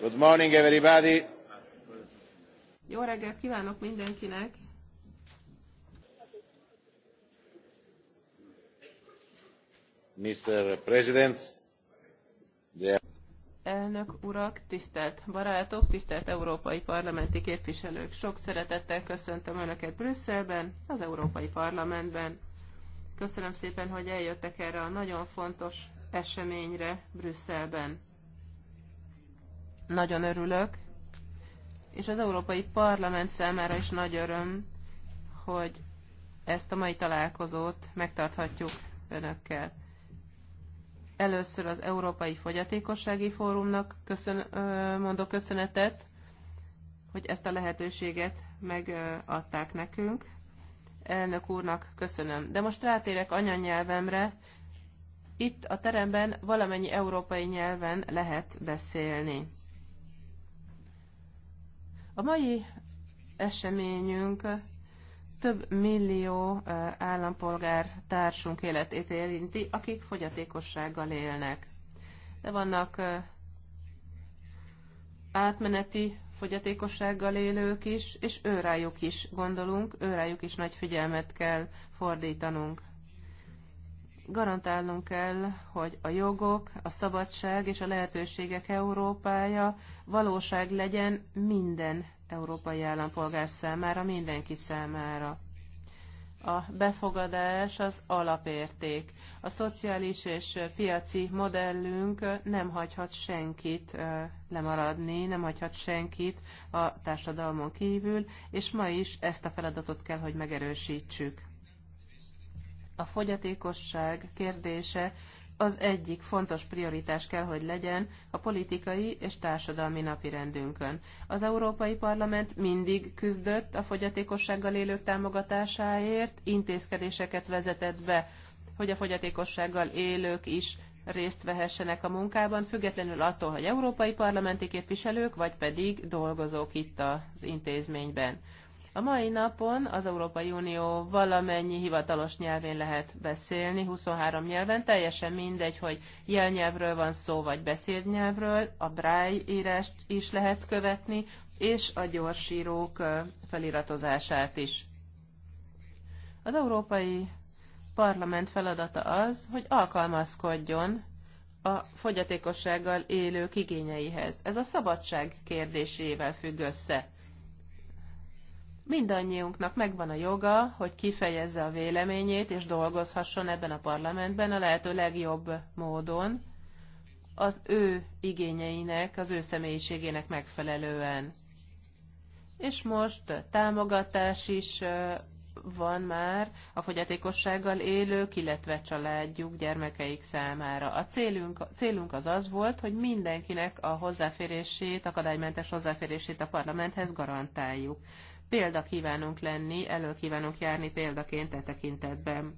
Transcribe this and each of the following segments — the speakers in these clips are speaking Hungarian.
Good morning, everybody. Jó reggelt kívánok mindenkinek! Mr. President, the... Elnök urak, tisztelt barátok, tisztelt európai parlamenti képviselők! Sok szeretettel köszöntöm Önöket Brüsszelben, az Európai Parlamentben. Köszönöm szépen, hogy eljöttek erre a nagyon fontos eseményre Brüsszelben. Nagyon örülök, és az Európai Parlament számára is nagy öröm, hogy ezt a mai találkozót megtarthatjuk önökkel. Először az Európai Fogyatékossági Fórumnak köszön, mondok köszönetet, hogy ezt a lehetőséget megadták nekünk. Elnök úrnak köszönöm. De most rátérek anyanyelvemre. Itt a teremben valamennyi európai nyelven lehet beszélni. A mai eseményünk több millió állampolgár társunk életét érinti, akik fogyatékossággal élnek. De vannak átmeneti fogyatékossággal élők is, és őrájuk is gondolunk, őrájuk is nagy figyelmet kell fordítanunk. Garantálnunk kell, hogy a jogok, a szabadság és a lehetőségek Európája valóság legyen minden európai állampolgár számára, mindenki számára. A befogadás az alapérték. A szociális és piaci modellünk nem hagyhat senkit lemaradni, nem hagyhat senkit a társadalmon kívül, és ma is ezt a feladatot kell, hogy megerősítsük. A fogyatékosság kérdése az egyik fontos prioritás kell, hogy legyen a politikai és társadalmi napirendünkön. Az Európai Parlament mindig küzdött a fogyatékossággal élők támogatásáért, intézkedéseket vezetett be, hogy a fogyatékossággal élők is részt vehessenek a munkában, függetlenül attól, hogy európai parlamenti képviselők, vagy pedig dolgozók itt az intézményben. A mai napon az Európai Unió valamennyi hivatalos nyelvén lehet beszélni, 23 nyelven, teljesen mindegy, hogy jelnyelvről van szó, vagy beszédnyelvről, nyelvről, a braille írást is lehet követni, és a gyorsírók feliratozását is. Az Európai Parlament feladata az, hogy alkalmazkodjon a fogyatékossággal élők igényeihez. Ez a szabadság kérdésével függ össze mindannyiunknak megvan a joga, hogy kifejezze a véleményét, és dolgozhasson ebben a parlamentben a lehető legjobb módon, az ő igényeinek, az ő személyiségének megfelelően. És most támogatás is van már a fogyatékossággal élők, illetve családjuk, gyermekeik számára. A célunk, a célunk az az volt, hogy mindenkinek a hozzáférését, akadálymentes hozzáférését a parlamenthez garantáljuk példa kívánunk lenni, elő kívánunk járni példaként e tekintetben.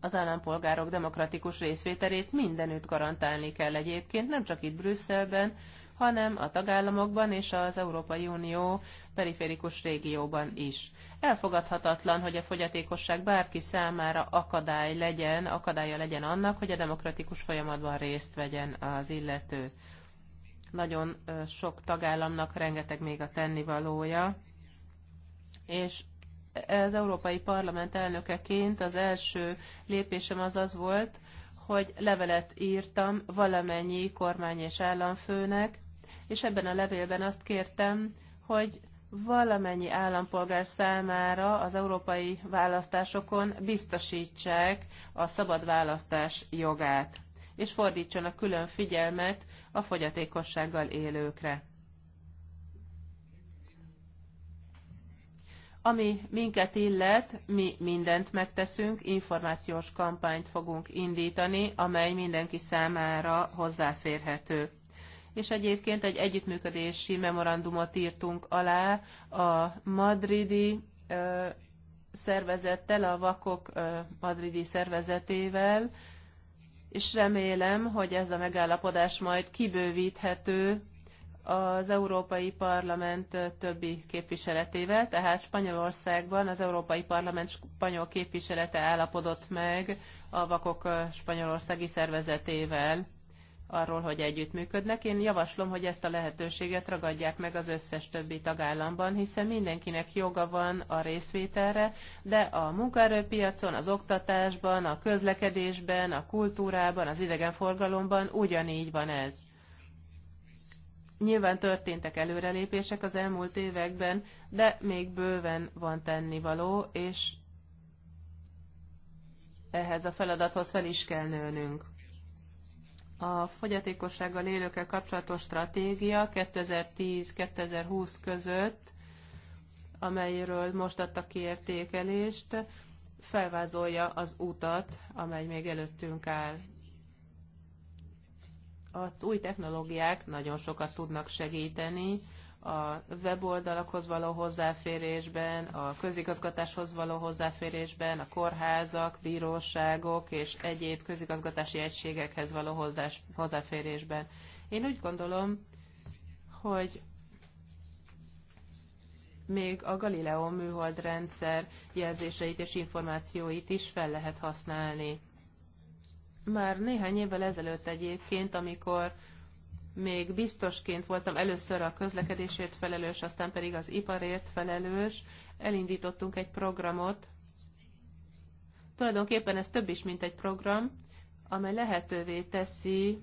Az állampolgárok demokratikus részvételét mindenütt garantálni kell egyébként, nem csak itt Brüsszelben, hanem a tagállamokban és az Európai Unió periférikus régióban is. Elfogadhatatlan, hogy a fogyatékosság bárki számára akadály legyen, akadálya legyen annak, hogy a demokratikus folyamatban részt vegyen az illető. Nagyon sok tagállamnak rengeteg még a tennivalója és az Európai Parlament elnökeként az első lépésem az az volt, hogy levelet írtam valamennyi kormány és államfőnek, és ebben a levélben azt kértem, hogy valamennyi állampolgár számára az európai választásokon biztosítsák a szabad választás jogát, és fordítsanak külön figyelmet a fogyatékossággal élőkre. Ami minket illet, mi mindent megteszünk, információs kampányt fogunk indítani, amely mindenki számára hozzáférhető. És egyébként egy együttműködési memorandumot írtunk alá a madridi ö, szervezettel, a vakok ö, madridi szervezetével, és remélem, hogy ez a megállapodás majd kibővíthető az Európai Parlament többi képviseletével, tehát Spanyolországban az Európai Parlament spanyol képviselete állapodott meg a vakok spanyolországi szervezetével arról, hogy együttműködnek. Én javaslom, hogy ezt a lehetőséget ragadják meg az összes többi tagállamban, hiszen mindenkinek joga van a részvételre, de a munkaerőpiacon, az oktatásban, a közlekedésben, a kultúrában, az idegenforgalomban ugyanígy van ez. Nyilván történtek előrelépések az elmúlt években, de még bőven van tennivaló, és ehhez a feladathoz fel is kell nőnünk. A fogyatékossággal élőkkel kapcsolatos stratégia 2010-2020 között, amelyről most adtak ki értékelést, felvázolja az utat, amely még előttünk áll. Az új technológiák nagyon sokat tudnak segíteni a weboldalakhoz való hozzáférésben, a közigazgatáshoz való hozzáférésben, a kórházak, bíróságok és egyéb közigazgatási egységekhez való hozzáférésben. Én úgy gondolom, hogy még a Galileo műholdrendszer jelzéseit és információit is fel lehet használni. Már néhány évvel ezelőtt egyébként, amikor még biztosként voltam először a közlekedésért felelős, aztán pedig az iparért felelős, elindítottunk egy programot. Tulajdonképpen ez több is, mint egy program, amely lehetővé teszi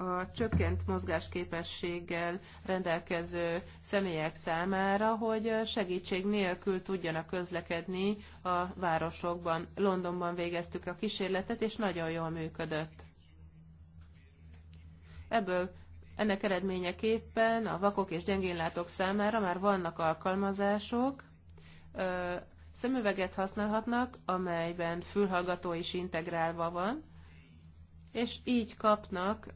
a csökkent mozgásképességgel rendelkező személyek számára, hogy segítség nélkül tudjanak közlekedni a városokban. Londonban végeztük a kísérletet, és nagyon jól működött. Ebből ennek eredményeképpen a vakok és gyengénlátók számára már vannak alkalmazások, szemüveget használhatnak, amelyben fülhallgató is integrálva van, és így kapnak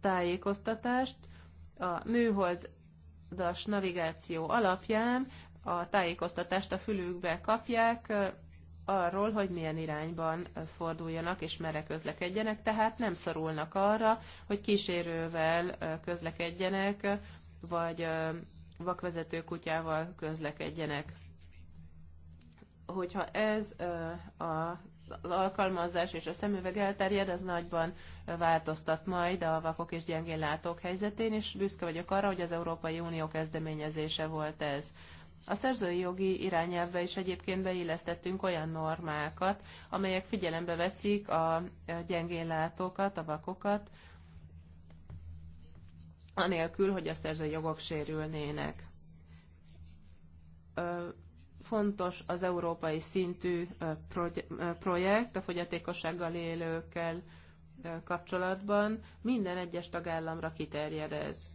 tájékoztatást a műholdas navigáció alapján, a tájékoztatást a fülükbe kapják arról, hogy milyen irányban forduljanak és merre közlekedjenek, tehát nem szorulnak arra, hogy kísérővel közlekedjenek, vagy vakvezető kutyával közlekedjenek. Hogyha ez a az alkalmazás és a szemüveg elterjed, az nagyban változtat majd a vakok és gyengén látók helyzetén, és büszke vagyok arra, hogy az Európai Unió kezdeményezése volt ez. A szerzői jogi irányelvbe is egyébként beillesztettünk olyan normákat, amelyek figyelembe veszik a gyengén látókat, a vakokat, anélkül, hogy a szerzői jogok sérülnének Fontos az európai szintű projekt a fogyatékossággal élőkkel kapcsolatban. Minden egyes tagállamra kiterjed ez.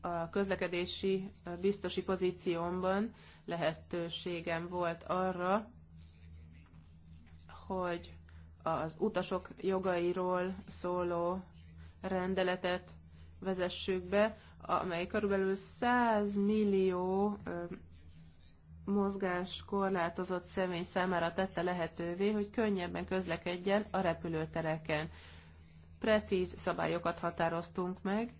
A közlekedési biztosi pozíciómban lehetőségem volt arra, hogy az utasok jogairól szóló rendeletet vezessük be, amely körülbelül 100 millió mozgás korlátozott személy számára tette lehetővé, hogy könnyebben közlekedjen a repülőtereken. Precíz szabályokat határoztunk meg,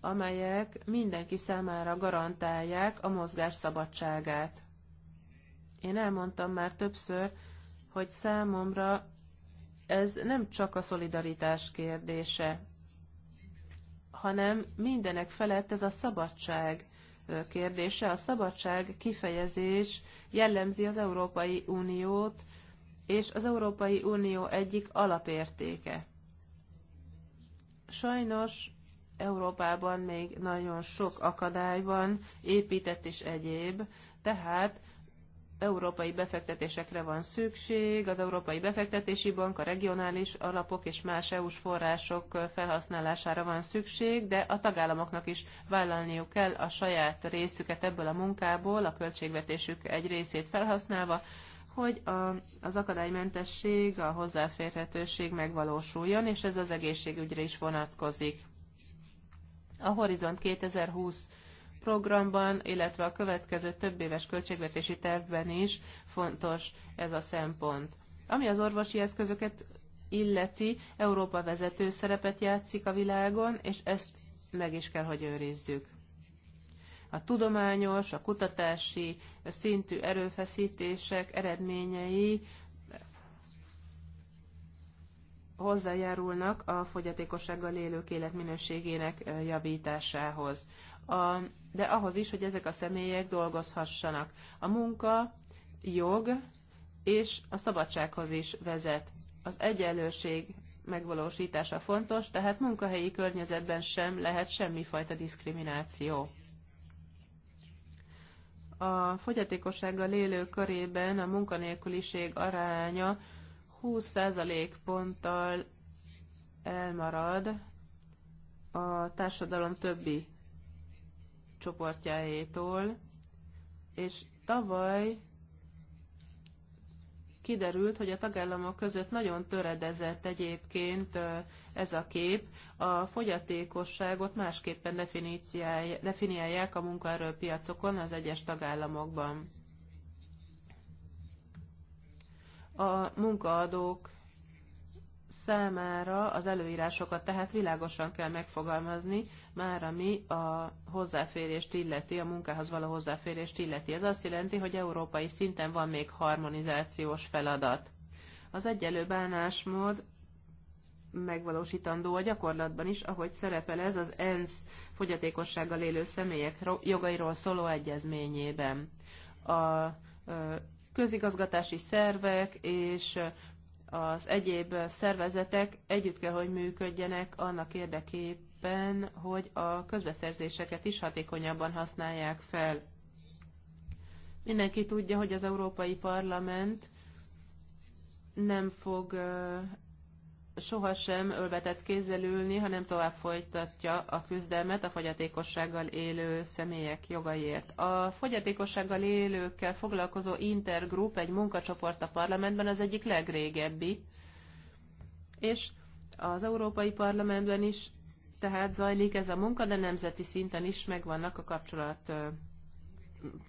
amelyek mindenki számára garantálják a mozgás szabadságát. Én elmondtam már többször, hogy számomra ez nem csak a szolidaritás kérdése, hanem mindenek felett ez a szabadság kérdése. A szabadság kifejezés jellemzi az Európai Uniót, és az Európai Unió egyik alapértéke. Sajnos Európában még nagyon sok akadály van, épített és egyéb, tehát európai befektetésekre van szükség, az Európai Befektetési Bank, a regionális alapok és más EU-s források felhasználására van szükség, de a tagállamoknak is vállalniuk kell a saját részüket ebből a munkából, a költségvetésük egy részét felhasználva, hogy a, az akadálymentesség, a hozzáférhetőség megvalósuljon, és ez az egészségügyre is vonatkozik. A Horizont 2020 programban, illetve a következő több éves költségvetési tervben is fontos ez a szempont. Ami az orvosi eszközöket illeti, Európa vezető szerepet játszik a világon, és ezt meg is kell, hogy őrizzük. A tudományos, a kutatási a szintű erőfeszítések eredményei hozzájárulnak a fogyatékossággal élők életminőségének javításához a, de ahhoz is, hogy ezek a személyek dolgozhassanak. A munka jog és a szabadsághoz is vezet. Az egyenlőség megvalósítása fontos, tehát munkahelyi környezetben sem lehet semmifajta diszkrimináció. A fogyatékossággal élő körében a munkanélküliség aránya 20% ponttal elmarad a társadalom többi csoportjájétól, és tavaly kiderült, hogy a tagállamok között nagyon töredezett egyébként ez a kép. A fogyatékosságot másképpen definiálják a munkaerőpiacokon az egyes tagállamokban. A munkaadók számára az előírásokat tehát világosan kell megfogalmazni, már ami a hozzáférést illeti, a munkához való hozzáférést illeti. Ez azt jelenti, hogy európai szinten van még harmonizációs feladat. Az egyelő bánásmód megvalósítandó a gyakorlatban is, ahogy szerepel ez az ENSZ fogyatékossággal élő személyek jogairól szóló egyezményében. A közigazgatási szervek és az egyéb szervezetek együtt kell, hogy működjenek annak érdekében, éppen, hogy a közbeszerzéseket is hatékonyabban használják fel. Mindenki tudja, hogy az Európai Parlament nem fog sohasem ölvetett kézzel ülni, hanem tovább folytatja a küzdelmet a fogyatékossággal élő személyek jogaiért. A fogyatékossággal élőkkel foglalkozó Intergroup egy munkacsoport a parlamentben az egyik legrégebbi, és az Európai Parlamentben is tehát zajlik ez a munka, de nemzeti szinten is megvannak a kapcsolat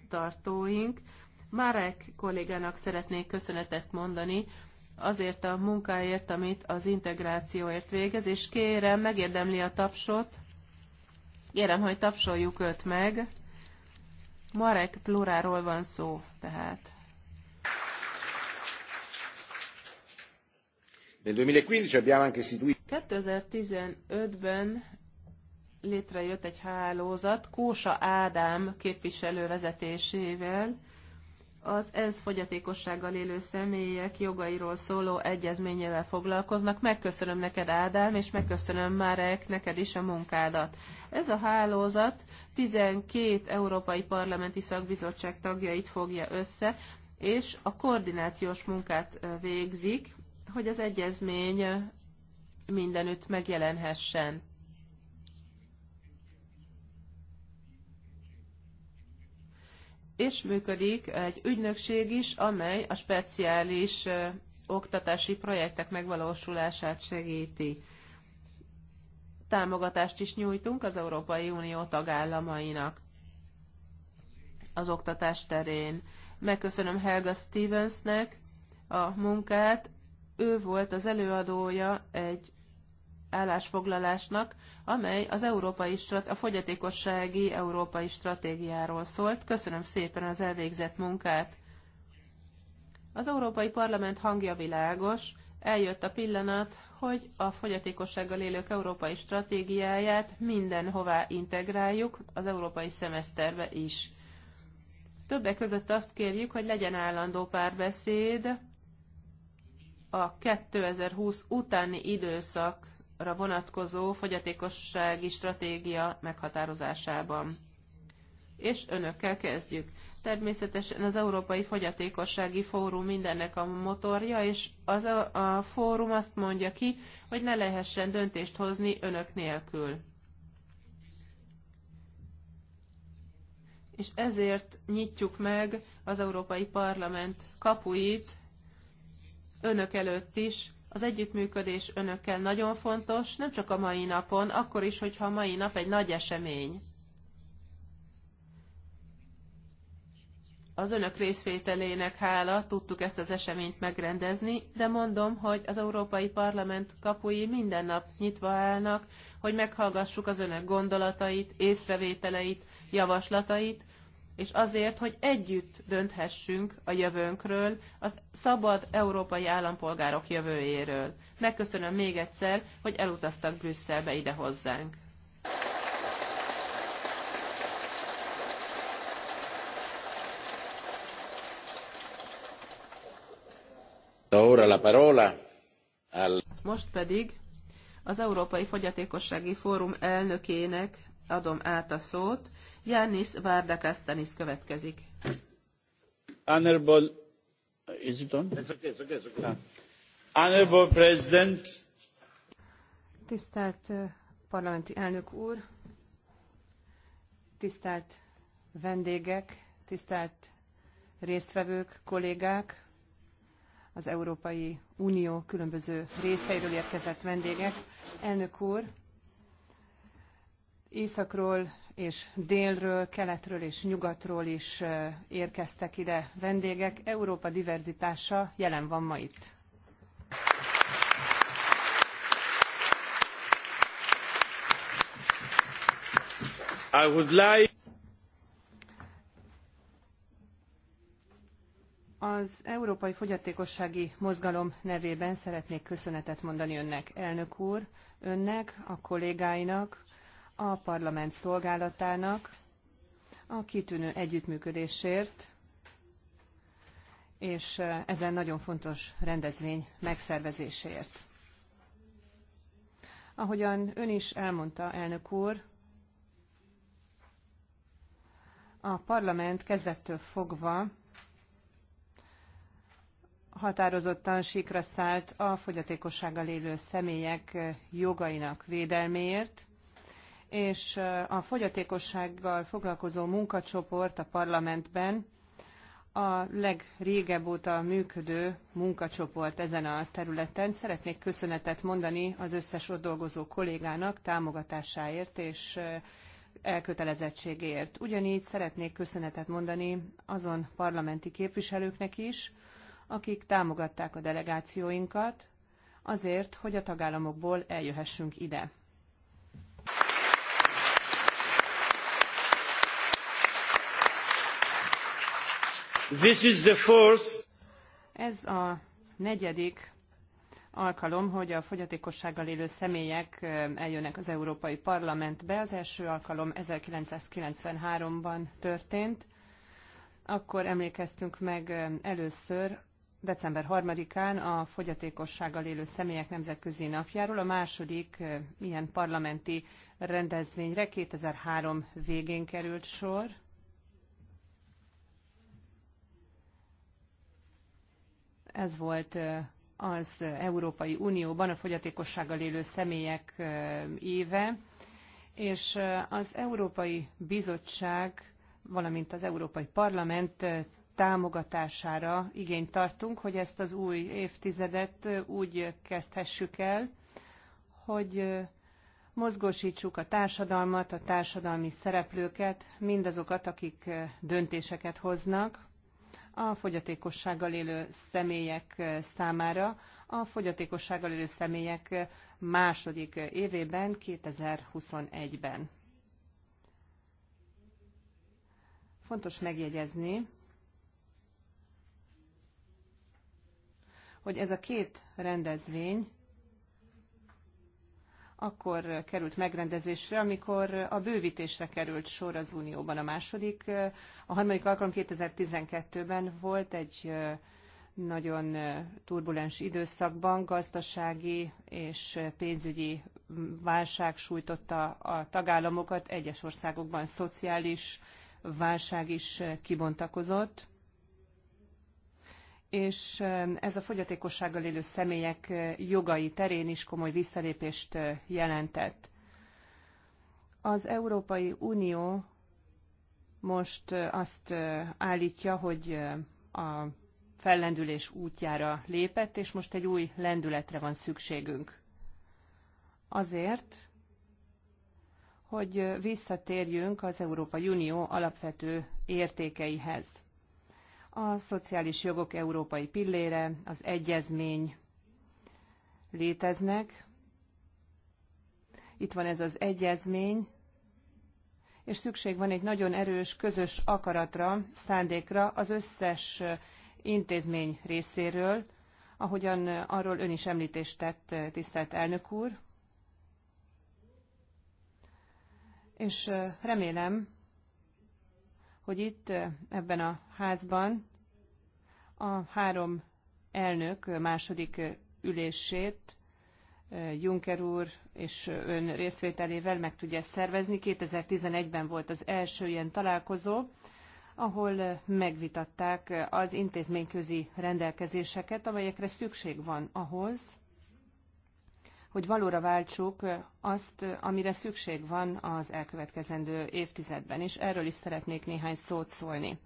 tartóink. Márek kollégának szeretnék köszönetet mondani azért a munkáért, amit az integrációért végez, és kérem, megérdemli a tapsot, kérem, hogy tapsoljuk őt meg. Marek pluráról van szó, tehát. Nel 2015 abbiamo anche istituito 2015-ben létrejött egy hálózat Kósa Ádám képviselő vezetésével, az ENSZ fogyatékossággal élő személyek jogairól szóló egyezményével foglalkoznak. Megköszönöm neked, Ádám, és megköszönöm Márek neked is a munkádat. Ez a hálózat 12 Európai Parlamenti Szakbizottság tagjait fogja össze, és a koordinációs munkát végzik hogy az egyezmény mindenütt megjelenhessen. És működik egy ügynökség is, amely a speciális oktatási projektek megvalósulását segíti. Támogatást is nyújtunk az Európai Unió tagállamainak az oktatás terén. Megköszönöm Helga Stevensnek a munkát, ő volt az előadója egy állásfoglalásnak, amely az európai strat, a fogyatékossági európai stratégiáról szólt. Köszönöm szépen az elvégzett munkát. Az Európai Parlament hangja világos, eljött a pillanat, hogy a fogyatékossággal élők európai stratégiáját mindenhová integráljuk, az európai szemeszterbe is. Többek között azt kérjük, hogy legyen állandó párbeszéd a 2020 utáni időszakra vonatkozó fogyatékossági stratégia meghatározásában. És önökkel kezdjük. Természetesen az Európai Fogyatékossági Fórum mindennek a motorja, és az a, a fórum azt mondja ki, hogy ne lehessen döntést hozni önök nélkül. És ezért nyitjuk meg az Európai Parlament kapuit önök előtt is. Az együttműködés önökkel nagyon fontos, nem csak a mai napon, akkor is, hogyha a mai nap egy nagy esemény. az önök részvételének hála tudtuk ezt az eseményt megrendezni, de mondom, hogy az Európai Parlament kapui minden nap nyitva állnak, hogy meghallgassuk az önök gondolatait, észrevételeit, javaslatait, és azért, hogy együtt dönthessünk a jövőnkről, az szabad európai állampolgárok jövőjéről. Megköszönöm még egyszer, hogy elutaztak Brüsszelbe ide hozzánk. Most pedig az Európai Fogyatékossági Fórum elnökének adom át a szót. Janis Várdakasztanis következik. Honorable... Is it on? It's okay, it's okay, it's okay. Ah. Honorable President. Tisztelt parlamenti elnök úr, tisztelt vendégek, tisztelt résztvevők, kollégák, az Európai Unió különböző részeiről érkezett vendégek. Elnök úr, északról és délről, keletről és nyugatról is érkeztek ide vendégek. Európa diverzitása jelen van ma itt. I would like... Az Európai Fogyatékossági Mozgalom nevében szeretnék köszönetet mondani önnek, elnök úr, önnek, a kollégáinak, a parlament szolgálatának a kitűnő együttműködésért, és ezen nagyon fontos rendezvény megszervezéséért. Ahogyan ön is elmondta, elnök úr, a parlament kezdettől fogva határozottan sikra szállt a fogyatékossággal élő személyek jogainak védelméért, és a fogyatékossággal foglalkozó munkacsoport a parlamentben a legrégebb óta működő munkacsoport ezen a területen. Szeretnék köszönetet mondani az összes ott dolgozó kollégának támogatásáért és elkötelezettségéért. Ugyanígy szeretnék köszönetet mondani azon parlamenti képviselőknek is, akik támogatták a delegációinkat, azért, hogy a tagállamokból eljöhessünk ide. Ez a negyedik alkalom, hogy a fogyatékossággal élő személyek eljönnek az Európai Parlamentbe. Az első alkalom 1993-ban történt. Akkor emlékeztünk meg először december 3-án a fogyatékossággal élő személyek nemzetközi napjáról, a második ilyen parlamenti rendezvényre 2003 végén került sor ez volt az Európai Unióban a fogyatékossággal élő személyek éve, és az Európai Bizottság, valamint az Európai Parlament támogatására igényt tartunk, hogy ezt az új évtizedet úgy kezdhessük el, hogy mozgósítsuk a társadalmat, a társadalmi szereplőket, mindazokat, akik döntéseket hoznak, a fogyatékossággal élő személyek számára a fogyatékossággal élő személyek második évében, 2021-ben. Fontos megjegyezni, hogy ez a két rendezvény akkor került megrendezésre, amikor a bővítésre került sor az Unióban a második. A harmadik alkalom 2012-ben volt egy nagyon turbulens időszakban gazdasági és pénzügyi válság sújtotta a tagállamokat, egyes országokban szociális válság is kibontakozott és ez a fogyatékossággal élő személyek jogai terén is komoly visszalépést jelentett. Az Európai Unió most azt állítja, hogy a fellendülés útjára lépett, és most egy új lendületre van szükségünk. Azért, hogy visszatérjünk az Európai Unió alapvető értékeihez a szociális jogok európai pillére, az egyezmény léteznek. Itt van ez az egyezmény, és szükség van egy nagyon erős közös akaratra, szándékra az összes intézmény részéről, ahogyan arról ön is említést tett, tisztelt elnök úr. És remélem, hogy itt eh, ebben a házban a három elnök második eh, ülését eh, Juncker úr és ön részvételével meg tudja ezt szervezni. 2011-ben volt az első ilyen találkozó, ahol megvitatták az intézményközi rendelkezéseket, amelyekre szükség van ahhoz, hogy valóra váltsuk azt, amire szükség van az elkövetkezendő évtizedben, és erről is szeretnék néhány szót szólni.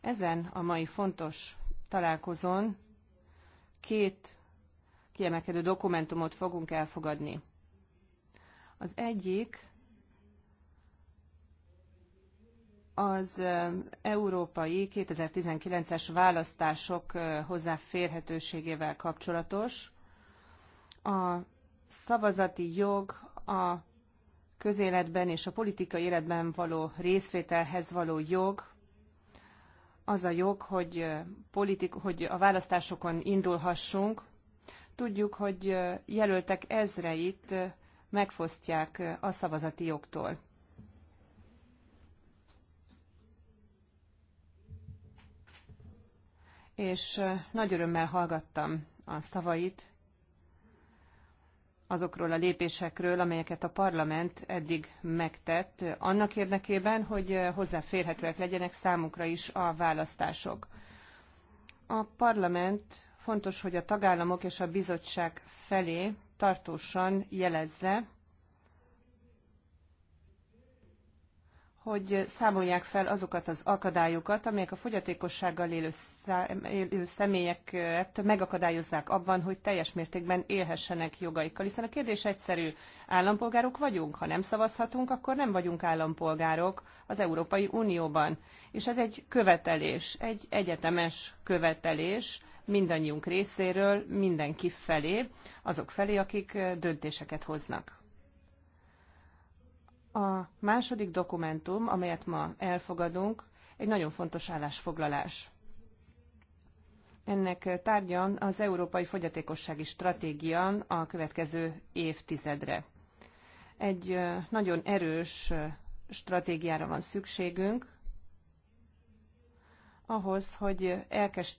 Ezen a mai fontos találkozón két kiemelkedő dokumentumot fogunk elfogadni. Az egyik az európai 2019-es választások hozzáférhetőségével kapcsolatos. A szavazati jog a közéletben és a politikai életben való részvételhez való jog, az a jog, hogy, politik, hogy a választásokon indulhassunk. Tudjuk, hogy jelöltek ezreit megfosztják a szavazati jogtól. És nagy örömmel hallgattam a szavait, azokról a lépésekről, amelyeket a parlament eddig megtett, annak érdekében, hogy eh, hozzáférhetőek legyenek számukra is a választások. A parlament fontos, hogy a tagállamok és a bizottság felé tartósan jelezze, hogy számolják fel azokat az akadályokat, amelyek a fogyatékossággal élő, élő személyeket megakadályozzák abban, hogy teljes mértékben élhessenek jogaikkal. Hiszen a kérdés egyszerű, állampolgárok vagyunk, ha nem szavazhatunk, akkor nem vagyunk állampolgárok az Európai Unióban. És ez egy követelés, egy egyetemes követelés mindannyiunk részéről, mindenki felé, azok felé, akik döntéseket hoznak. A második dokumentum, amelyet ma elfogadunk, egy nagyon fontos állásfoglalás. Ennek tárgya az Európai Fogyatékossági Stratégia a következő évtizedre. Egy nagyon erős stratégiára van szükségünk, ahhoz, hogy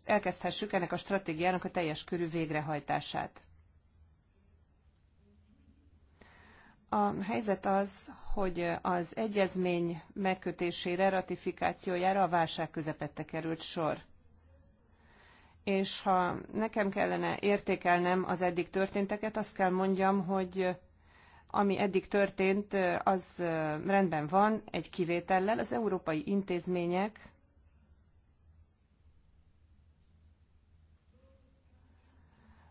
elkezdhessük ennek a stratégiának a teljes körű végrehajtását. A helyzet az, hogy az egyezmény megkötésére, ratifikációjára a válság közepette került sor. És ha nekem kellene értékelnem az eddig történteket, azt kell mondjam, hogy ami eddig történt, az rendben van, egy kivétellel. Az európai intézmények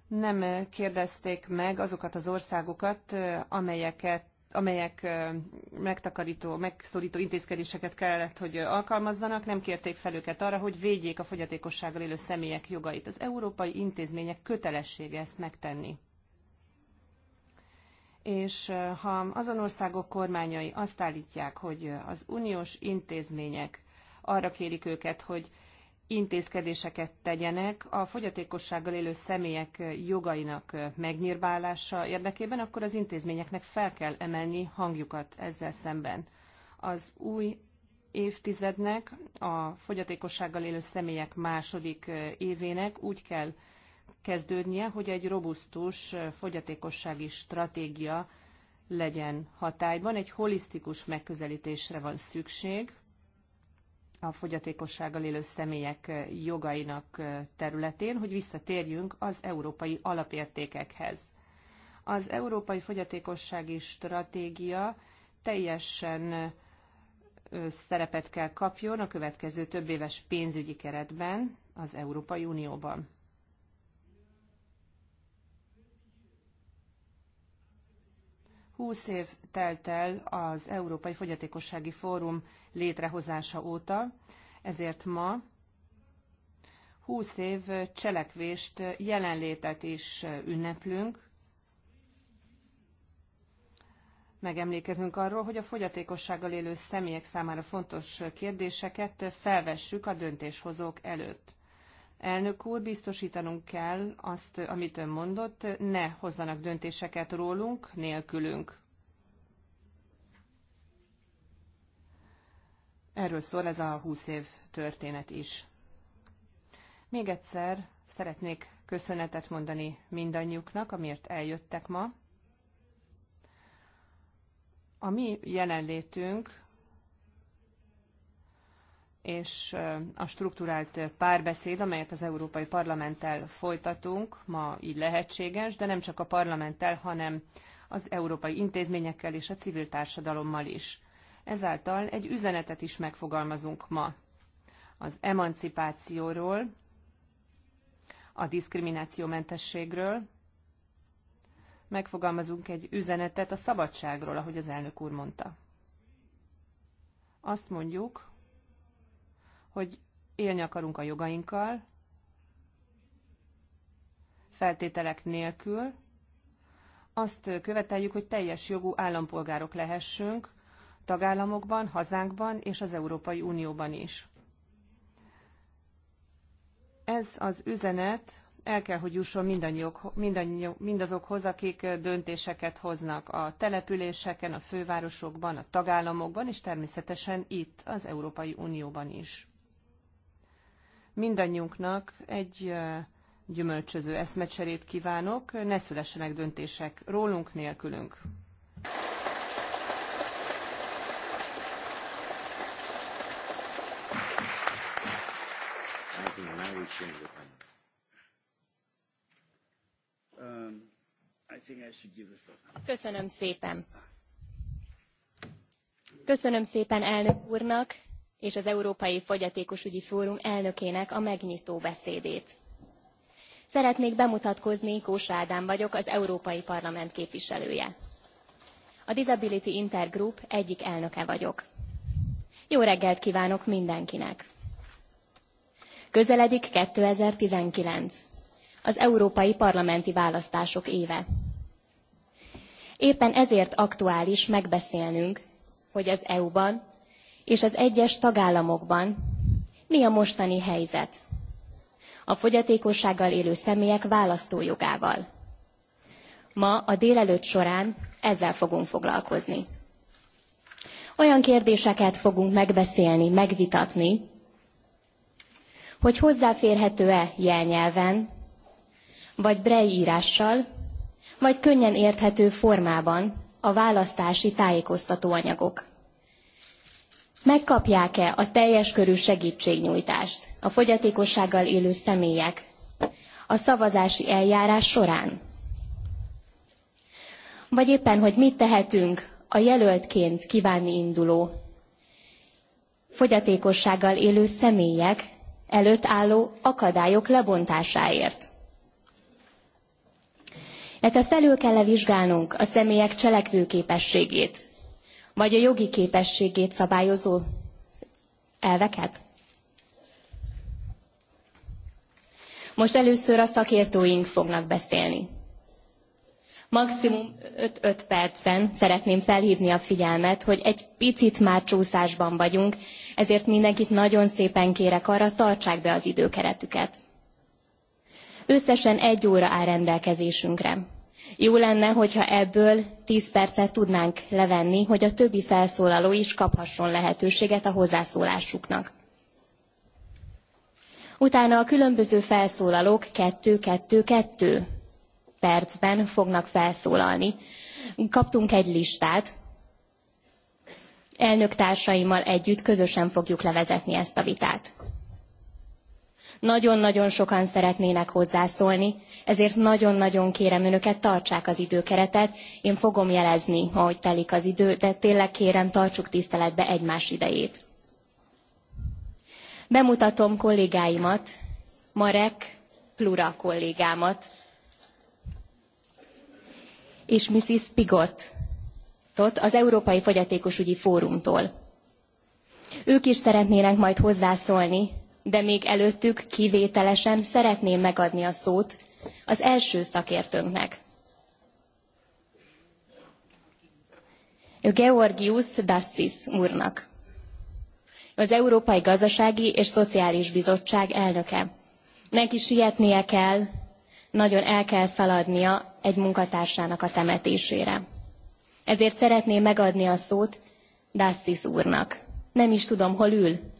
nem kérdezték meg azokat az országokat, amelyeket amelyek megtakarító, megszorító intézkedéseket kellett, hogy alkalmazzanak, nem kérték fel őket arra, hogy védjék a fogyatékossággal élő személyek jogait. Az európai intézmények kötelessége ezt megtenni. És ha azon országok kormányai azt állítják, hogy az uniós intézmények arra kérik őket, hogy intézkedéseket tegyenek a fogyatékossággal élő személyek jogainak megnyírválása érdekében, akkor az intézményeknek fel kell emelni hangjukat ezzel szemben. Az új évtizednek, a fogyatékossággal élő személyek második évének úgy kell kezdődnie, hogy egy robusztus fogyatékossági stratégia legyen hatályban. Egy holisztikus megközelítésre van szükség, a fogyatékossággal élő személyek jogainak területén, hogy visszatérjünk az európai alapértékekhez. Az Európai Fogyatékossági Stratégia teljesen szerepet kell kapjon a következő több éves pénzügyi keretben az Európai Unióban. 20 év telt el az Európai Fogyatékossági Fórum létrehozása óta, ezért ma 20 év cselekvést, jelenlétet is ünneplünk. Megemlékezünk arról, hogy a fogyatékossággal élő személyek számára fontos kérdéseket felvessük a döntéshozók előtt. Elnök úr, biztosítanunk kell azt, amit ön mondott, ne hozzanak döntéseket rólunk, nélkülünk. Erről szól ez a 20 év történet is. Még egyszer szeretnék köszönetet mondani mindannyiuknak, amiért eljöttek ma. A mi jelenlétünk és a struktúrált párbeszéd, amelyet az Európai Parlamenttel folytatunk, ma így lehetséges, de nem csak a parlamenttel, hanem az európai intézményekkel és a civil társadalommal is. Ezáltal egy üzenetet is megfogalmazunk ma az emancipációról, a diszkriminációmentességről, megfogalmazunk egy üzenetet a szabadságról, ahogy az elnök úr mondta. Azt mondjuk, hogy élni akarunk a jogainkkal, feltételek nélkül, azt követeljük, hogy teljes jogú állampolgárok lehessünk tagállamokban, hazánkban és az Európai Unióban is. Ez az üzenet el kell, hogy jusson mindannyiok, mindannyiok, mindazokhoz, akik döntéseket hoznak a településeken, a fővárosokban, a tagállamokban, és természetesen itt, az Európai Unióban is mindannyiunknak egy gyümölcsöző eszmecserét kívánok, ne szülessenek döntések rólunk, nélkülünk. Um, Köszönöm szépen. Köszönöm szépen elnök úrnak, és az Európai Fogyatékosügyi Fórum elnökének a megnyitó beszédét. Szeretnék bemutatkozni, Kósa Ádám vagyok, az Európai Parlament képviselője. A Disability Intergroup egyik elnöke vagyok. Jó reggelt kívánok mindenkinek! Közeledik 2019, az európai parlamenti választások éve. Éppen ezért aktuális megbeszélnünk, hogy az EU-ban és az egyes tagállamokban mi a mostani helyzet a fogyatékossággal élő személyek választójogával. Ma a délelőtt során ezzel fogunk foglalkozni. Olyan kérdéseket fogunk megbeszélni, megvitatni, hogy hozzáférhető-e jelnyelven, vagy brej írással, vagy könnyen érthető formában a választási tájékoztatóanyagok megkapják-e a teljes körű segítségnyújtást a fogyatékossággal élő személyek a szavazási eljárás során? Vagy éppen, hogy mit tehetünk a jelöltként kívánni induló fogyatékossággal élő személyek előtt álló akadályok lebontásáért? Illetve felül kell -e vizsgálnunk a személyek cselekvőképességét, vagy a jogi képességét szabályozó elveket? Most először a szakértőink fognak beszélni. Maximum 5-5 percben szeretném felhívni a figyelmet, hogy egy picit már csúszásban vagyunk, ezért mindenkit nagyon szépen kérek arra, tartsák be az időkeretüket. Összesen egy óra áll rendelkezésünkre. Jó lenne, hogyha ebből 10 percet tudnánk levenni, hogy a többi felszólaló is kaphasson lehetőséget a hozzászólásuknak. Utána a különböző felszólalók 2-2-2 percben fognak felszólalni. Kaptunk egy listát, elnöktársaimmal együtt közösen fogjuk levezetni ezt a vitát. Nagyon-nagyon sokan szeretnének hozzászólni, ezért nagyon-nagyon kérem önöket, tartsák az időkeretet. Én fogom jelezni, hogy telik az idő, de tényleg kérem, tartsuk tiszteletbe egymás idejét. Bemutatom kollégáimat, Marek Plura kollégámat, és Mrs. Pigot az Európai Fogyatékosügyi Fórumtól. Ők is szeretnének majd hozzászólni, de még előttük kivételesen szeretném megadni a szót az első szakértőnknek. Georgius Dassis úrnak. Az Európai Gazdasági és Szociális Bizottság elnöke. Neki sietnie kell, nagyon el kell szaladnia egy munkatársának a temetésére. Ezért szeretném megadni a szót Dassis úrnak. Nem is tudom, hol ül.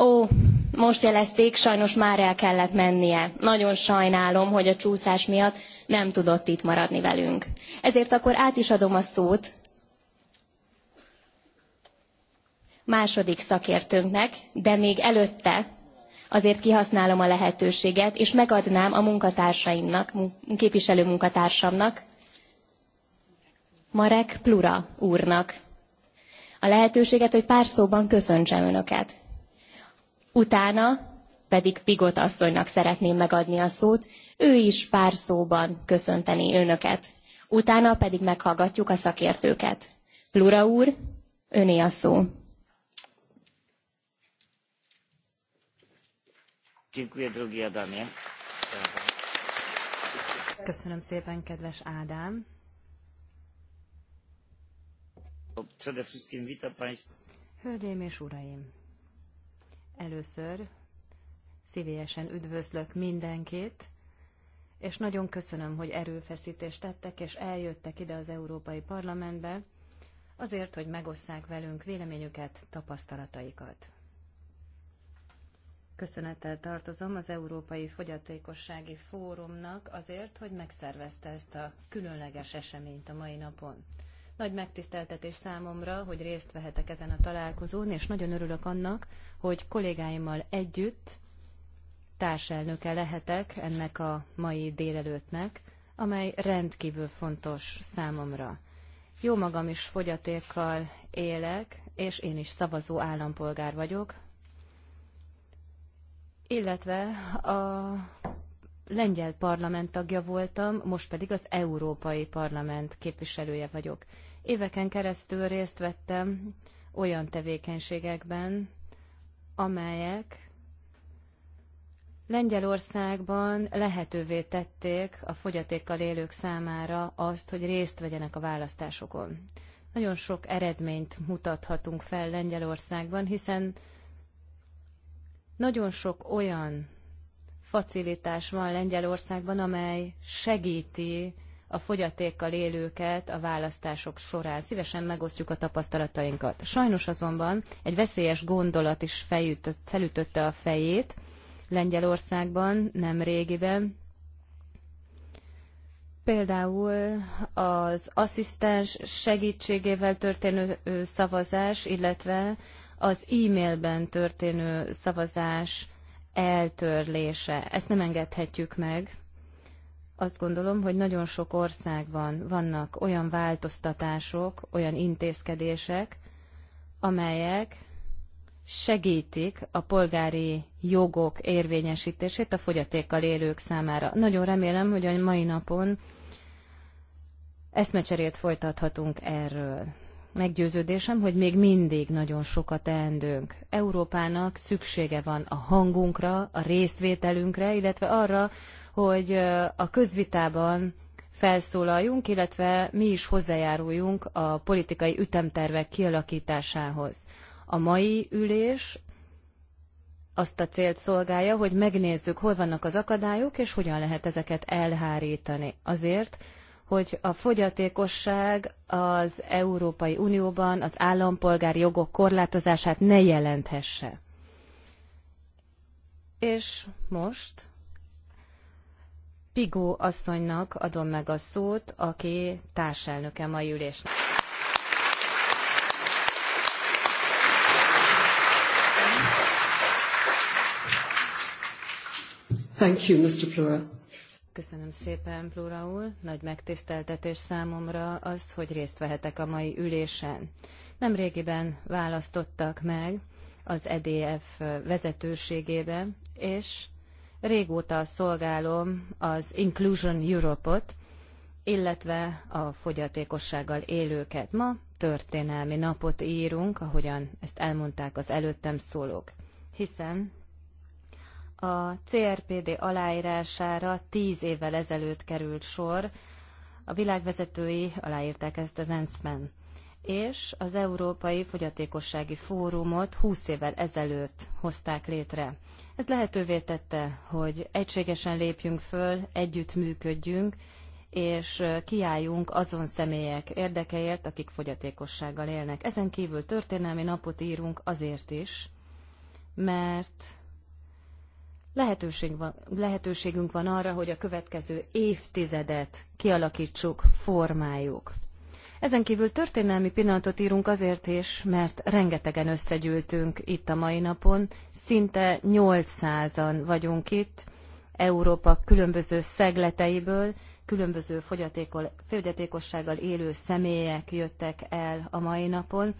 Ó, most jelezték, sajnos már el kellett mennie. Nagyon sajnálom, hogy a csúszás miatt nem tudott itt maradni velünk. Ezért akkor át is adom a szót második szakértőnknek, de még előtte azért kihasználom a lehetőséget, és megadnám a munkatársaimnak, képviselő munkatársamnak, Marek Plura úrnak a lehetőséget, hogy pár szóban köszöntsem Önöket. Utána pedig Pigot asszonynak szeretném megadni a szót, ő is pár szóban köszönteni önöket. Utána pedig meghallgatjuk a szakértőket. Plura úr, öné a szó. Köszönöm szépen, kedves Ádám. Hölgyeim és uraim! Először szívélyesen üdvözlök mindenkit, és nagyon köszönöm, hogy erőfeszítést tettek, és eljöttek ide az Európai Parlamentbe, azért, hogy megosszák velünk véleményüket, tapasztalataikat. Köszönettel tartozom az Európai Fogyatékossági Fórumnak azért, hogy megszervezte ezt a különleges eseményt a mai napon. Nagy megtiszteltetés számomra, hogy részt vehetek ezen a találkozón, és nagyon örülök annak, hogy kollégáimmal együtt társelnöke lehetek ennek a mai délelőttnek, amely rendkívül fontos számomra. Jó magam is fogyatékkal élek, és én is szavazó állampolgár vagyok, illetve a lengyel parlament tagja voltam, most pedig az Európai Parlament képviselője vagyok. Éveken keresztül részt vettem olyan tevékenységekben, amelyek Lengyelországban lehetővé tették a fogyatékkal élők számára azt, hogy részt vegyenek a választásokon. Nagyon sok eredményt mutathatunk fel Lengyelországban, hiszen nagyon sok olyan facilitás van Lengyelországban, amely segíti a fogyatékkal élőket a választások során. Szívesen megosztjuk a tapasztalatainkat. Sajnos azonban egy veszélyes gondolat is felütött, felütötte a fejét Lengyelországban nem régiben. Például az asszisztens segítségével történő szavazás, illetve az e-mailben történő szavazás eltörlése. Ezt nem engedhetjük meg azt gondolom, hogy nagyon sok országban vannak olyan változtatások, olyan intézkedések, amelyek segítik a polgári jogok érvényesítését a fogyatékkal élők számára. Nagyon remélem, hogy a mai napon eszmecserét folytathatunk erről. Meggyőződésem, hogy még mindig nagyon sokat teendünk. Európának szüksége van a hangunkra, a részvételünkre, illetve arra, hogy a közvitában felszólaljunk, illetve mi is hozzájáruljunk a politikai ütemtervek kialakításához. A mai ülés azt a célt szolgálja, hogy megnézzük, hol vannak az akadályok, és hogyan lehet ezeket elhárítani. Azért, hogy a fogyatékosság az Európai Unióban az állampolgári jogok korlátozását ne jelenthesse. És most Pigó asszonynak adom meg a szót, aki társelnöke mai ülésnek. Thank you, Mr. Plura. Köszönöm szépen, Plura úr. Nagy megtiszteltetés számomra az, hogy részt vehetek a mai ülésen. Nemrégiben választottak meg az EDF vezetőségébe, és Régóta szolgálom az Inclusion Europe-ot, illetve a fogyatékossággal élőket. Ma történelmi napot írunk, ahogyan ezt elmondták az előttem szólók, hiszen a CRPD aláírására tíz évvel ezelőtt került sor, a világvezetői aláírták ezt az ENSZ-ben és az Európai Fogyatékossági Fórumot 20 évvel ezelőtt hozták létre. Ez lehetővé tette, hogy egységesen lépjünk föl, együtt működjünk, és kiálljunk azon személyek érdekeért, akik fogyatékossággal élnek. Ezen kívül történelmi napot írunk azért is, mert lehetőség van, lehetőségünk van arra, hogy a következő évtizedet kialakítsuk, formáljuk. Ezen kívül történelmi pillanatot írunk azért is, mert rengetegen összegyűltünk itt a mai napon, szinte 800-an vagyunk itt, Európa különböző szegleteiből, különböző fogyatékossággal élő személyek jöttek el a mai napon.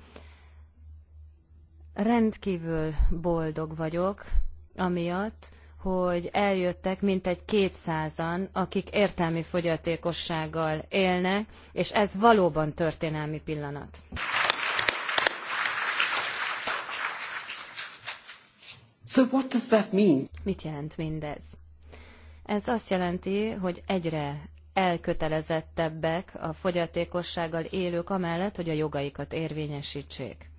Rendkívül boldog vagyok, amiatt, hogy eljöttek mintegy kétszázan, akik értelmi fogyatékossággal élnek, és ez valóban történelmi pillanat. So what does that mean? Mit jelent mindez? Ez azt jelenti, hogy egyre elkötelezettebbek a fogyatékossággal élők amellett, hogy a jogaikat érvényesítsék.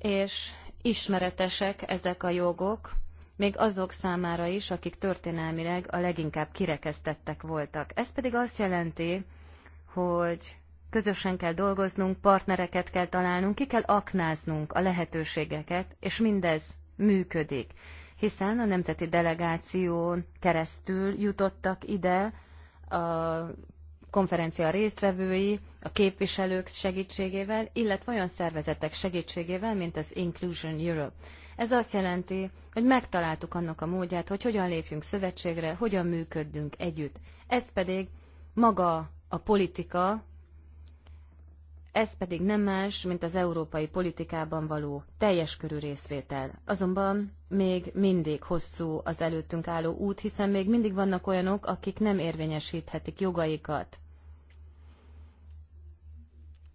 És ismeretesek ezek a jogok, még azok számára is, akik történelmileg a leginkább kirekesztettek voltak. Ez pedig azt jelenti, hogy közösen kell dolgoznunk, partnereket kell találnunk, ki kell aknáznunk a lehetőségeket, és mindez működik. Hiszen a nemzeti delegáción keresztül jutottak ide a konferencia résztvevői, a képviselők segítségével, illetve olyan szervezetek segítségével, mint az Inclusion Europe. Ez azt jelenti, hogy megtaláltuk annak a módját, hogy hogyan lépjünk szövetségre, hogyan működünk együtt. Ez pedig maga a politika, ez pedig nem más, mint az európai politikában való teljes körű részvétel. Azonban még mindig hosszú az előttünk álló út, hiszen még mindig vannak olyanok, akik nem érvényesíthetik jogaikat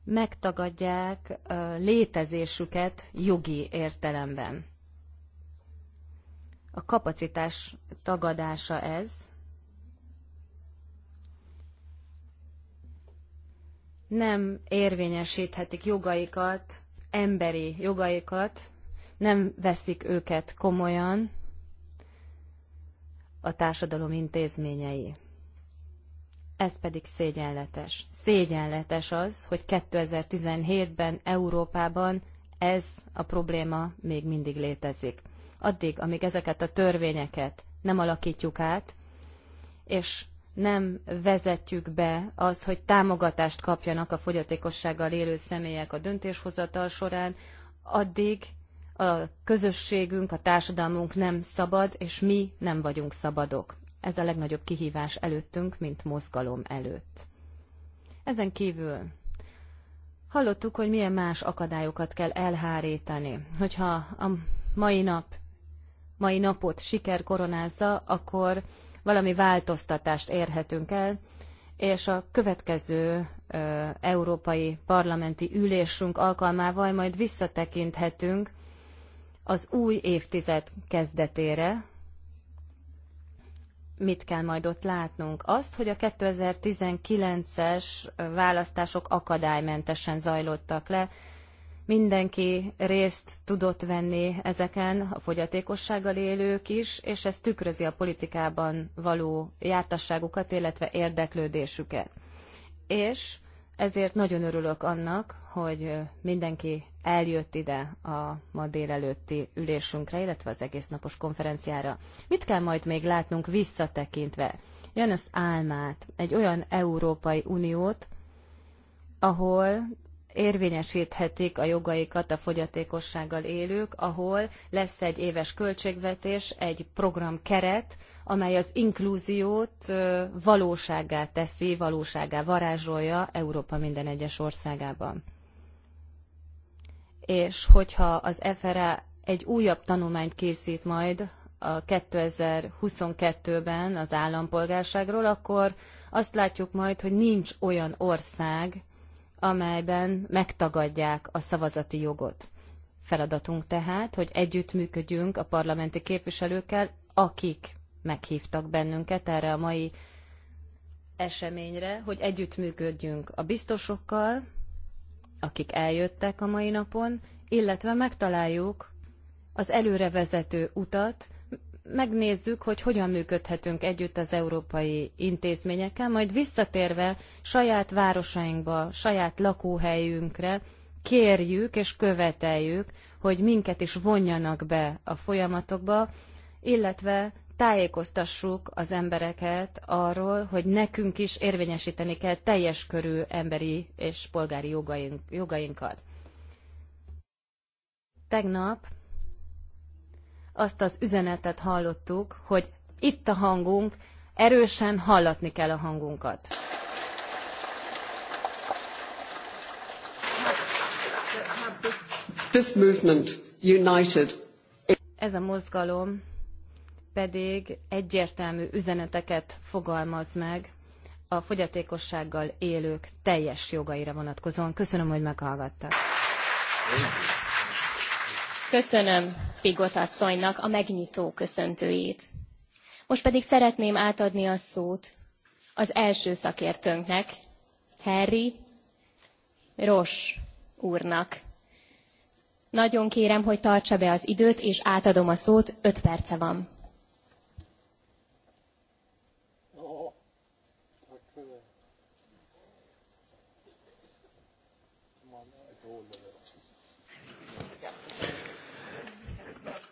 megtagadják létezésüket jogi értelemben. A kapacitás tagadása ez. Nem érvényesíthetik jogaikat, emberi jogaikat, nem veszik őket komolyan a társadalom intézményei. Ez pedig szégyenletes. Szégyenletes az, hogy 2017-ben Európában ez a probléma még mindig létezik. Addig, amíg ezeket a törvényeket nem alakítjuk át, és nem vezetjük be azt, hogy támogatást kapjanak a fogyatékossággal élő személyek a döntéshozatal során, addig a közösségünk, a társadalmunk nem szabad, és mi nem vagyunk szabadok. Ez a legnagyobb kihívás előttünk, mint mozgalom előtt. Ezen kívül hallottuk, hogy milyen más akadályokat kell elhárítani. Hogyha a mai nap, mai napot siker koronázza, akkor valami változtatást érhetünk el, és a következő ö, európai parlamenti ülésünk alkalmával majd visszatekinthetünk az új évtized kezdetére, mit kell majd ott látnunk? Azt, hogy a 2019-es választások akadálymentesen zajlottak le, mindenki részt tudott venni ezeken, a fogyatékossággal élők is, és ez tükrözi a politikában való jártasságukat, illetve érdeklődésüket. És ezért nagyon örülök annak, hogy mindenki eljött ide a ma délelőtti ülésünkre, illetve az egész napos konferenciára. Mit kell majd még látnunk visszatekintve? Jön az álmát, egy olyan Európai Uniót, ahol érvényesíthetik a jogaikat a fogyatékossággal élők, ahol lesz egy éves költségvetés, egy programkeret, amely az inklúziót valóságá teszi, valóságá varázsolja Európa minden egyes országában. És hogyha az FRA egy újabb tanulmányt készít majd a 2022-ben az állampolgárságról, akkor azt látjuk majd, hogy nincs olyan ország, amelyben megtagadják a szavazati jogot. Feladatunk tehát, hogy együttműködjünk a parlamenti képviselőkkel, akik meghívtak bennünket erre a mai eseményre, hogy együttműködjünk a biztosokkal, akik eljöttek a mai napon, illetve megtaláljuk az előrevezető utat, megnézzük, hogy hogyan működhetünk együtt az európai intézményekkel, majd visszatérve saját városainkba, saját lakóhelyünkre kérjük és követeljük, hogy minket is vonjanak be a folyamatokba, illetve tájékoztassuk az embereket arról, hogy nekünk is érvényesíteni kell teljes körű emberi és polgári jogaink, jogainkat. Tegnap azt az üzenetet hallottuk, hogy itt a hangunk, erősen hallatni kell a hangunkat. This movement united. Ez a mozgalom pedig egyértelmű üzeneteket fogalmaz meg a fogyatékossággal élők teljes jogaira vonatkozóan. Köszönöm, hogy meghallgattak. Köszönöm Pigot asszonynak a megnyitó köszöntőjét. Most pedig szeretném átadni a szót az első szakértőnknek, Harry Ross úrnak. Nagyon kérem, hogy tartsa be az időt, és átadom a szót, öt perce van.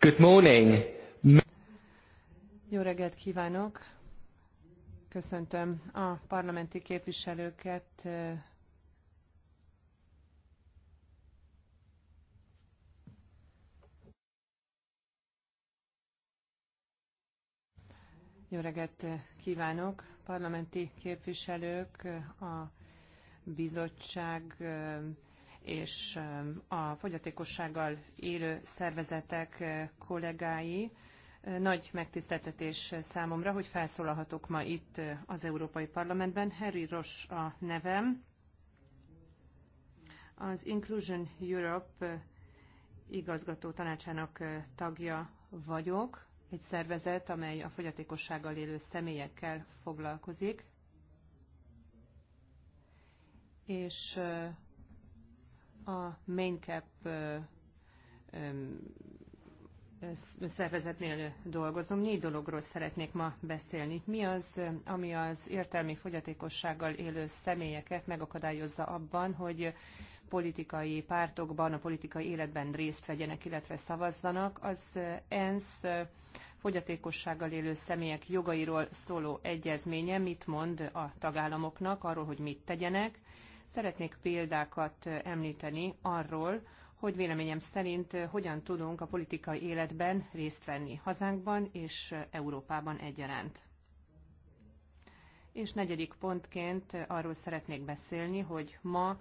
Good morning. Jó reggelt kívánok. Köszöntöm a parlamenti képviselőket. Jó reggelt kívánok, parlamenti képviselők, a bizottság és a fogyatékossággal élő szervezetek kollégái. Nagy megtiszteltetés számomra, hogy felszólalhatok ma itt az Európai Parlamentben. Harry Ross a nevem. Az Inclusion Europe igazgató tanácsának tagja vagyok, egy szervezet, amely a fogyatékossággal élő személyekkel foglalkozik. És a maincap szervezetnél dolgozom. Négy dologról szeretnék ma beszélni. Mi az, ami az értelmi fogyatékossággal élő személyeket megakadályozza abban, hogy politikai pártokban, a politikai életben részt vegyenek, illetve szavazzanak. Az ENSZ fogyatékossággal élő személyek jogairól szóló egyezménye mit mond a tagállamoknak arról, hogy mit tegyenek, Szeretnék példákat említeni arról, hogy véleményem szerint hogyan tudunk a politikai életben részt venni hazánkban és Európában egyaránt. És negyedik pontként arról szeretnék beszélni, hogy ma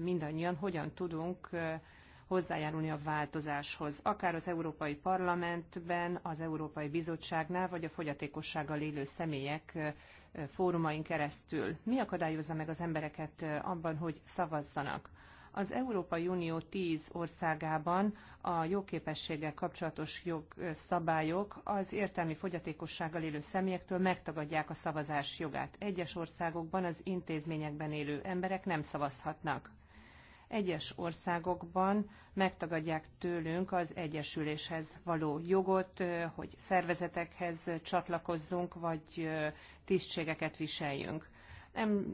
mindannyian hogyan tudunk hozzájárulni a változáshoz, akár az Európai Parlamentben, az Európai Bizottságnál, vagy a fogyatékossággal élő személyek fórumain keresztül. Mi akadályozza meg az embereket abban, hogy szavazzanak? Az Európai Unió 10 országában a jogképességgel kapcsolatos jogszabályok az értelmi fogyatékossággal élő személyektől megtagadják a szavazás jogát. Egyes országokban az intézményekben élő emberek nem szavazhatnak. Egyes országokban megtagadják tőlünk az egyesüléshez való jogot, hogy szervezetekhez csatlakozzunk, vagy tisztségeket viseljünk.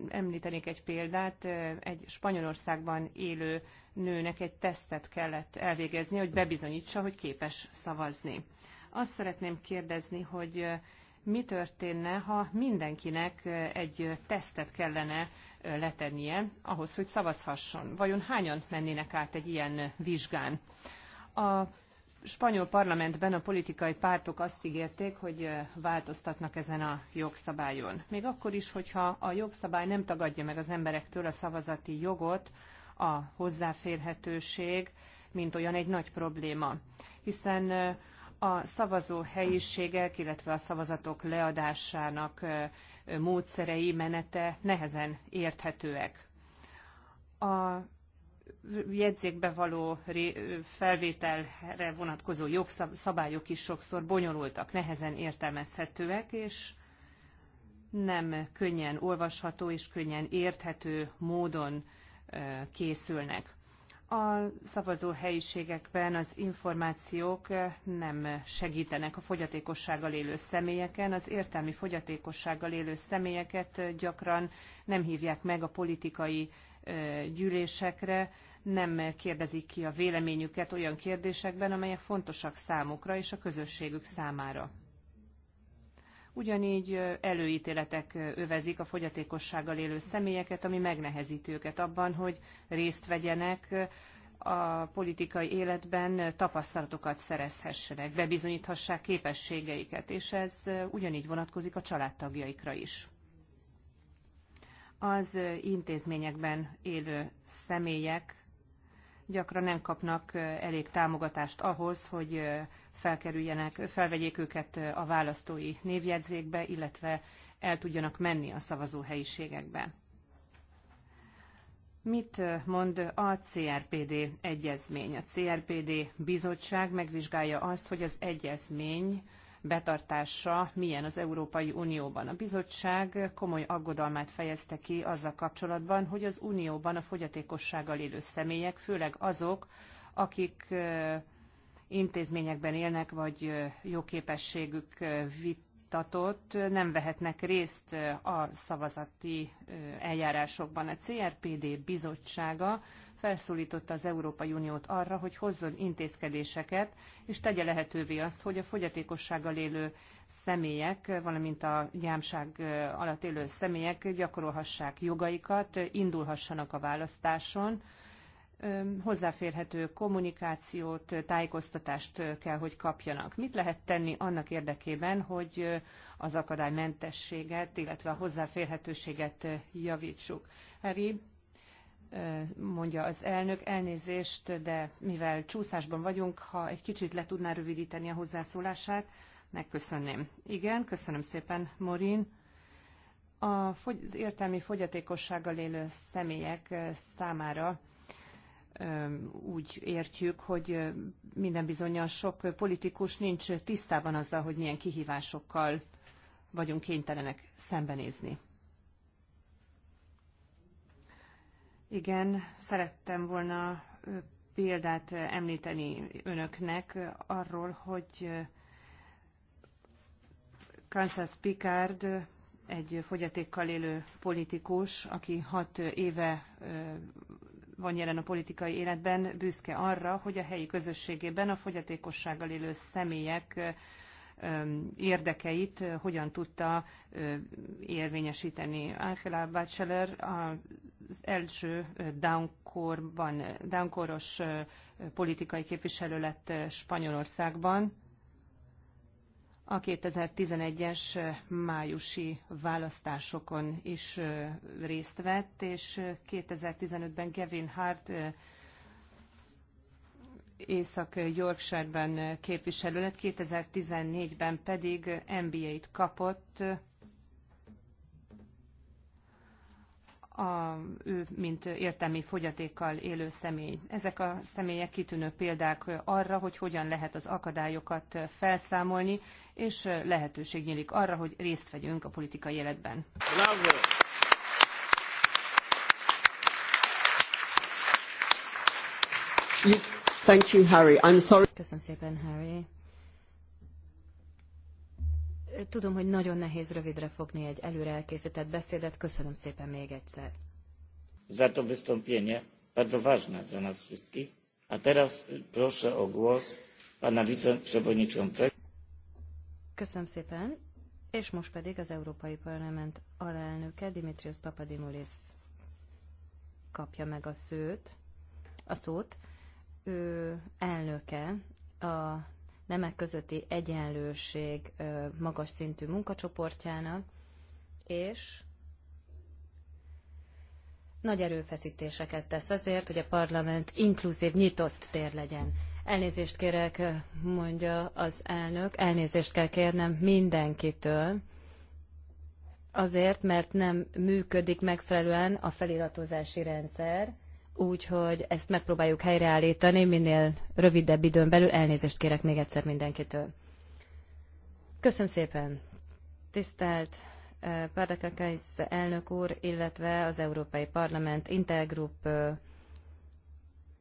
Említenék egy példát, egy Spanyolországban élő nőnek egy tesztet kellett elvégezni, hogy bebizonyítsa, hogy képes szavazni. Azt szeretném kérdezni, hogy mi történne, ha mindenkinek egy tesztet kellene letennie ahhoz, hogy szavazhasson. Vajon hányan mennének át egy ilyen vizsgán? A spanyol parlamentben a politikai pártok azt ígérték, hogy változtatnak ezen a jogszabályon. Még akkor is, hogyha a jogszabály nem tagadja meg az emberektől a szavazati jogot, a hozzáférhetőség, mint olyan egy nagy probléma. Hiszen a szavazó helyiségek, illetve a szavazatok leadásának módszerei, menete nehezen érthetőek. A jegyzékbe való felvételre vonatkozó jogszabályok is sokszor bonyolultak, nehezen értelmezhetőek, és nem könnyen olvasható és könnyen érthető módon készülnek. A szavazó helyiségekben az információk nem segítenek a fogyatékossággal élő személyeken. Az értelmi fogyatékossággal élő személyeket gyakran nem hívják meg a politikai gyűlésekre, nem kérdezik ki a véleményüket olyan kérdésekben, amelyek fontosak számukra és a közösségük számára. Ugyanígy előítéletek övezik a fogyatékossággal élő személyeket, ami megnehezíti őket abban, hogy részt vegyenek a politikai életben tapasztalatokat szerezhessenek, bebizonyíthassák képességeiket, és ez ugyanígy vonatkozik a családtagjaikra is. Az intézményekben élő személyek gyakran nem kapnak elég támogatást ahhoz, hogy felkerüljenek, felvegyék őket a választói névjegyzékbe, illetve el tudjanak menni a szavazóhelyiségekbe. Mit mond a CRPD egyezmény? A CRPD bizottság megvizsgálja azt, hogy az egyezmény betartása milyen az Európai Unióban. A bizottság komoly aggodalmát fejezte ki azzal kapcsolatban, hogy az Unióban a fogyatékossággal élő személyek, főleg azok, akik intézményekben élnek, vagy jogképességük vitatott, nem vehetnek részt a szavazati eljárásokban. A CRPD bizottsága felszólította az Európai Uniót arra, hogy hozzon intézkedéseket, és tegye lehetővé azt, hogy a fogyatékossággal élő személyek, valamint a gyámság alatt élő személyek gyakorolhassák jogaikat, indulhassanak a választáson, hozzáférhető kommunikációt, tájékoztatást kell, hogy kapjanak. Mit lehet tenni annak érdekében, hogy az akadálymentességet, illetve a hozzáférhetőséget javítsuk? Harry, mondja az elnök, elnézést, de mivel csúszásban vagyunk, ha egy kicsit le tudná rövidíteni a hozzászólását, megköszönném. Igen, köszönöm szépen, Morin. A fogy- az értelmi fogyatékossággal élő személyek számára úgy értjük, hogy minden bizonyos sok politikus nincs tisztában azzal, hogy milyen kihívásokkal vagyunk kénytelenek szembenézni. Igen, szerettem volna példát említeni önöknek arról, hogy Kansas Picard egy fogyatékkal élő politikus, aki hat éve van jelen a politikai életben, büszke arra, hogy a helyi közösségében a fogyatékossággal élő személyek érdekeit hogyan tudta érvényesíteni. Angela Bachelor az első downkorban, downkoros politikai képviselő lett Spanyolországban, a 2011-es májusi választásokon is részt vett, és 2015-ben Kevin Hart Észak-Yorkshire-ben képviselő lett, 2014-ben pedig MBA-t kapott a, ő, mint értelmi fogyatékkal élő személy. Ezek a személyek kitűnő példák arra, hogy hogyan lehet az akadályokat felszámolni, és lehetőség nyílik arra, hogy részt vegyünk a politikai életben. Bravo. Thank you, Harry. I'm sorry. Köszönöm szépen, Harry. Tudom, hogy nagyon nehéz rövidre fogni egy előre elkészített beszédet. Köszönöm szépen még egyszer. Za to wystąpienie, bardzo ważne dla nas wszystkich. A teraz proszę o głos pana wiceprzewodniczącego. Köszönöm szépen. És most pedig az Európai Parlament alelnöke Dimitrios Papadimulis kapja meg a szőt, a szót. Ő elnöke a nemek közötti egyenlőség magas szintű munkacsoportjának, és nagy erőfeszítéseket tesz azért, hogy a parlament inkluzív, nyitott tér legyen. Elnézést kérek, mondja az elnök, elnézést kell kérnem mindenkitől, azért, mert nem működik megfelelően a feliratozási rendszer, úgyhogy ezt megpróbáljuk helyreállítani minél rövidebb időn belül. Elnézést kérek még egyszer mindenkitől. Köszönöm szépen, tisztelt eh, Párdakakais elnök úr, illetve az Európai Parlament Intergroup eh,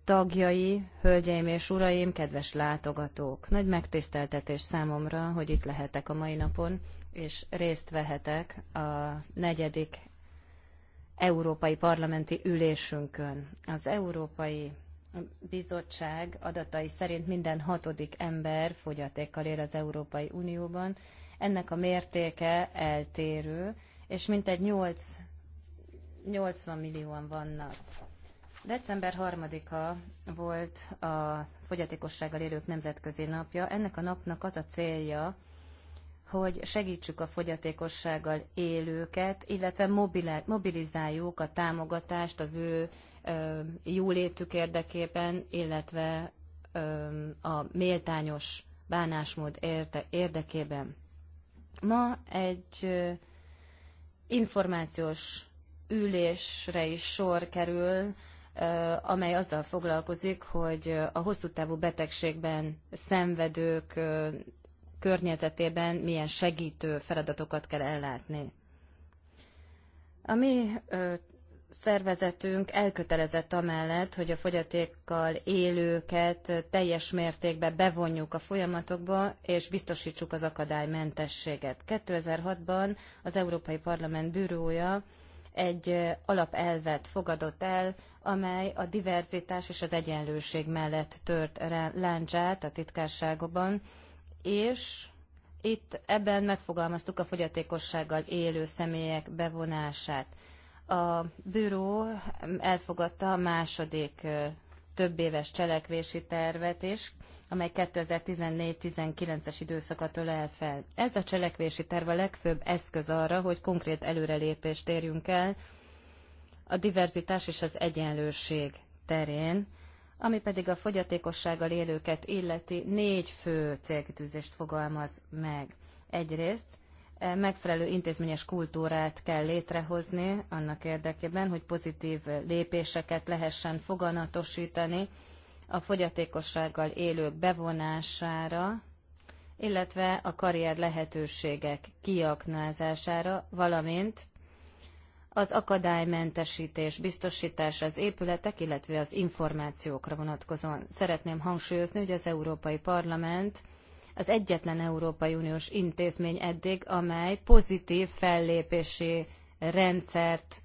tagjai, hölgyeim és uraim, kedves látogatók! Nagy megtiszteltetés számomra, hogy itt lehetek a mai napon, és részt vehetek a negyedik európai parlamenti ülésünkön. Az Európai Bizottság adatai szerint minden hatodik ember fogyatékkal él az Európai Unióban. Ennek a mértéke eltérő, és mintegy 8, 80 millióan vannak. December 3-a volt a fogyatékossággal élők nemzetközi napja. Ennek a napnak az a célja, hogy segítsük a fogyatékossággal élőket, illetve mobilizáljuk a támogatást az ő jólétük érdekében, illetve a méltányos bánásmód érdekében. Ma egy információs ülésre is sor kerül, amely azzal foglalkozik, hogy a hosszú távú betegségben szenvedők környezetében milyen segítő feladatokat kell ellátni. A mi ö, szervezetünk elkötelezett amellett, hogy a fogyatékkal élőket teljes mértékben bevonjuk a folyamatokba, és biztosítsuk az akadálymentességet. 2006-ban az Európai Parlament bürója egy alapelvet fogadott el, amely a diverzitás és az egyenlőség mellett tört láncsát a titkárságokban, és itt ebben megfogalmaztuk a fogyatékossággal élő személyek bevonását. A bűró elfogadta a második több éves cselekvési tervet is, amely 2014-19-es időszakat ölel fel. Ez a cselekvési terv a legfőbb eszköz arra, hogy konkrét előrelépést érjünk el a diverzitás és az egyenlőség terén, ami pedig a fogyatékossággal élőket illeti négy fő célkitűzést fogalmaz meg. Egyrészt e, megfelelő intézményes kultúrát kell létrehozni annak érdekében, hogy pozitív lépéseket lehessen foganatosítani a fogyatékossággal élők bevonására, illetve a karrier lehetőségek kiaknázására, valamint az akadálymentesítés, biztosítása az épületek, illetve az információkra vonatkozóan. Szeretném hangsúlyozni, hogy az Európai Parlament az egyetlen Európai Uniós intézmény eddig, amely pozitív fellépési rendszert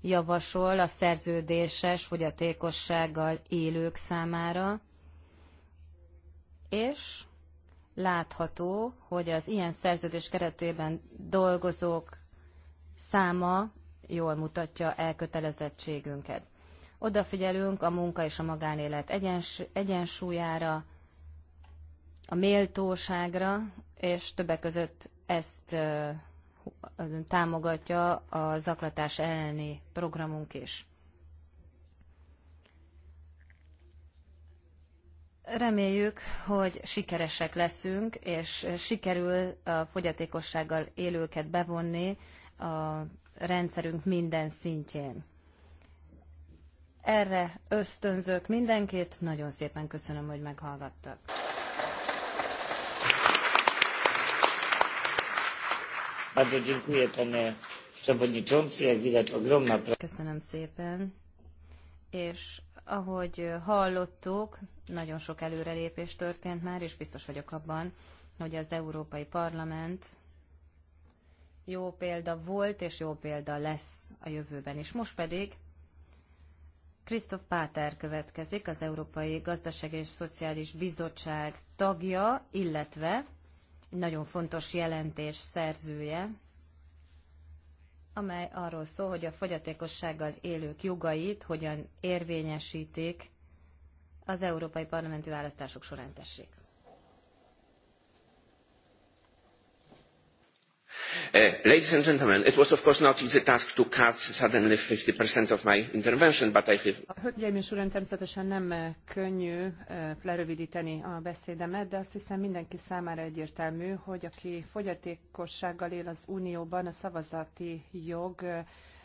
javasol a szerződéses fogyatékossággal élők számára, és látható, hogy az ilyen szerződés keretében dolgozók száma jól mutatja elkötelezettségünket. Odafigyelünk a munka és a magánélet egyens, egyensúlyára, a méltóságra, és többek között ezt támogatja a zaklatás elleni programunk is. Reméljük, hogy sikeresek leszünk, és sikerül a fogyatékossággal élőket bevonni a rendszerünk minden szintjén. Erre ösztönzök mindenkit, nagyon szépen köszönöm, hogy meghallgattak. Bardzo dziękuję panie przewodniczący, jak widać ogromna Köszönöm szépen, és ahogy hallottuk, nagyon sok előrelépés történt már, és biztos vagyok abban, hogy az Európai Parlament jó példa volt, és jó példa lesz a jövőben is. Most pedig Krisztof Páter következik, az Európai Gazdaság és Szociális Bizottság tagja, illetve egy nagyon fontos jelentés szerzője, amely arról szól, hogy a fogyatékossággal élők jogait hogyan érvényesítik az európai parlamenti választások során tessék. Uh, ladies and gentlemen, it was of course not easy task to cut suddenly 50% of my intervention, but I have... Hölgyeim és uraim, természetesen nem uh, könnyű uh, lerövidíteni a beszédemet, de azt hiszem mindenki számára egyértelmű, hogy aki fogyatékossággal él az Unióban, a szavazati jog uh,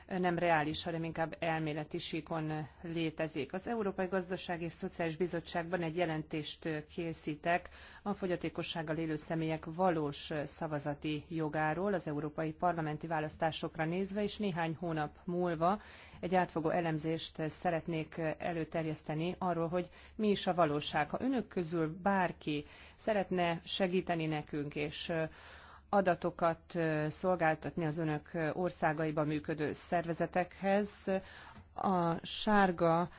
nem reális, hanem inkább elméleti síkon létezik. Az Európai Gazdaság és Szociális Bizottságban egy jelentést készítek a fogyatékossággal élő személyek valós szavazati jogáról az európai parlamenti választásokra nézve, és néhány hónap múlva egy átfogó elemzést szeretnék előterjeszteni arról, hogy mi is a valóság. Ha önök közül bárki szeretne segíteni nekünk, és adatokat szolgáltatni az önök országaiban működő szervezetekhez. A sárga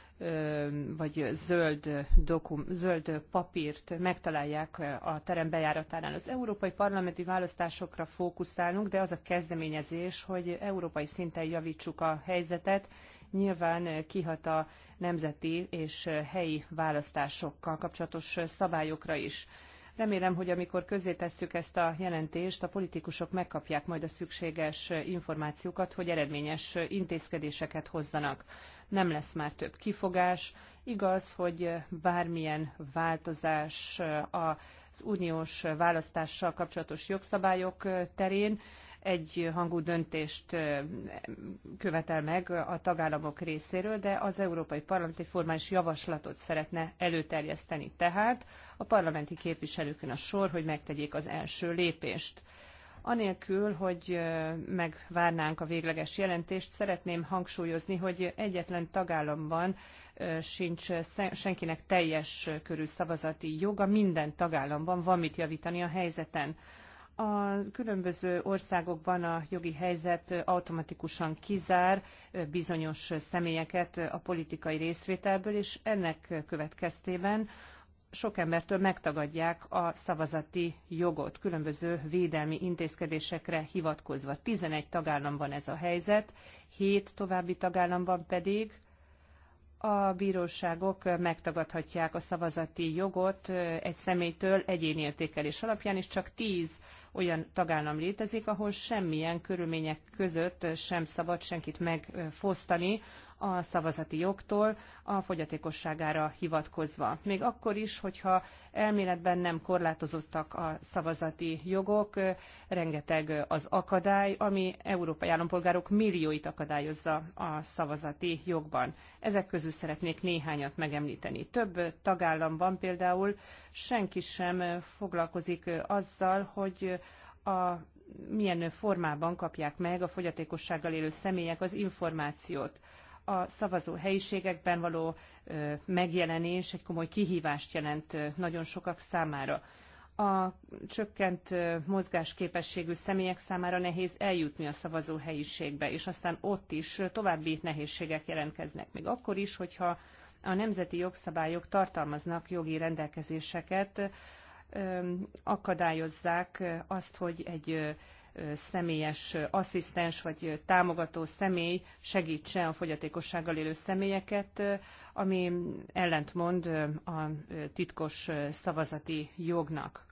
vagy zöld, dokum, zöld papírt megtalálják a terem bejáratánál. Az európai parlamenti választásokra fókuszálunk, de az a kezdeményezés, hogy európai szinten javítsuk a helyzetet, nyilván kihat a nemzeti és helyi választásokkal kapcsolatos szabályokra is. Remélem, hogy amikor közzétesszük ezt a jelentést, a politikusok megkapják majd a szükséges információkat, hogy eredményes intézkedéseket hozzanak. Nem lesz már több kifogás. Igaz, hogy bármilyen változás az uniós választással kapcsolatos jogszabályok terén, egy hangú döntést követel meg a tagállamok részéről, de az Európai Parlament egy formális javaslatot szeretne előterjeszteni. Tehát a parlamenti képviselőkön a sor, hogy megtegyék az első lépést. Anélkül, hogy megvárnánk a végleges jelentést, szeretném hangsúlyozni, hogy egyetlen tagállamban sincs senkinek teljes körű szavazati joga, minden tagállamban van mit javítani a helyzeten. A különböző országokban a jogi helyzet automatikusan kizár bizonyos személyeket a politikai részvételből, és ennek következtében sok embertől megtagadják a szavazati jogot különböző védelmi intézkedésekre hivatkozva. 11 tagállamban ez a helyzet, 7 további tagállamban pedig a bíróságok megtagadhatják a szavazati jogot egy személytől egyéni értékelés alapján, és csak tíz olyan tagállam létezik, ahol semmilyen körülmények között sem szabad senkit megfosztani a szavazati jogtól a fogyatékosságára hivatkozva. Még akkor is, hogyha elméletben nem korlátozottak a szavazati jogok, rengeteg az akadály, ami európai állampolgárok millióit akadályozza a szavazati jogban. Ezek közül szeretnék néhányat megemlíteni. Több tagállamban például senki sem foglalkozik azzal, hogy a milyen formában kapják meg a fogyatékossággal élő személyek az információt a szavazó helyiségekben való megjelenés egy komoly kihívást jelent nagyon sokak számára. A csökkent mozgásképességű személyek számára nehéz eljutni a szavazó helyiségbe, és aztán ott is további nehézségek jelentkeznek, még akkor is, hogyha a nemzeti jogszabályok tartalmaznak jogi rendelkezéseket, akadályozzák azt, hogy egy személyes asszisztens vagy támogató személy segítse a fogyatékossággal élő személyeket, ami ellentmond a titkos szavazati jognak.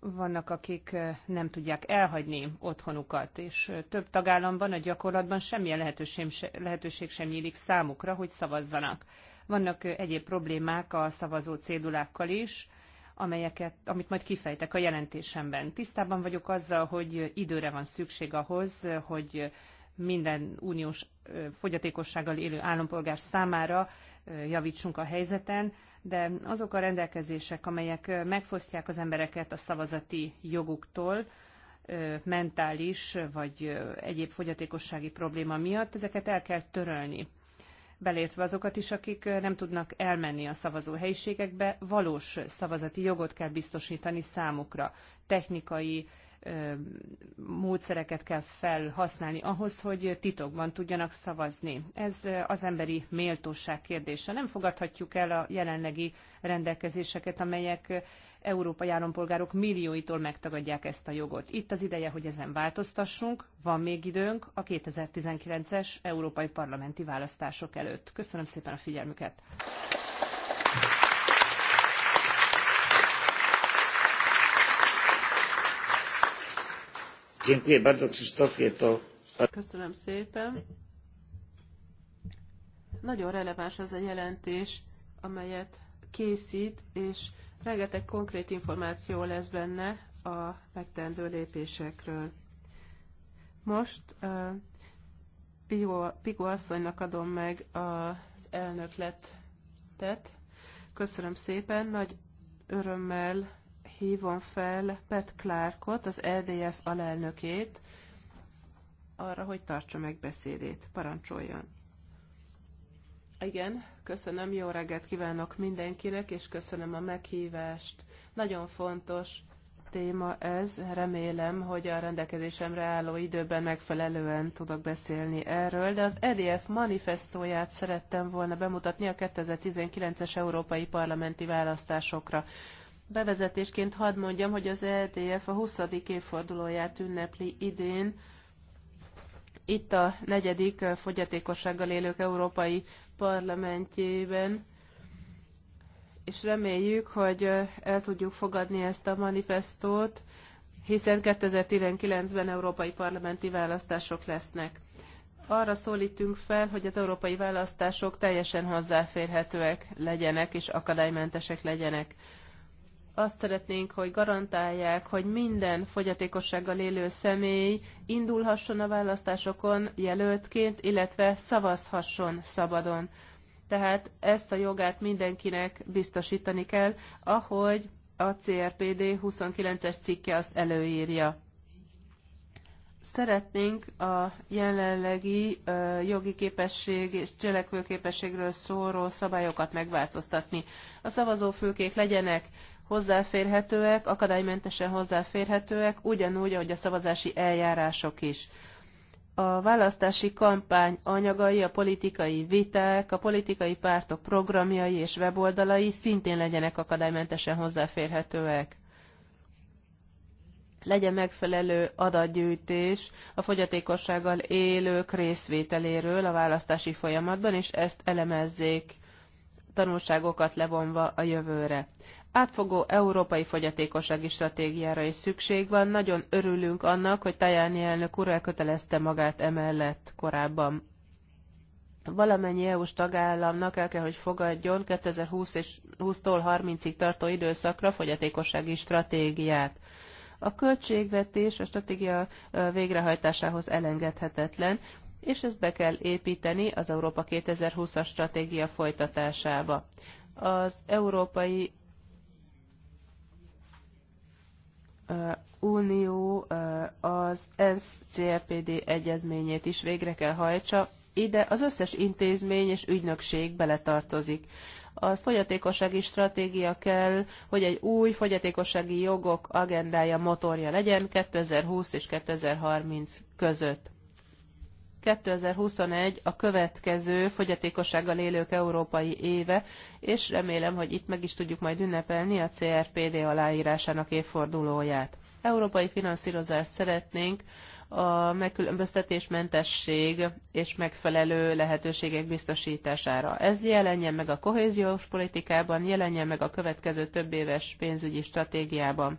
Vannak, akik nem tudják elhagyni otthonukat, és több tagállamban a gyakorlatban semmilyen lehetőség, lehetőség sem nyílik számukra, hogy szavazzanak. Vannak egyéb problémák a szavazó cédulákkal is, amelyeket, amit majd kifejtek a jelentésemben. Tisztában vagyok azzal, hogy időre van szükség ahhoz, hogy minden uniós fogyatékossággal élő állampolgár számára javítsunk a helyzeten, de azok a rendelkezések, amelyek megfosztják az embereket a szavazati joguktól, mentális vagy egyéb fogyatékossági probléma miatt, ezeket el kell törölni beleértve azokat is, akik nem tudnak elmenni a szavazóhelyiségekbe, valós szavazati jogot kell biztosítani számukra, technikai módszereket kell felhasználni ahhoz, hogy titokban tudjanak szavazni. Ez az emberi méltóság kérdése. Nem fogadhatjuk el a jelenlegi rendelkezéseket, amelyek európai állampolgárok millióitól megtagadják ezt a jogot. Itt az ideje, hogy ezen változtassunk. Van még időnk a 2019-es európai parlamenti választások előtt. Köszönöm szépen a figyelmüket! Dziękuję bardzo Krzysztofie, to... Köszönöm szépen. Nagyon releváns ez a jelentés, amelyet készít, és rengeteg konkrét információ lesz benne a megtendő lépésekről. Most uh, Pigo, asszonynak adom meg az elnökletet. Köszönöm szépen, nagy örömmel hívom fel Pat Clarkot, az LDF e alelnökét, arra, hogy tartsa meg beszédét. Parancsoljon! Igen, köszönöm, jó reggelt kívánok mindenkinek, és köszönöm a meghívást. Nagyon fontos téma ez, remélem, hogy a rendelkezésemre álló időben megfelelően tudok beszélni erről, de az EDF manifestóját szerettem volna bemutatni a 2019-es európai parlamenti választásokra. Bevezetésként hadd mondjam, hogy az EDF a 20. évfordulóját ünnepli idén. Itt a negyedik fogyatékossággal élők Európai Parlamentjében és reméljük, hogy el tudjuk fogadni ezt a manifestót, hiszen 2019-ben európai parlamenti választások lesznek. Arra szólítunk fel, hogy az európai választások teljesen hozzáférhetőek legyenek és akadálymentesek legyenek azt szeretnénk, hogy garantálják, hogy minden fogyatékossággal élő személy indulhasson a választásokon jelöltként, illetve szavazhasson szabadon. Tehát ezt a jogát mindenkinek biztosítani kell, ahogy a CRPD 29-es cikke azt előírja. Szeretnénk a jelenlegi jogi képesség és cselekvőképességről szóró szabályokat megváltoztatni. A szavazófülkék legyenek hozzáférhetőek, akadálymentesen hozzáférhetőek, ugyanúgy, ahogy a szavazási eljárások is. A választási kampány anyagai, a politikai viták, a politikai pártok programjai és weboldalai szintén legyenek akadálymentesen hozzáférhetőek legyen megfelelő adatgyűjtés a fogyatékossággal élők részvételéről a választási folyamatban, és ezt elemezzék tanulságokat levonva a jövőre átfogó európai fogyatékossági stratégiára is szükség van. Nagyon örülünk annak, hogy Tajáni elnök úr elkötelezte magát emellett korábban. Valamennyi EU-s tagállamnak el kell, hogy fogadjon 2020 és 20-tól 30-ig tartó időszakra fogyatékossági stratégiát. A költségvetés a stratégia végrehajtásához elengedhetetlen, és ezt be kell építeni az Európa 2020-as stratégia folytatásába. Az Európai Unió az ENSZ CLPD egyezményét is végre kell hajtsa, ide az összes intézmény és ügynökség beletartozik. A fogyatékossági stratégia kell, hogy egy új fogyatékossági jogok agendája motorja legyen 2020 és 2030 között. 2021 a következő fogyatékossággal élők európai éve, és remélem, hogy itt meg is tudjuk majd ünnepelni a CRPD aláírásának évfordulóját. Európai finanszírozást szeretnénk a megkülönböztetésmentesség és megfelelő lehetőségek biztosítására. Ez jelenjen meg a kohéziós politikában, jelenjen meg a következő több éves pénzügyi stratégiában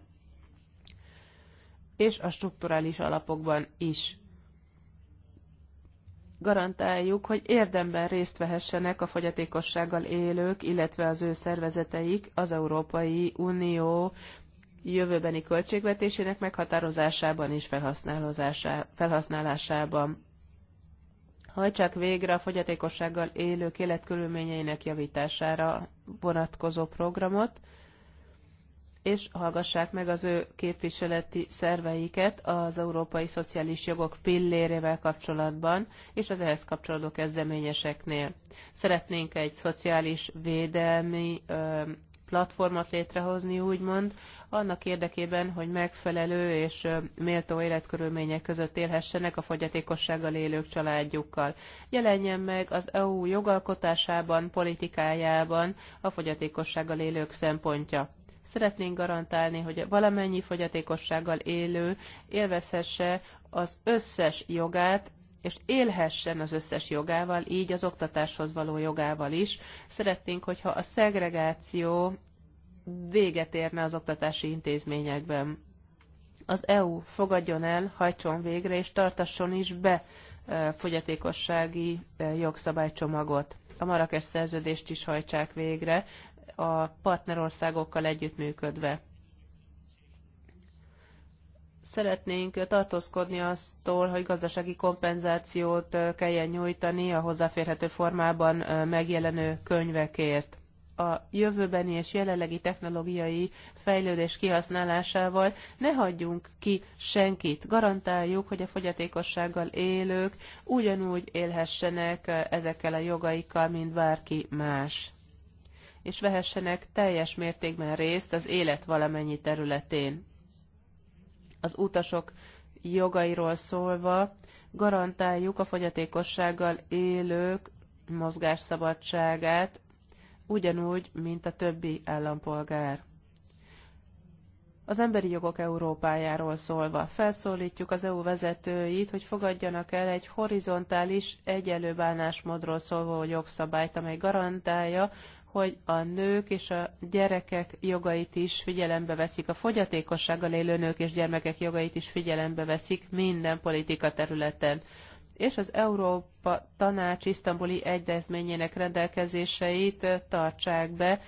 és a strukturális alapokban is garantáljuk, hogy érdemben részt vehessenek a fogyatékossággal élők, illetve az ő szervezeteik az Európai Unió jövőbeni költségvetésének meghatározásában és felhasználásában. Hajtsák végre a fogyatékossággal élők életkörülményeinek javítására vonatkozó programot, és hallgassák meg az ő képviseleti szerveiket az európai szociális jogok pillérével kapcsolatban, és az ehhez kapcsolódó kezdeményeseknél. Szeretnénk egy szociális védelmi ö, platformot létrehozni, úgymond, annak érdekében, hogy megfelelő és méltó életkörülmények között élhessenek a fogyatékossággal élők családjukkal. Jelenjen meg az EU jogalkotásában, politikájában a fogyatékossággal élők szempontja. Szeretnénk garantálni, hogy valamennyi fogyatékossággal élő élvezhesse az összes jogát, és élhessen az összes jogával, így az oktatáshoz való jogával is. Szeretnénk, hogyha a szegregáció véget érne az oktatási intézményekben. Az EU fogadjon el, hajtson végre és tartasson is be fogyatékossági jogszabálycsomagot. A Marrakes szerződést is hajtsák végre, a partnerországokkal együttműködve. Szeretnénk tartózkodni aztól, hogy gazdasági kompenzációt kelljen nyújtani a hozzáférhető formában megjelenő könyvekért a jövőbeni és jelenlegi technológiai fejlődés kihasználásával ne hagyjunk ki senkit. Garantáljuk, hogy a fogyatékossággal élők ugyanúgy élhessenek ezekkel a jogaikkal, mint bárki más és vehessenek teljes mértékben részt az élet valamennyi területén. Az utasok jogairól szólva garantáljuk a fogyatékossággal élők mozgásszabadságát, ugyanúgy, mint a többi állampolgár. Az emberi jogok Európájáról szólva felszólítjuk az EU vezetőit, hogy fogadjanak el egy horizontális, egyenlő bánásmódról szóló jogszabályt, amely garantálja, hogy a nők és a gyerekek jogait is figyelembe veszik, a fogyatékossággal élő nők és gyermekek jogait is figyelembe veszik minden politika területen. És az Európa Tanács isztambuli egyezményének rendelkezéseit eh, tartsák be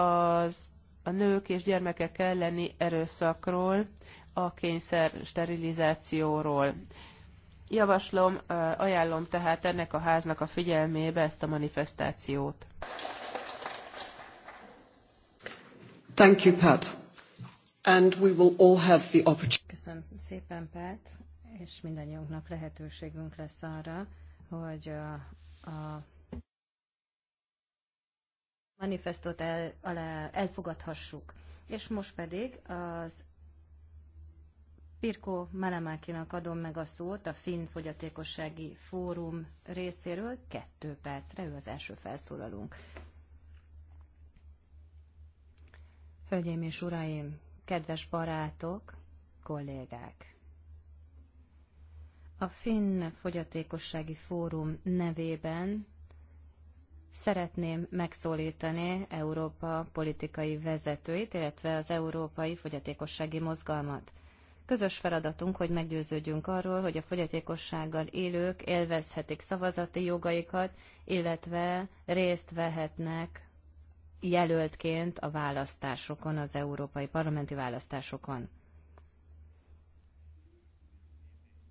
az a nők és gyermekek elleni erőszakról, a kényszer sterilizációról. Javaslom, eh, ajánlom tehát ennek a háznak a figyelmébe ezt a manifestációt. Köszönöm szépen, Pat, és mindannyiunknak lehetőségünk lesz arra, hogy a, a manifestot el, alá elfogadhassuk. És most pedig az Pirko Melemákinak adom meg a szót a Finn Fogyatékossági Fórum részéről. Kettő percre, ő az első felszólalunk. Hölgyeim és uraim, kedves barátok, kollégák! A Finn Fogyatékossági Fórum nevében szeretném megszólítani Európa politikai vezetőit, illetve az Európai Fogyatékossági Mozgalmat. Közös feladatunk, hogy meggyőződjünk arról, hogy a fogyatékossággal élők élvezhetik szavazati jogaikat, illetve részt vehetnek jelöltként a választásokon, az európai parlamenti választásokon.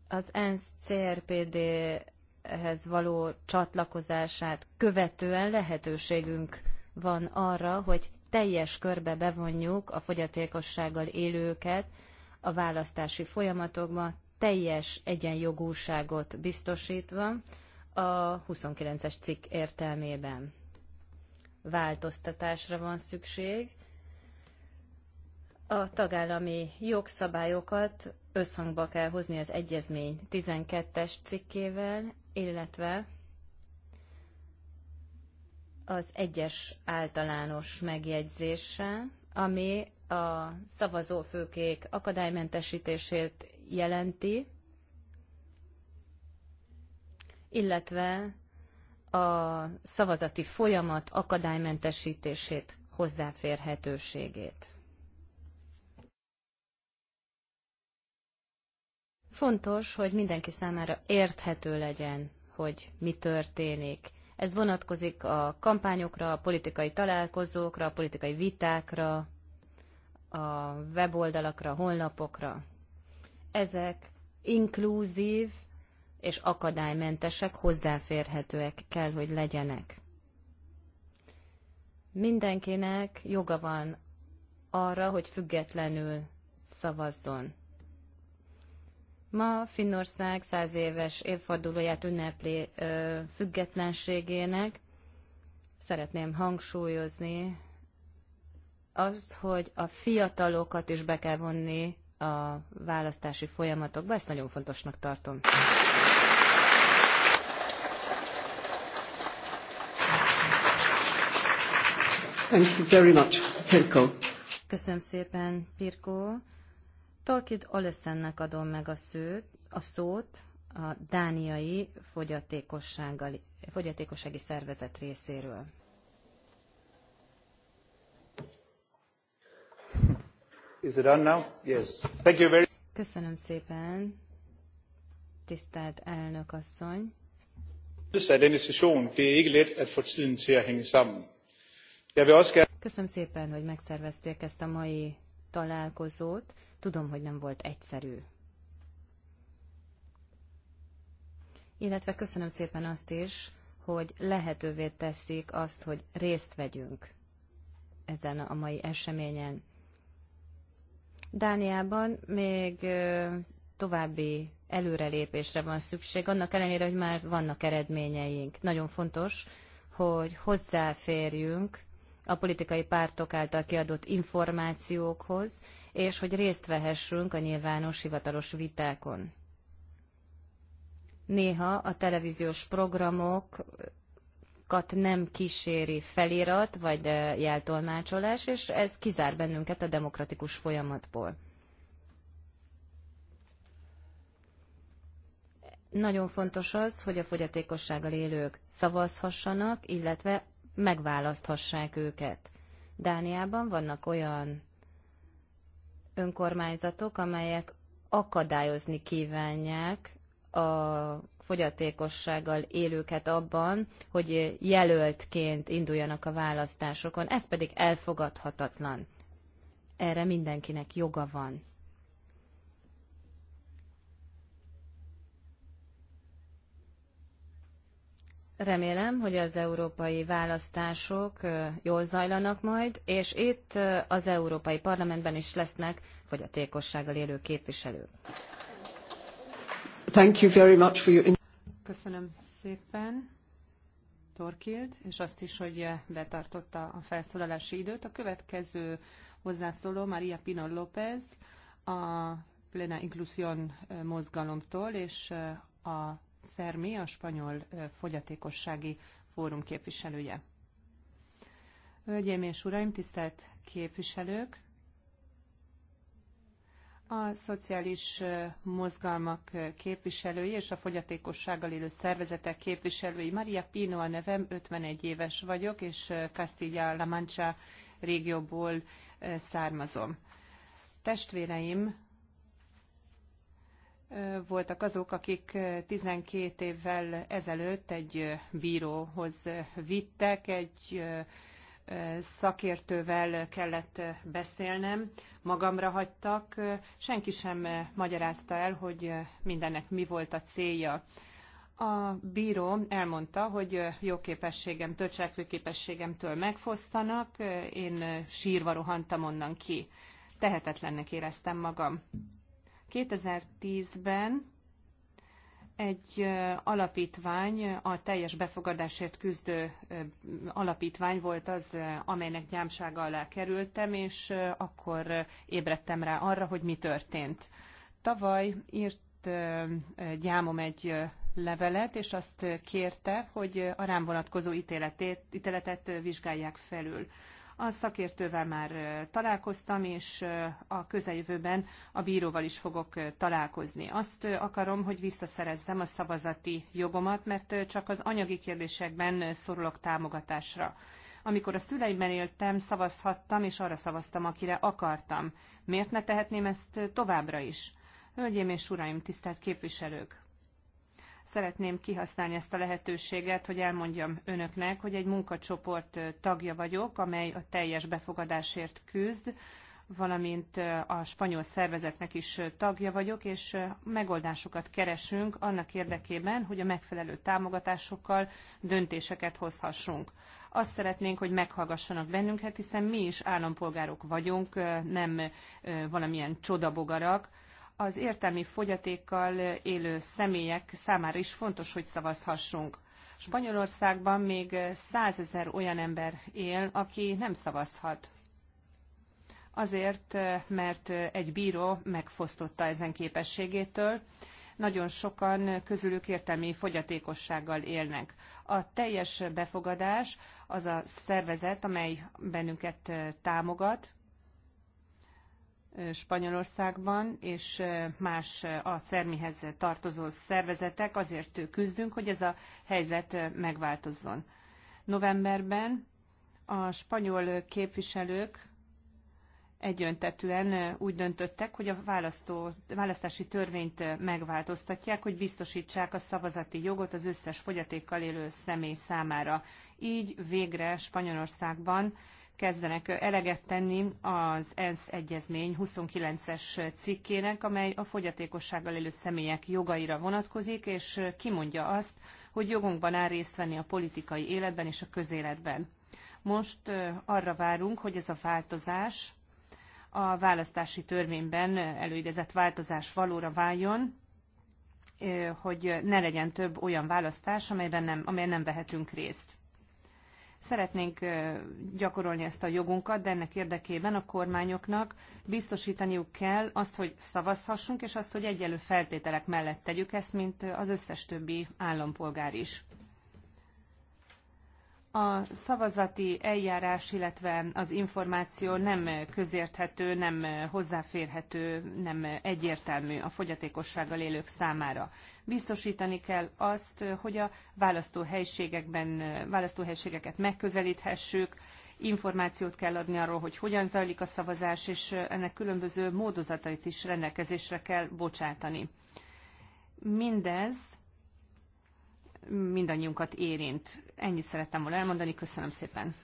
Az ENSZ CRPD-hez való csatlakozását követően lehetőségünk van arra, hogy teljes körbe bevonjuk a fogyatékossággal élőket a választási folyamatokba, teljes egyenjogúságot biztosítva a 29-es cikk értelmében változtatásra van szükség. A tagállami jogszabályokat összhangba kell hozni az egyezmény 12-es cikkével, illetve az egyes általános megjegyzéssel, ami a szavazófőkék akadálymentesítését jelenti, illetve a szavazati folyamat akadálymentesítését, hozzáférhetőségét. Fontos, hogy mindenki számára érthető legyen, hogy mi történik. Ez vonatkozik a kampányokra, a politikai találkozókra, a politikai vitákra, a weboldalakra, honlapokra. Ezek inkluzív, és akadálymentesek, hozzáférhetőek kell, hogy legyenek. Mindenkinek joga van arra, hogy függetlenül szavazzon. Ma Finnország száz éves évfordulóját ünnepli ö, függetlenségének. Szeretném hangsúlyozni azt, hogy a fiatalokat is be kell vonni a választási folyamatokba. Ezt nagyon fontosnak tartom. Thank you very much, Pirko. Köszönöm szépen, Pirko. Tolkid Olesennek adom meg a, szőt, a szót a dániai fogyatékossági szervezet részéről. Is it on now? Yes. Thank you very Köszönöm szépen, tisztelt elnök asszony. Det a denne session. Det er ikke let at få tiden til at hænge sammen. Köszönöm szépen, hogy megszervezték ezt a mai találkozót. Tudom, hogy nem volt egyszerű. Illetve köszönöm szépen azt is, hogy lehetővé teszik azt, hogy részt vegyünk ezen a mai eseményen. Dániában még további előrelépésre van szükség, annak ellenére, hogy már vannak eredményeink. Nagyon fontos, hogy hozzáférjünk a politikai pártok által kiadott információkhoz, és hogy részt vehessünk a nyilvános hivatalos vitákon. Néha a televíziós programokat nem kíséri felirat vagy jeltolmácsolás, és ez kizár bennünket a demokratikus folyamatból. nagyon fontos az, hogy a fogyatékossággal élők szavazhassanak, illetve megválaszthassák őket. Dániában vannak olyan önkormányzatok, amelyek akadályozni kívánják a fogyatékossággal élőket abban, hogy jelöltként induljanak a választásokon. Ez pedig elfogadhatatlan. Erre mindenkinek joga van. Remélem, hogy az európai választások jól zajlanak majd, és itt az Európai Parlamentben is lesznek fogyatékossággal élő képviselők. Thank you very much for your... Köszönöm szépen Torkild, és azt is, hogy betartotta a felszólalási időt. A következő hozzászóló Maria Pina López, a Plena Inclusion mozgalomtól, és a Szermi, a Spanyol Fogyatékossági Fórum képviselője. Hölgyeim és uraim, tisztelt képviselők! A szociális mozgalmak képviselői és a fogyatékossággal élő szervezetek képviselői. Maria Pino a nevem, 51 éves vagyok, és Castilla-La Mancha régióból származom. Testvéreim voltak azok, akik 12 évvel ezelőtt egy bíróhoz vittek, egy szakértővel kellett beszélnem, magamra hagytak, senki sem magyarázta el, hogy mindennek mi volt a célja. A bíró elmondta, hogy jogképességemtől, cselekvőképességemtől megfosztanak, én sírva rohantam onnan ki. Tehetetlennek éreztem magam. 2010-ben egy alapítvány, a teljes befogadásért küzdő alapítvány volt az, amelynek gyámsága alá kerültem, és akkor ébredtem rá arra, hogy mi történt. Tavaly írt gyámom egy levelet, és azt kérte, hogy a rám vonatkozó ítéletet vizsgálják felül. A szakértővel már találkoztam, és a közeljövőben a bíróval is fogok találkozni. Azt akarom, hogy visszaszerezzem a szavazati jogomat, mert csak az anyagi kérdésekben szorulok támogatásra. Amikor a szüleimben éltem, szavazhattam, és arra szavaztam, akire akartam. Miért ne tehetném ezt továbbra is? Hölgyeim és uraim, tisztelt képviselők! szeretném kihasználni ezt a lehetőséget, hogy elmondjam önöknek, hogy egy munkacsoport tagja vagyok, amely a teljes befogadásért küzd, valamint a spanyol szervezetnek is tagja vagyok, és megoldásokat keresünk annak érdekében, hogy a megfelelő támogatásokkal döntéseket hozhassunk. Azt szeretnénk, hogy meghallgassanak bennünket, hiszen mi is állampolgárok vagyunk, nem valamilyen csodabogarak, az értelmi fogyatékkal élő személyek számára is fontos, hogy szavazhassunk. Spanyolországban még százezer olyan ember él, aki nem szavazhat. Azért, mert egy bíró megfosztotta ezen képességétől, nagyon sokan közülük értelmi fogyatékossággal élnek. A teljes befogadás az a szervezet, amely bennünket támogat, Spanyolországban és más a CERMIhez tartozó szervezetek azért küzdünk, hogy ez a helyzet megváltozzon. Novemberben a spanyol képviselők egyöntetűen úgy döntöttek, hogy a választó, választási törvényt megváltoztatják, hogy biztosítsák a szavazati jogot az összes fogyatékkal élő személy számára. Így végre Spanyolországban kezdenek eleget tenni az ENSZ egyezmény 29-es cikkének, amely a fogyatékossággal élő személyek jogaira vonatkozik, és kimondja azt, hogy jogunkban áll részt venni a politikai életben és a közéletben. Most arra várunk, hogy ez a változás a választási törvényben előidezett változás valóra váljon, hogy ne legyen több olyan választás, amelyben nem, amelyen nem vehetünk részt. Szeretnénk gyakorolni ezt a jogunkat, de ennek érdekében a kormányoknak biztosítaniuk kell azt, hogy szavazhassunk, és azt, hogy egyelő feltételek mellett tegyük ezt, mint az összes többi állampolgár is a szavazati eljárás, illetve az információ nem közérthető, nem hozzáférhető, nem egyértelmű a fogyatékossággal élők számára. Biztosítani kell azt, hogy a választóhelységekben, választóhelységeket megközelíthessük, információt kell adni arról, hogy hogyan zajlik a szavazás, és ennek különböző módozatait is rendelkezésre kell bocsátani. Mindez mindannyiunkat érint. Ennyit szerettem volna elmondani, köszönöm szépen.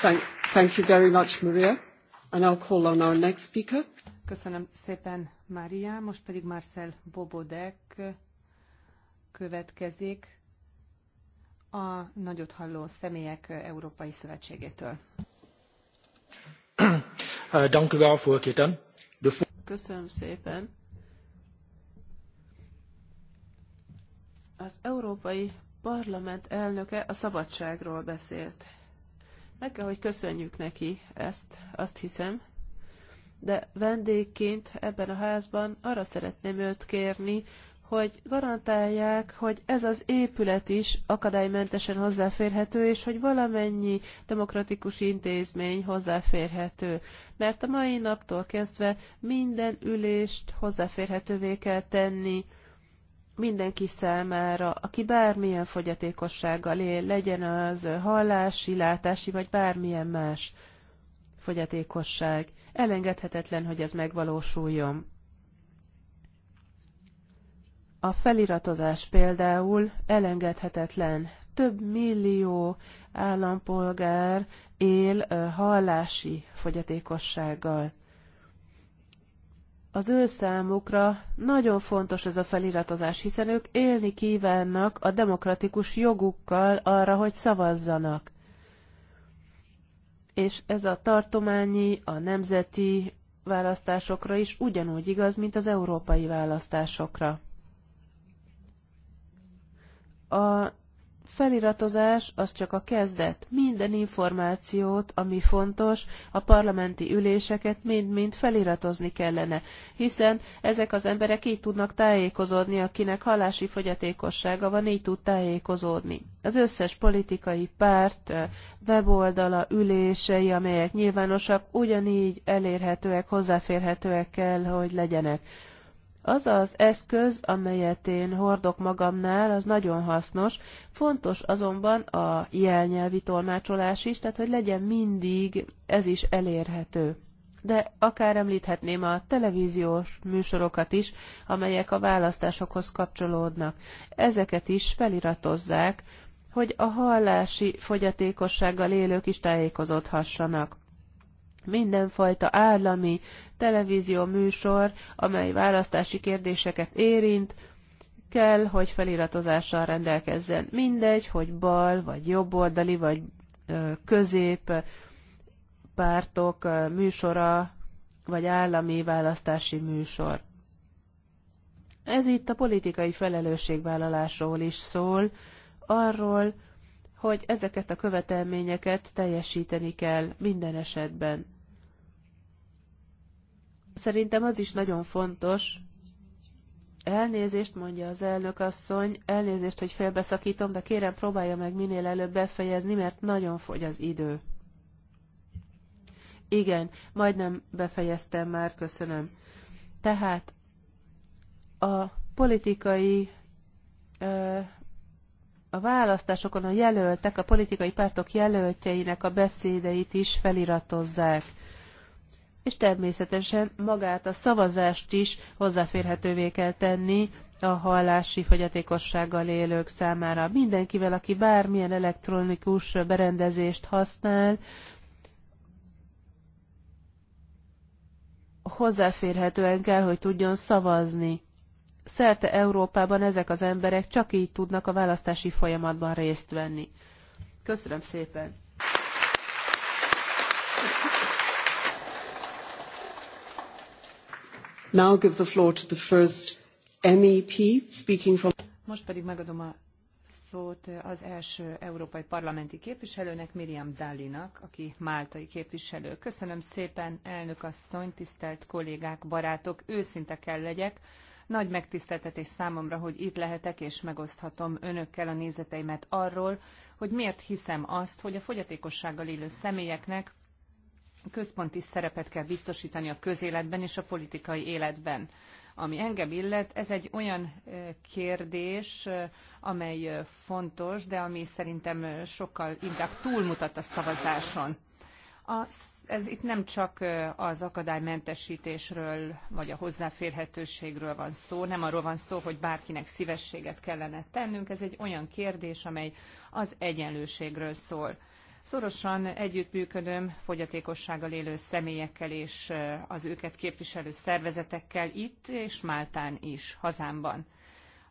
Thank, thank you very much, Maria. And I'll call on our next speaker. Köszönöm szépen, Mária. Most pedig Marcel Bobodek következik a nagyot halló személyek Európai Szövetségétől. Eh, dank u wel, voorzitter. De... Köszönöm szépen. Az Európai Parlament elnöke a szabadságról beszélt. Meg kell, hogy köszönjük neki ezt, azt hiszem. De vendégként ebben a házban arra szeretném őt kérni, hogy garantálják, hogy ez az épület is akadálymentesen hozzáférhető, és hogy valamennyi demokratikus intézmény hozzáférhető. Mert a mai naptól kezdve minden ülést hozzáférhetővé kell tenni mindenki számára, aki bármilyen fogyatékossággal él, legyen az hallási, látási vagy bármilyen más fogyatékosság. Elengedhetetlen, hogy ez megvalósuljon. A feliratozás például elengedhetetlen. Több millió állampolgár él hallási fogyatékossággal. Az ő számukra nagyon fontos ez a feliratozás, hiszen ők élni kívánnak a demokratikus jogukkal arra, hogy szavazzanak. És ez a tartományi, a nemzeti választásokra is ugyanúgy igaz, mint az európai választásokra. A feliratozás az csak a kezdet. Minden információt, ami fontos, a parlamenti üléseket mind-mind feliratozni kellene, hiszen ezek az emberek így tudnak tájékozódni, akinek halási fogyatékossága van, így tud tájékozódni. Az összes politikai párt eh, weboldala, ülései, amelyek nyilvánosak, ugyanígy elérhetőek, hozzáférhetőek kell, hogy legyenek. Az az eszköz, amelyet én hordok magamnál, az nagyon hasznos. Fontos azonban a jelnyelvi tolmácsolás is, tehát hogy legyen mindig ez is elérhető de akár említhetném a televíziós műsorokat is, amelyek a választásokhoz kapcsolódnak. Ezeket is feliratozzák, hogy a hallási fogyatékossággal élők is tájékozódhassanak. Mindenfajta állami televízió műsor, amely választási kérdéseket érint, kell, hogy feliratozással rendelkezzen. Mindegy, hogy bal, vagy jobboldali, vagy közép pártok műsora, vagy állami választási műsor. Ez itt a politikai felelősségvállalásról is szól, arról, hogy ezeket a követelményeket teljesíteni kell minden esetben. Szerintem az is nagyon fontos, elnézést, mondja az elnök asszony, elnézést, hogy félbeszakítom, de kérem próbálja meg minél előbb befejezni, mert nagyon fogy az idő. Igen, majdnem befejeztem már, köszönöm. Tehát a politikai a választásokon a jelöltek, a politikai pártok jelöltjeinek a beszédeit is feliratozzák és természetesen magát a szavazást is hozzáférhetővé kell tenni a hallási fogyatékossággal élők számára. Mindenkivel, aki bármilyen elektronikus berendezést használ, hozzáférhetően kell, hogy tudjon szavazni. Szerte Európában ezek az emberek csak így tudnak a választási folyamatban részt venni. Köszönöm szépen! Now give the floor to the first MEP speaking from... Most pedig megadom a szót az első európai parlamenti képviselőnek, Miriam Dallinak, aki máltai képviselő. Köszönöm szépen, elnök asszony, tisztelt kollégák, barátok, őszinte kell legyek. Nagy megtiszteltetés számomra, hogy itt lehetek és megoszthatom önökkel a nézeteimet arról, hogy miért hiszem azt, hogy a fogyatékossággal élő személyeknek központi szerepet kell biztosítani a közéletben és a politikai életben. Ami engem illet, ez egy olyan e, kérdés, e, amely e, fontos, de ami szerintem sokkal inkább túlmutat a szavazáson. Az, ez itt nem csak az akadálymentesítésről vagy a hozzáférhetőségről van szó, nem arról van szó, hogy bárkinek szívességet kellene tennünk, ez egy olyan kérdés, amely az egyenlőségről szól Szorosan együttműködöm fogyatékossággal élő személyekkel és az őket képviselő szervezetekkel itt és Máltán is, hazámban.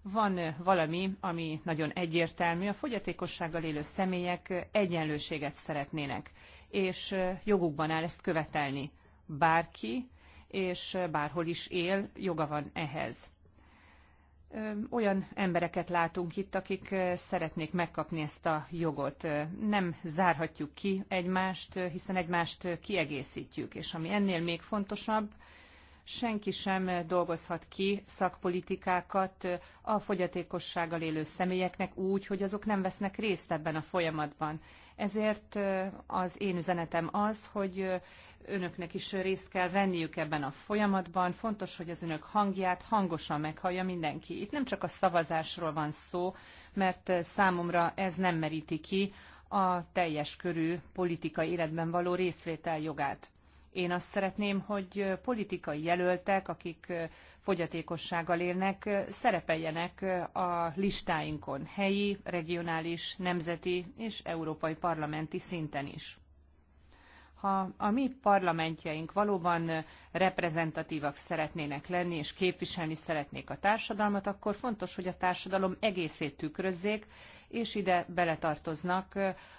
Van valami, ami nagyon egyértelmű, a fogyatékossággal élő személyek egyenlőséget szeretnének, és jogukban áll ezt követelni. Bárki és bárhol is él, joga van ehhez olyan embereket látunk itt, akik szeretnék megkapni ezt a jogot. Nem zárhatjuk ki egymást, hiszen egymást kiegészítjük, és ami ennél még fontosabb, senki sem dolgozhat ki szakpolitikákat a fogyatékossággal élő személyeknek úgy, hogy azok nem vesznek részt ebben a folyamatban. Ezért az én üzenetem az, hogy önöknek is részt kell venniük ebben a folyamatban. Fontos, hogy az önök hangját hangosan meghallja mindenki. Itt nem csak a szavazásról van szó, mert számomra ez nem meríti ki a teljes körű politikai életben való részvétel jogát. Én azt szeretném, hogy politikai jelöltek, akik fogyatékossággal élnek, szerepeljenek a listáinkon helyi, regionális, nemzeti és európai parlamenti szinten is ha a mi parlamentjeink valóban reprezentatívak szeretnének lenni, és képviselni szeretnék a társadalmat, akkor fontos, hogy a társadalom egészét tükrözzék, és ide beletartoznak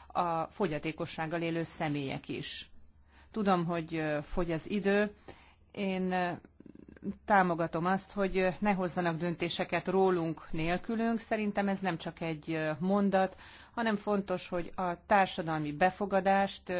a fogyatékossággal élő személyek is. Tudom, hogy fogy az idő. Én támogatom azt, hogy ne hozzanak döntéseket rólunk nélkülünk. Szerintem ez nem csak egy mondat, hanem fontos, hogy a társadalmi befogadást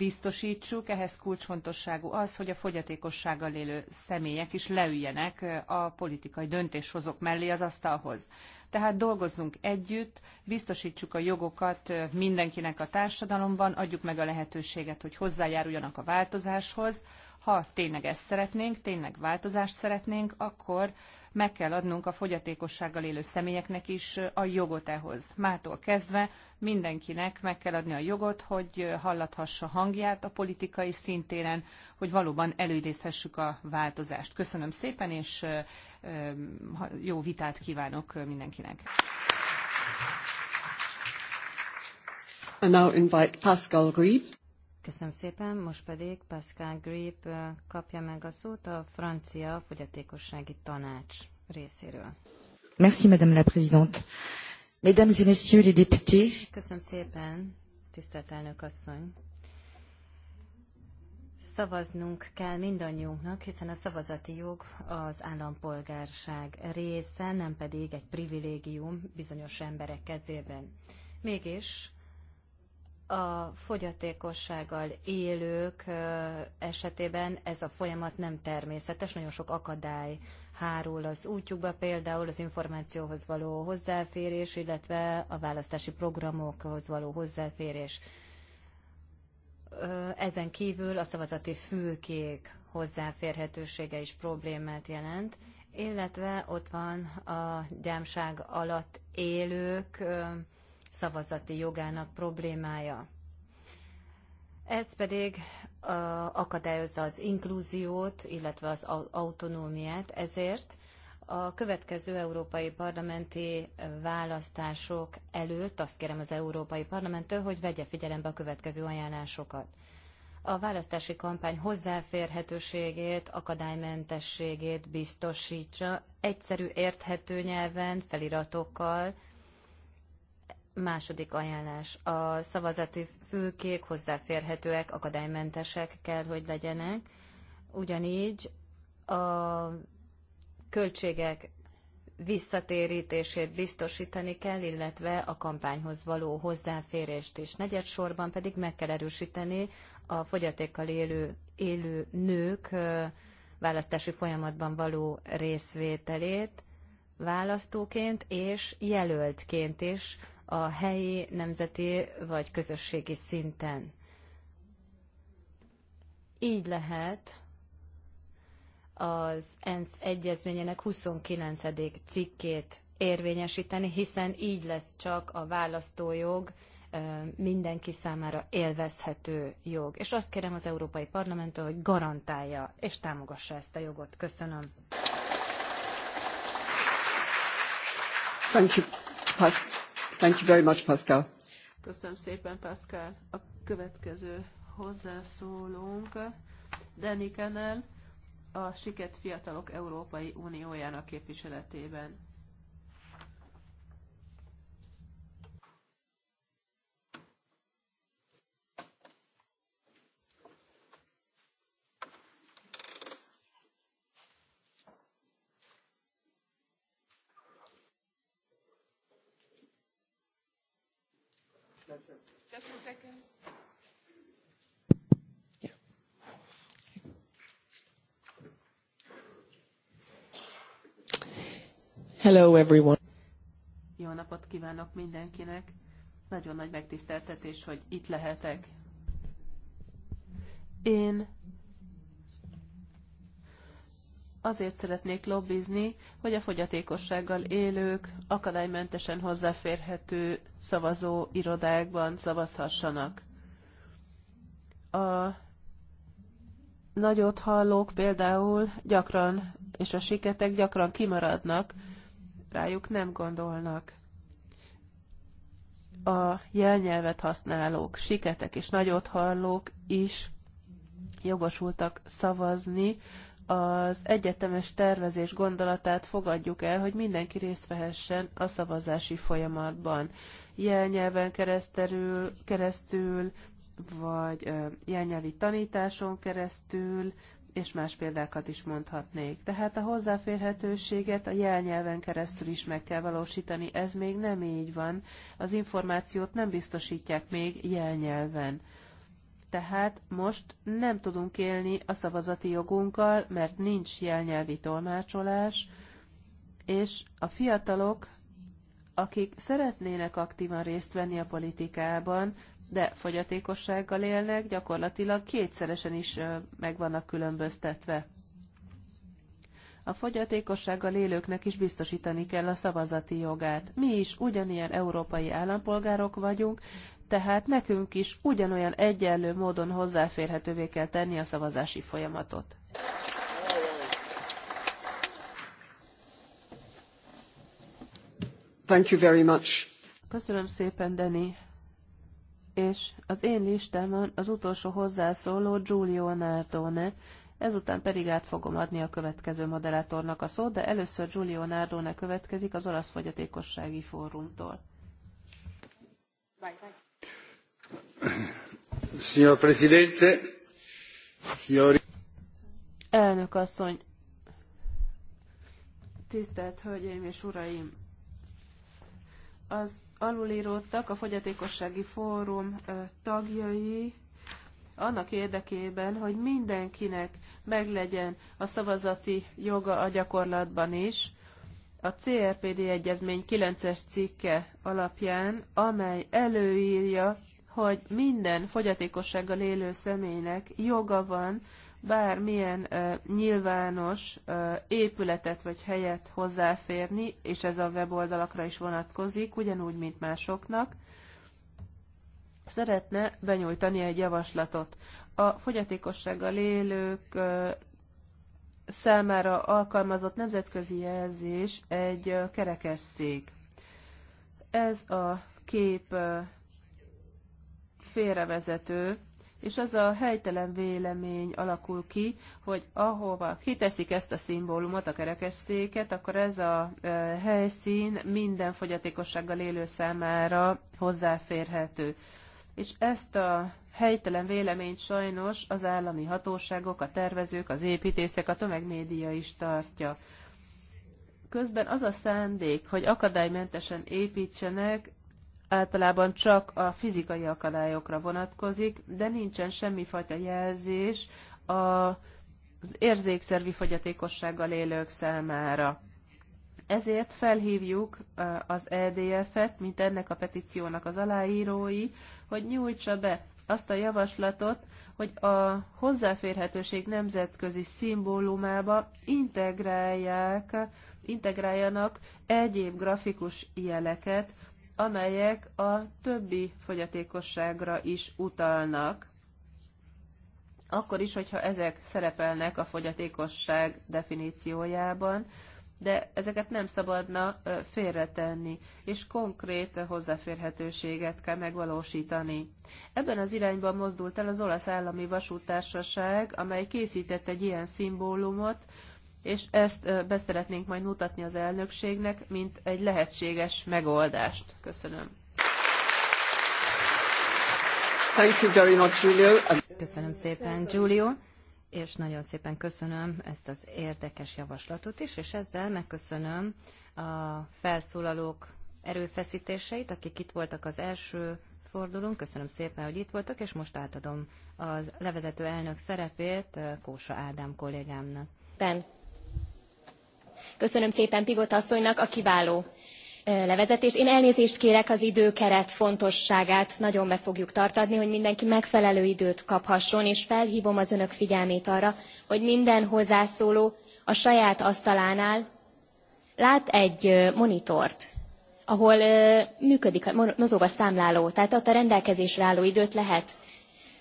biztosítsuk, ehhez kulcsfontosságú az, hogy a fogyatékossággal élő személyek is leüljenek eh, a politikai döntéshozók mellé az asztalhoz. Tehát dolgozzunk együtt, biztosítsuk a jogokat eh, mindenkinek a társadalomban, adjuk meg a lehetőséget, hogy hozzájáruljanak a változáshoz. Ha tényleg ezt szeretnénk, tényleg változást szeretnénk, akkor meg kell adnunk a fogyatékossággal élő személyeknek is a jogot ehhez. Mától kezdve mindenkinek meg kell adni a jogot, hogy hallathassa hangját a politikai szintéren, hogy valóban előidézhessük a változást. Köszönöm szépen, és jó vitát kívánok mindenkinek. I now invite Pascal Grieb. Köszönöm szépen, most pedig Pascal Grip kapja meg a szót a francia fogyatékossági tanács részéről. Merci, Madame la Présidente. Mesdames et Messieurs les députés. Köszönöm szépen, tisztelt elnök asszony. Szavaznunk kell mindannyiunknak, hiszen a szavazati jog az állampolgárság része, nem pedig egy privilégium bizonyos emberek kezében. Mégis a fogyatékossággal élők esetében ez a folyamat nem természetes, nagyon sok akadály hárul az útjukba, például az információhoz való hozzáférés, illetve a választási programokhoz való hozzáférés. Ezen kívül a szavazati fülkék hozzáférhetősége is problémát jelent, illetve ott van a gyámság alatt élők, szavazati jogának problémája. Ez pedig akadályozza az inkluziót, illetve az autonómiát, ezért a következő európai parlamenti választások előtt azt kérem az Európai Parlamenttől, hogy vegye figyelembe a következő ajánlásokat. A választási kampány hozzáférhetőségét, akadálymentességét biztosítsa egyszerű, érthető nyelven, feliratokkal, Második ajánlás. A szavazati fülkék hozzáférhetőek, akadálymentesek kell, hogy legyenek. Ugyanígy a költségek visszatérítését biztosítani kell, illetve a kampányhoz való hozzáférést is. Negyed sorban pedig meg kell erősíteni a fogyatékkal élő, élő nők választási folyamatban való részvételét választóként és jelöltként is a helyi, nemzeti vagy közösségi szinten. Így lehet az ENSZ egyezményének 29. cikkét érvényesíteni, hiszen így lesz csak a választójog mindenki számára élvezhető jog. És azt kérem az Európai Parlamenttől, hogy garantálja és támogassa ezt a jogot. Köszönöm. Thank you. Thank you very much, Pascal. Köszönöm szépen, Pascal. A következő hozzászólónk Danny Kennel, a Siket Fiatalok Európai Uniójának képviseletében. Hello everyone. Jó napot kívánok mindenkinek. Nagyon nagy megtiszteltetés, hogy itt lehetek. Én azért szeretnék lobbizni, hogy a fogyatékossággal élők akadálymentesen hozzáférhető szavazó irodákban szavazhassanak. A nagyot hallók például gyakran, és a siketek gyakran kimaradnak rájuk nem gondolnak. A jelnyelvet használók, siketek és nagyothallók is jogosultak szavazni, az egyetemes tervezés gondolatát fogadjuk el, hogy mindenki részt vehessen a szavazási folyamatban. Jelnyelven keresztül, keresztül vagy jelnyelvi tanításon keresztül, és más példákat is mondhatnék. Tehát a hozzáférhetőséget a jelnyelven keresztül is meg kell valósítani, ez még nem így van. Az információt nem biztosítják még jelnyelven. Tehát most nem tudunk élni a szavazati jogunkkal, mert nincs jelnyelvi tolmácsolás, és a fiatalok akik szeretnének aktívan részt venni a politikában, de fogyatékossággal élnek, gyakorlatilag kétszeresen is meg vannak különböztetve. A fogyatékossággal élőknek is biztosítani kell a szavazati jogát. Mi is ugyanilyen európai állampolgárok vagyunk, tehát nekünk is ugyanolyan egyenlő módon hozzáférhetővé kell tenni a szavazási folyamatot. Thank you very much. Köszönöm szépen, Deni. És az én listámon az utolsó hozzászóló Giulio Nardone, ezután pedig át fogom adni a következő moderátornak a szót, de először Giulio Nardone következik az Olasz Fogyatékossági Fórumtól. Signor Presidente, signori... Elnök asszony, tisztelt Hölgyeim és Uraim! az alulíródtak a fogyatékossági fórum tagjai annak érdekében, hogy mindenkinek meglegyen a szavazati joga a gyakorlatban is, a CRPD egyezmény 9-es cikke alapján, amely előírja, hogy minden fogyatékossággal élő személynek joga van bármilyen ö, nyilvános ö, épületet vagy helyet hozzáférni, és ez a weboldalakra is vonatkozik, ugyanúgy, mint másoknak, szeretne benyújtani egy javaslatot. A fogyatékossággal élők ö, számára alkalmazott nemzetközi jelzés egy ö, kerekes szék. Ez a kép ö, félrevezető, és az a helytelen vélemény alakul ki, hogy ahova kiteszik ezt a szimbólumot, a széket, akkor ez a e, helyszín minden fogyatékossággal élő számára hozzáférhető. És ezt a helytelen véleményt sajnos az állami hatóságok, a tervezők, az építészek, a tömegmédia is tartja. Közben az a szándék, hogy akadálymentesen építsenek, általában csak a fizikai akadályokra vonatkozik, de nincsen semmifajta jelzés az érzékszervi fogyatékossággal élők számára. Ezért felhívjuk az EDF-et, mint ennek a petíciónak az aláírói, hogy nyújtsa be azt a javaslatot, hogy a hozzáférhetőség nemzetközi szimbólumába integrálják, integráljanak egyéb grafikus jeleket, amelyek a többi fogyatékosságra is utalnak, akkor is, hogyha ezek szerepelnek a fogyatékosság definíciójában, de ezeket nem szabadna félretenni, és konkrét hozzáférhetőséget kell megvalósítani. Ebben az irányban mozdult el az olasz állami vasútársaság, amely készített egy ilyen szimbólumot, és ezt beszeretnénk majd mutatni az elnökségnek, mint egy lehetséges megoldást. Köszönöm. Thank you very much, Julio. Köszönöm szépen, Giulio, és nagyon szépen köszönöm ezt az érdekes javaslatot is, és ezzel megköszönöm a felszólalók erőfeszítéseit, akik itt voltak az első fordulón. Köszönöm szépen, hogy itt voltak, és most átadom a levezető elnök szerepét Kósa Ádám kollégámnak. Ben. Köszönöm szépen Pigot asszonynak a kiváló levezetést. Én elnézést kérek az időkeret fontosságát, nagyon meg fogjuk tartani, hogy mindenki megfelelő időt kaphasson, és felhívom az önök figyelmét arra, hogy minden hozzászóló a saját asztalánál lát egy monitort, ahol működik, mozog a számláló, tehát ott a rendelkezésre álló időt lehet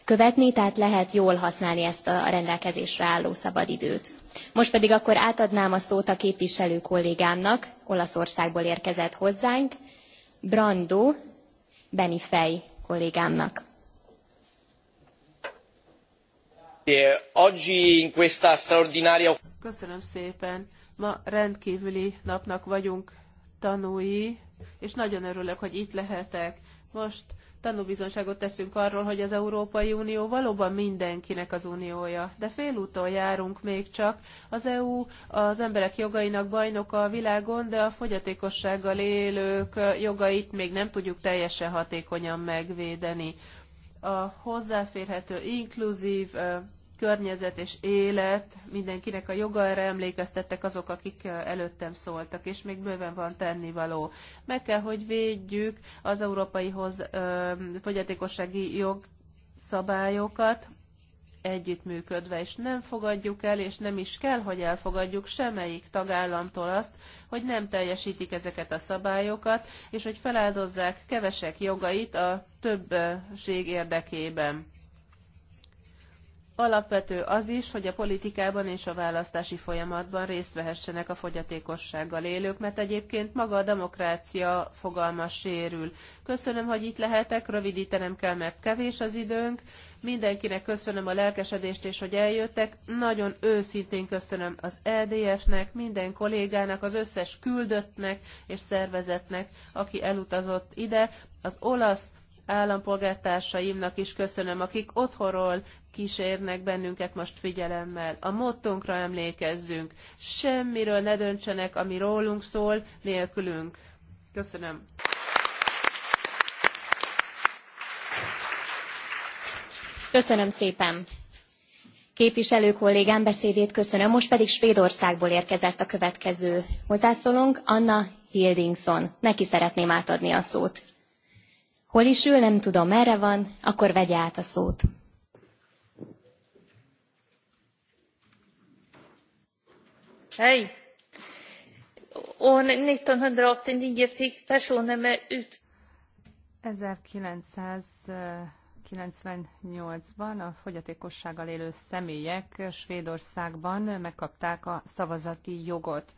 követni, tehát lehet jól használni ezt a rendelkezésre álló szabadidőt. Most pedig akkor átadnám a szót a képviselő kollégámnak, Olaszországból érkezett hozzánk, Brando Benifej kollégámnak. Eh, Köszönöm szépen. Ma rendkívüli napnak vagyunk tanúi, és nagyon örülök, hogy itt lehetek. Most tanúbizonságot teszünk arról, hogy az Európai Unió valóban mindenkinek az uniója. De félúton járunk még csak. Az EU az emberek jogainak bajnoka a világon, de a fogyatékossággal élők jogait még nem tudjuk teljesen hatékonyan megvédeni. A hozzáférhető, inkluzív környezet és élet, mindenkinek a joga erre emlékeztettek azok, akik előttem szóltak, és még bőven van tennivaló. Meg kell, hogy védjük az európai hoz, ö, fogyatékossági jogszabályokat, együttműködve, és nem fogadjuk el, és nem is kell, hogy elfogadjuk semmelyik tagállamtól azt, hogy nem teljesítik ezeket a szabályokat, és hogy feláldozzák kevesek jogait a többség érdekében Alapvető az is, hogy a politikában és a választási folyamatban részt vehessenek a fogyatékossággal élők, mert egyébként maga a demokrácia fogalma sérül. Köszönöm, hogy itt lehetek, rövidítenem kell, mert kevés az időnk. Mindenkinek köszönöm a lelkesedést és hogy eljöttek. Nagyon őszintén köszönöm az EDF-nek, minden kollégának, az összes küldöttnek és szervezetnek, aki elutazott ide. Az olasz állampolgártársaimnak is köszönöm, akik otthonról kísérnek bennünket most figyelemmel. A mottunkra emlékezzünk. Semmiről ne döntsenek, ami rólunk szól, nélkülünk. Köszönöm. Köszönöm szépen. Képviselő kollégám beszédét köszönöm, most pedig Svédországból érkezett a következő hozzászólónk, Anna Hildingson. Neki szeretném átadni a szót hol is ül, nem tudom, merre van, akkor vegye át a szót. Hej! År 1989 fick personer med ut... 1998-ban a fogyatékossággal élő személyek Svédországban megkapták a szavazati jogot.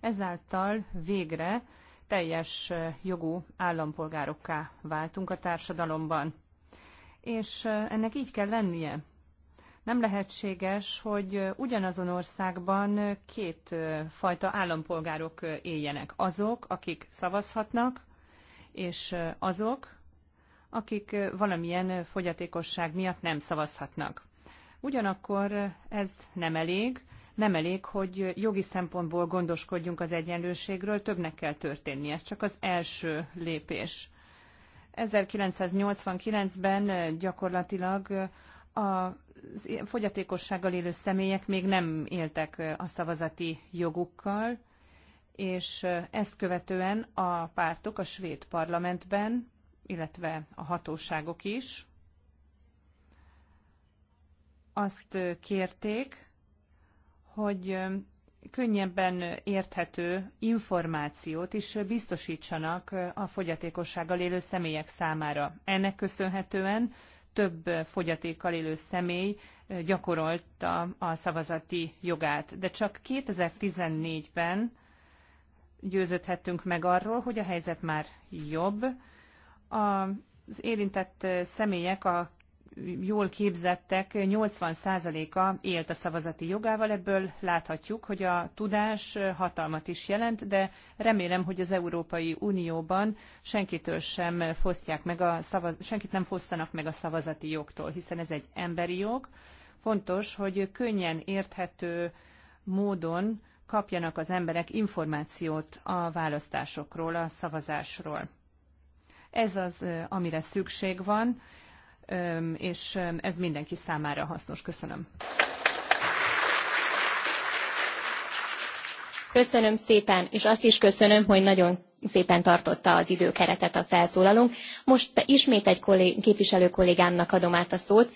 Ezáltal végre teljes jogú állampolgárokká váltunk a társadalomban. És ennek így kell lennie. Nem lehetséges, hogy ugyanazon országban két fajta állampolgárok éljenek. Azok, akik szavazhatnak, és azok, akik valamilyen fogyatékosság miatt nem szavazhatnak. Ugyanakkor ez nem elég, nem elég, hogy jogi szempontból gondoskodjunk az egyenlőségről, többnek kell történni. Ez csak az első lépés. 1989-ben eh, gyakorlatilag eh, a fogyatékossággal élő személyek még nem éltek eh, a szavazati jogukkal, és ezt követően a pártok a svéd parlamentben, illetve a hatóságok is azt kérték, hogy könnyebben érthető információt is biztosítsanak a fogyatékossággal élő személyek számára. Ennek köszönhetően több fogyatékkal élő személy gyakorolta a szavazati jogát, de csak 2014-ben győződhettünk meg arról, hogy a helyzet már jobb. Az érintett személyek a jól képzettek 80%-a élt a szavazati jogával, ebből láthatjuk, hogy a tudás hatalmat is jelent, de remélem, hogy az Európai Unióban senkitől sem fosztják meg a szavaz, senkit nem fosztanak meg a szavazati jogtól, hiszen ez egy emberi jog. Fontos, hogy könnyen érthető módon kapjanak az emberek információt a választásokról, a szavazásról. Ez az, amire szükség van és ez mindenki számára hasznos. Köszönöm. Köszönöm szépen, és azt is köszönöm, hogy nagyon szépen tartotta az időkeretet a felszólalónk. Most ismét egy kollég, képviselő kollégámnak adom át a szót.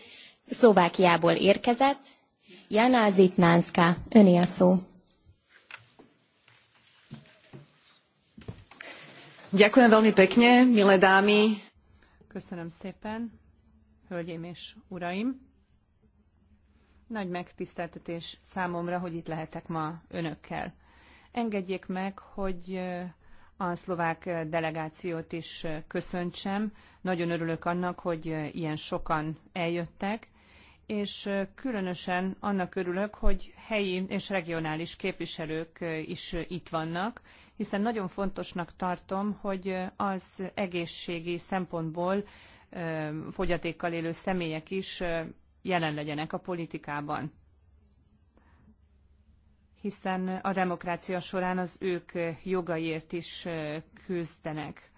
Szlovákiából érkezett. Jana Zitnánszka, öné a szó. Köszönöm szépen hölgyeim és uraim! Nagy megtiszteltetés számomra, hogy itt lehetek ma önökkel. Engedjék meg, hogy a szlovák delegációt is köszöntsem. Nagyon örülök annak, hogy ilyen sokan eljöttek, és különösen annak örülök, hogy helyi és regionális képviselők is itt vannak, hiszen nagyon fontosnak tartom, hogy az egészségi szempontból Um, fogyatékkal élő személyek is uh, jelen legyenek a politikában hiszen a demokrácia során az ők uh, jogaiért is uh, küzdenek.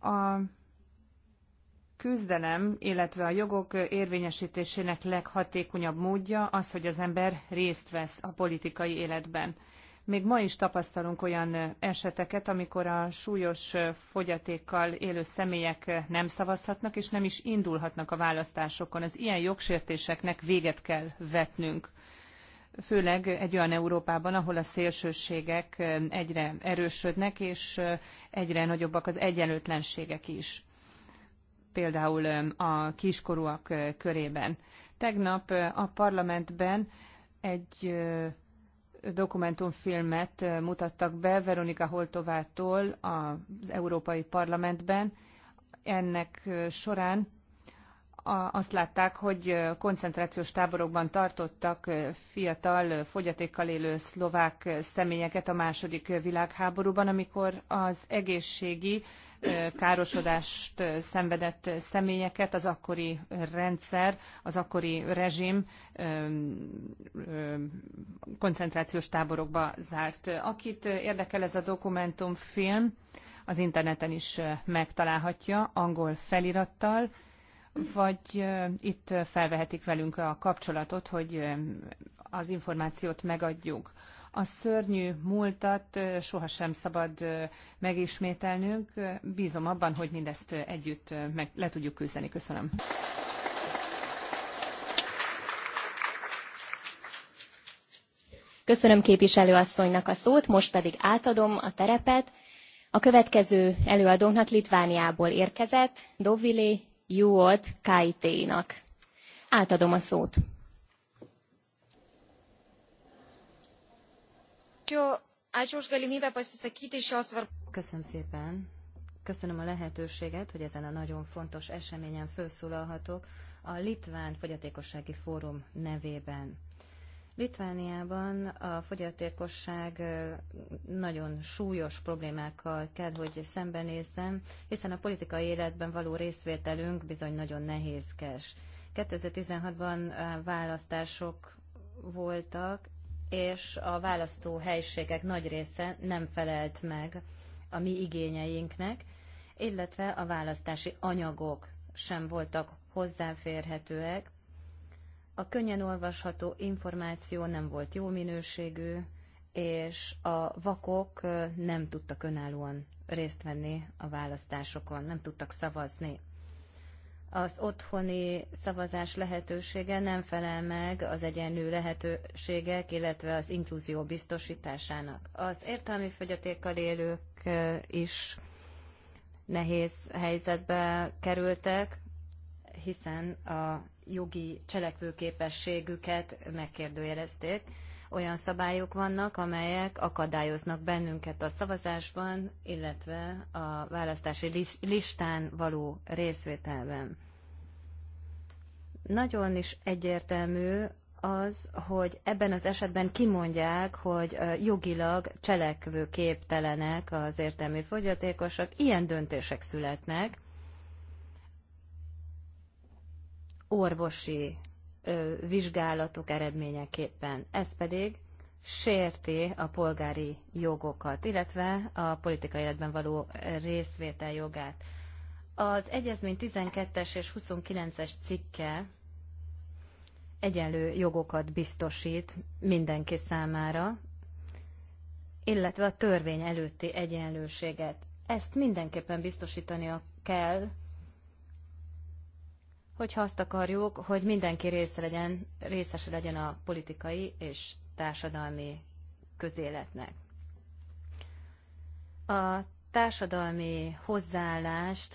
A küzdelem, illetve a jogok érvényesítésének leghatékonyabb módja az, hogy az ember részt vesz a politikai életben. Még ma is tapasztalunk olyan eseteket, amikor a súlyos fogyatékkal élő személyek nem szavazhatnak, és nem is indulhatnak a választásokon. Az ilyen jogsértéseknek véget kell vetnünk főleg egy olyan Európában, ahol a szélsőségek egyre erősödnek, és egyre nagyobbak az egyenlőtlenségek is. Például a kiskorúak körében. Tegnap a parlamentben egy dokumentumfilmet mutattak be Veronika Holtovától az Európai Parlamentben. Ennek során azt látták, hogy koncentrációs táborokban tartottak fiatal, fogyatékkal élő szlovák személyeket a második világháborúban, amikor az egészségi károsodást szenvedett személyeket az akkori rendszer, az akkori rezsim koncentrációs táborokba zárt. Akit érdekel ez a dokumentumfilm, az interneten is megtalálhatja angol felirattal, vagy itt felvehetik velünk a kapcsolatot, hogy az információt megadjuk. A szörnyű múltat sohasem szabad megismételnünk. Bízom abban, hogy mindezt együtt meg, le tudjuk küzdeni. Köszönöm. Köszönöm képviselő asszonynak a szót, most pedig átadom a terepet. A következő előadónak, Litvániából érkezett Dovile Juot Kaitéinak. Átadom a szót. Ačiū, ačiū už galimybę pasisakyti šios Köszönöm szépen. Köszönöm a lehetőséget, hogy ezen a nagyon fontos eseményen felszólalhatok a Litván Fogyatékossági Fórum nevében. Litvániában a fogyatékosság nagyon súlyos problémákkal kell, hogy szembenézzen, hiszen a politikai életben való részvételünk bizony nagyon nehézkes. 2016-ban választások voltak, és a helységek nagy része nem felelt meg a mi igényeinknek, illetve a választási anyagok sem voltak hozzáférhetőek. A könnyen olvasható információ nem volt jó minőségű, és a vakok nem tudtak önállóan részt venni a választásokon, nem tudtak szavazni az otthoni szavazás lehetősége nem felel meg az egyenlő lehetőségek, illetve az inkluzió biztosításának. Az értelmi fogyatékkal élők is nehéz helyzetbe kerültek, hiszen a jogi cselekvőképességüket megkérdőjelezték olyan szabályok vannak, amelyek akadályoznak bennünket a szavazásban, illetve a választási listán való részvételben. Nagyon is egyértelmű az, hogy ebben az esetben kimondják, hogy jogilag képtelenek az értelmi fogyatékosok, ilyen döntések születnek, orvosi vizsgálatok eredményeképpen. Ez pedig sérti a polgári jogokat, illetve a politikai életben való részvétel jogát. Az egyezmény 12-es és 29-es cikke egyenlő jogokat biztosít mindenki számára, illetve a törvény előtti egyenlőséget. Ezt mindenképpen biztosítani kell hogyha azt akarjuk, hogy mindenki része legyen, részese legyen a politikai és társadalmi közéletnek. A társadalmi hozzáállást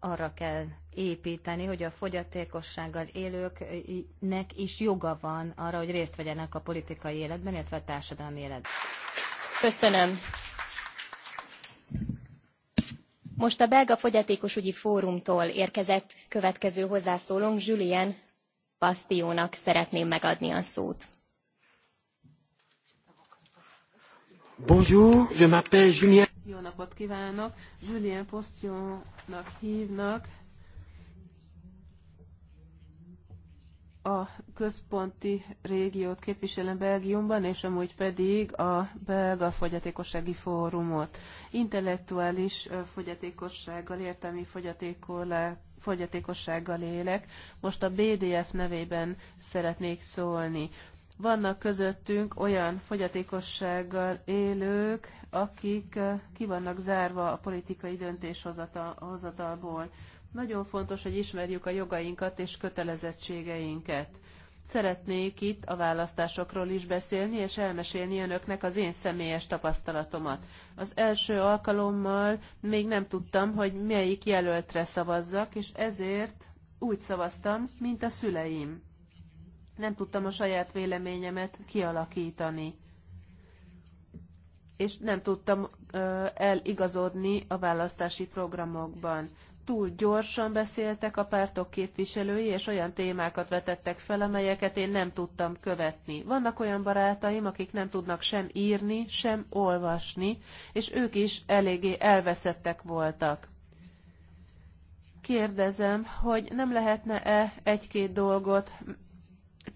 arra kell építeni, hogy a fogyatékossággal élőknek is joga van arra, hogy részt vegyenek a politikai életben, illetve a társadalmi életben. Köszönöm. Most a belga fogyatékosügyi fórumtól érkezett következő hozzászólónk Julien Bastiónak szeretném megadni a szót. Bonjour, je m'appelle Julien. Jó napot kívánok! Julien Postionnak hívnak, a központi régiót képviselem Belgiumban, és amúgy pedig a belga fogyatékossági fórumot. Intellektuális fogyatékossággal, értelmi fogyatékossággal élek. Most a BDF nevében szeretnék szólni. Vannak közöttünk olyan fogyatékossággal élők, akik ki vannak zárva a politikai döntéshozatalból. Nagyon fontos, hogy ismerjük a jogainkat és kötelezettségeinket. Szeretnék itt a választásokról is beszélni, és elmesélni önöknek az én személyes tapasztalatomat. Az első alkalommal még nem tudtam, hogy melyik jelöltre szavazzak, és ezért úgy szavaztam, mint a szüleim. Nem tudtam a saját véleményemet kialakítani. És nem tudtam ö, eligazodni a választási programokban túl gyorsan beszéltek a pártok képviselői, és olyan témákat vetettek fel, amelyeket én nem tudtam követni. Vannak olyan barátaim, akik nem tudnak sem írni, sem olvasni, és ők is eléggé elveszettek voltak. Kérdezem, hogy nem lehetne-e egy-két dolgot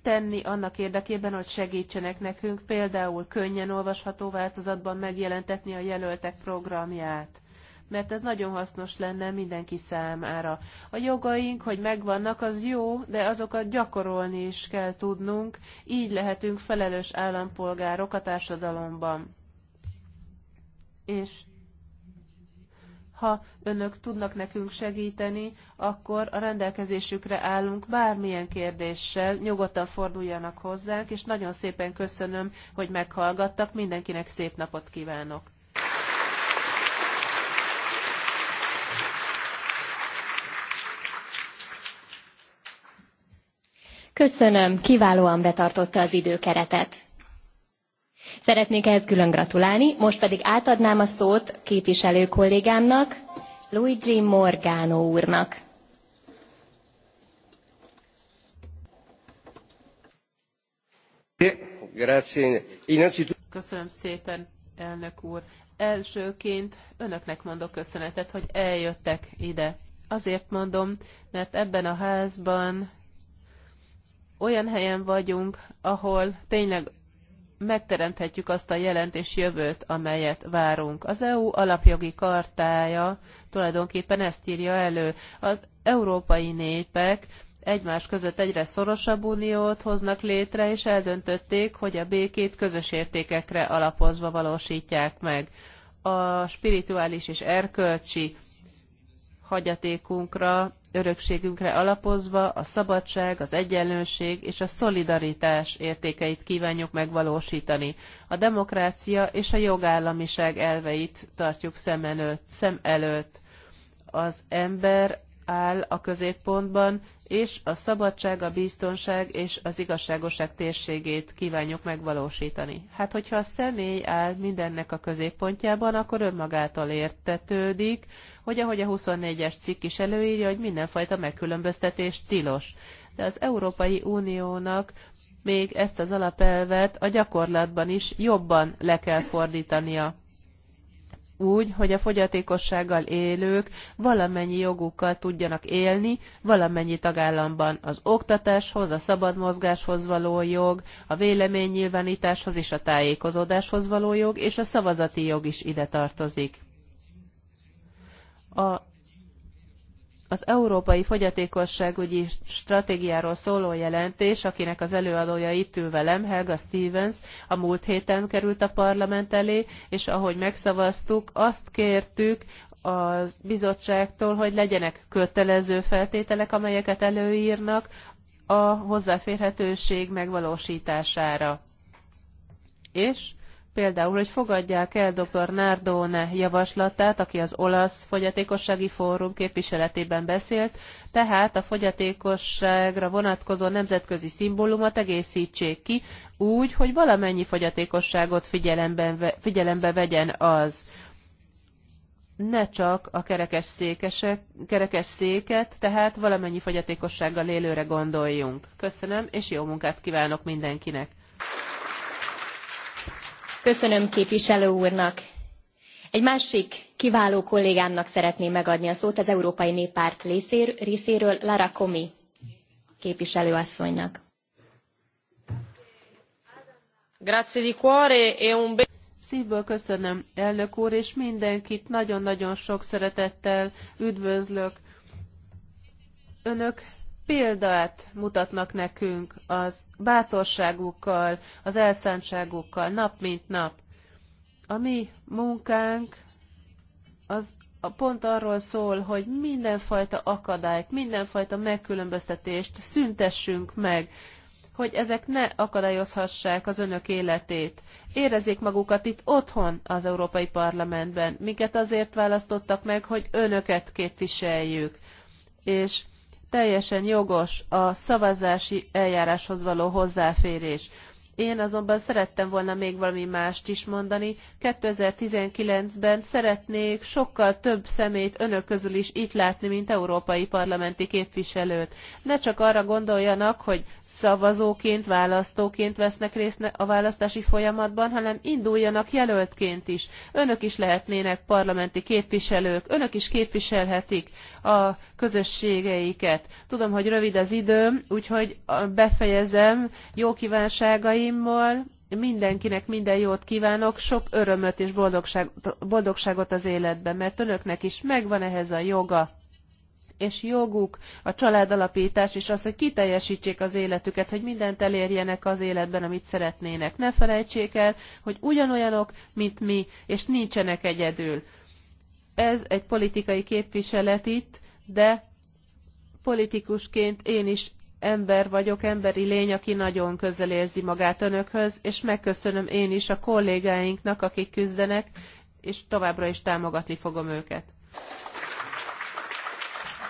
tenni annak érdekében, hogy segítsenek nekünk, például könnyen olvasható változatban megjelentetni a jelöltek programját mert ez nagyon hasznos lenne mindenki számára. A jogaink, hogy megvannak, az jó, de azokat gyakorolni is kell tudnunk, így lehetünk felelős állampolgárok a társadalomban. És ha önök tudnak nekünk segíteni, akkor a rendelkezésükre állunk bármilyen kérdéssel, nyugodtan forduljanak hozzánk, és nagyon szépen köszönöm, hogy meghallgattak, mindenkinek szép napot kívánok! Köszönöm, kiválóan betartotta az időkeretet. Szeretnék ehhez külön gratulálni, most pedig átadnám a szót képviselő kollégámnak, Luigi Morgano úrnak. Köszönöm szépen, elnök úr. Elsőként önöknek mondok köszönetet, hogy eljöttek ide. Azért mondom, mert ebben a házban olyan helyen vagyunk, ahol tényleg megteremthetjük azt a jelentés jövőt, amelyet várunk. Az EU alapjogi kartája tulajdonképpen ezt írja elő. Az európai népek egymás között egyre szorosabb uniót hoznak létre, és eldöntötték, hogy a békét közös értékekre alapozva valósítják meg. A spirituális és erkölcsi hagyatékunkra, örökségünkre alapozva a szabadság, az egyenlőség és a szolidaritás értékeit kívánjuk megvalósítani. A demokrácia és a jogállamiság elveit tartjuk szem előtt. Szem előtt. Az ember áll a középpontban, és a szabadság, a biztonság és az igazságosság térségét kívánjuk megvalósítani. Hát, hogyha a személy áll mindennek a középpontjában, akkor önmagától értetődik, hogy ahogy a 24-es cikk is előírja, hogy mindenfajta megkülönböztetés tilos. De az Európai Uniónak még ezt az alapelvet a gyakorlatban is jobban le kell fordítania úgy, hogy a fogyatékossággal élők valamennyi jogukkal tudjanak élni, valamennyi tagállamban az oktatáshoz, a szabad mozgáshoz való jog, a véleménynyilvánításhoz és a tájékozódáshoz való jog, és a szavazati jog is ide tartozik. A az Európai Fogyatékosságügyi Stratégiáról szóló jelentés, akinek az előadója itt ül velem, Helga Stevens, a múlt héten került a parlament elé, és ahogy megszavaztuk, azt kértük a bizottságtól, hogy legyenek kötelező feltételek, amelyeket előírnak a hozzáférhetőség megvalósítására. És például, hogy fogadják el dr. Nardone javaslatát, aki az olasz fogyatékossági fórum képviseletében beszélt, tehát a fogyatékosságra vonatkozó nemzetközi szimbólumot egészítsék ki úgy, hogy valamennyi fogyatékosságot figyelembe, figyelembe vegyen az ne csak a kerekes, székesek, kerekes széket, tehát valamennyi fogyatékossággal élőre gondoljunk. Köszönöm, és jó munkát kívánok mindenkinek! Köszönöm képviselő úrnak. Egy másik kiváló kollégámnak szeretném megadni a szót az Európai Néppárt részéről, Lara Komi képviselő asszonynak. Grazie di cuore e un be- Szívből köszönöm, elnök úr, és mindenkit nagyon-nagyon sok szeretettel üdvözlök. Önök példát mutatnak nekünk az bátorságukkal, az elszántságukkal nap mint nap. A mi munkánk az a pont arról szól, hogy mindenfajta akadályt, mindenfajta megkülönböztetést szüntessünk meg, hogy ezek ne akadályozhassák az önök életét. Érezzék magukat itt otthon az Európai Parlamentben, miket azért választottak meg, hogy önöket képviseljük. És teljesen jogos a szavazási eljáráshoz való hozzáférés. Én azonban szerettem volna még valami mást is mondani. 2019-ben szeretnék sokkal több szemét önök közül is itt látni, mint európai parlamenti képviselőt. Ne csak arra gondoljanak, hogy szavazóként, választóként vesznek részt a választási folyamatban, hanem induljanak jelöltként is. Önök is lehetnének parlamenti képviselők, önök is képviselhetik a közösségeiket. Tudom, hogy rövid az időm, úgyhogy befejezem jó kívánságai kollégáimmal. Mindenkinek minden jót kívánok, sok örömöt és boldogság, boldogságot az életben, mert önöknek is megvan ehhez a joga és joguk, a családalapítás és az, hogy kiteljesítsék az életüket, hogy mindent elérjenek az életben, amit szeretnének. Ne felejtsék el, hogy ugyanolyanok, mint mi, és nincsenek egyedül. Ez egy politikai képviselet itt, de politikusként én is ember vagyok, emberi lény, aki nagyon közel érzi magát önökhöz, és megköszönöm én is a kollégáinknak, akik küzdenek, és továbbra is támogatni fogom őket.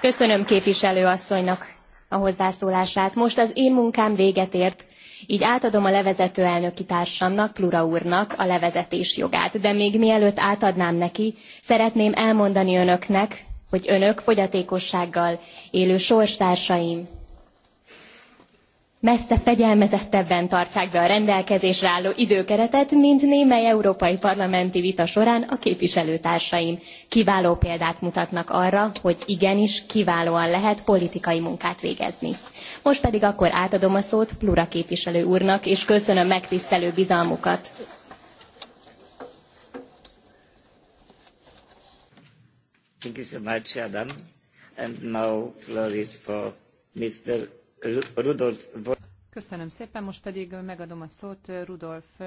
Köszönöm képviselő asszonynak a hozzászólását. Most az én munkám véget ért, így átadom a levezető elnöki társamnak, Plura úrnak a levezetés jogát. De még mielőtt átadnám neki, szeretném elmondani önöknek, hogy önök fogyatékossággal élő sorstársaim, messze fegyelmezettebben tartják be a rendelkezésre álló időkeretet, mint némely európai parlamenti vita során a képviselőtársaim kiváló példát mutatnak arra, hogy igenis kiválóan lehet politikai munkát végezni. Most pedig akkor átadom a szót Plura képviselő úrnak, és köszönöm megtisztelő bizalmukat. Thank you so much, Adam. And now floor is for Mr. Köszönöm szépen, most pedig megadom a szót Rudolf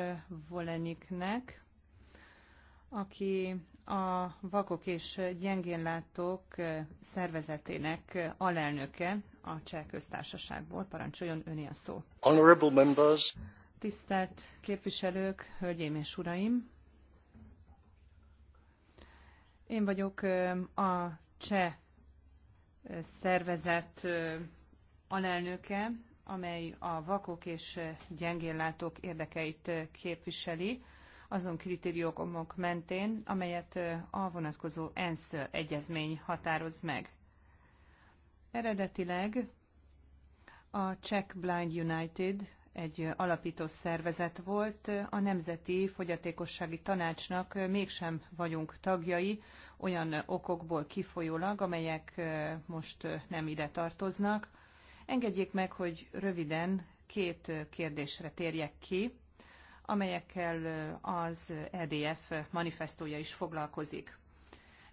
Voleniknek, aki a Vakok és Gyengénlátók szervezetének alelnöke a Cseh Köztársaságból. Parancsoljon öné a szó. Honorable members. Tisztelt képviselők, hölgyeim és uraim! Én vagyok a Cseh szervezet alelnöke, amely a vakok és gyengéllátók érdekeit képviseli, azon kritériumok mentén, amelyet a vonatkozó ENSZ egyezmény határoz meg. Eredetileg a Czech Blind United egy alapító szervezet volt, a Nemzeti Fogyatékossági Tanácsnak mégsem vagyunk tagjai, olyan okokból kifolyólag, amelyek most nem ide tartoznak. Engedjék meg, hogy röviden két kérdésre térjek ki, amelyekkel az EDF manifestója is foglalkozik.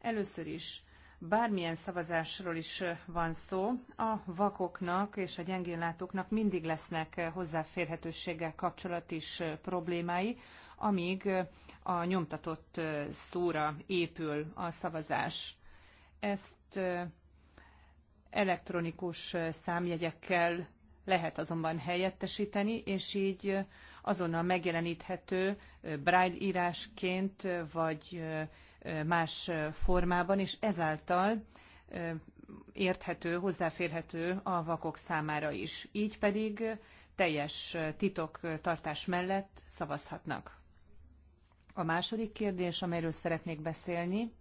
Először is bármilyen szavazásról is van szó, a vakoknak és a gyengénlátóknak mindig lesznek hozzáférhetőséggel is problémái, amíg a nyomtatott szóra épül a szavazás. Ezt elektronikus számjegyekkel lehet azonban helyettesíteni, és így azonnal megjeleníthető braille írásként, vagy más formában, és ezáltal érthető, hozzáférhető a vakok számára is. Így pedig teljes titok tartás mellett szavazhatnak. A második kérdés, amelyről szeretnék beszélni,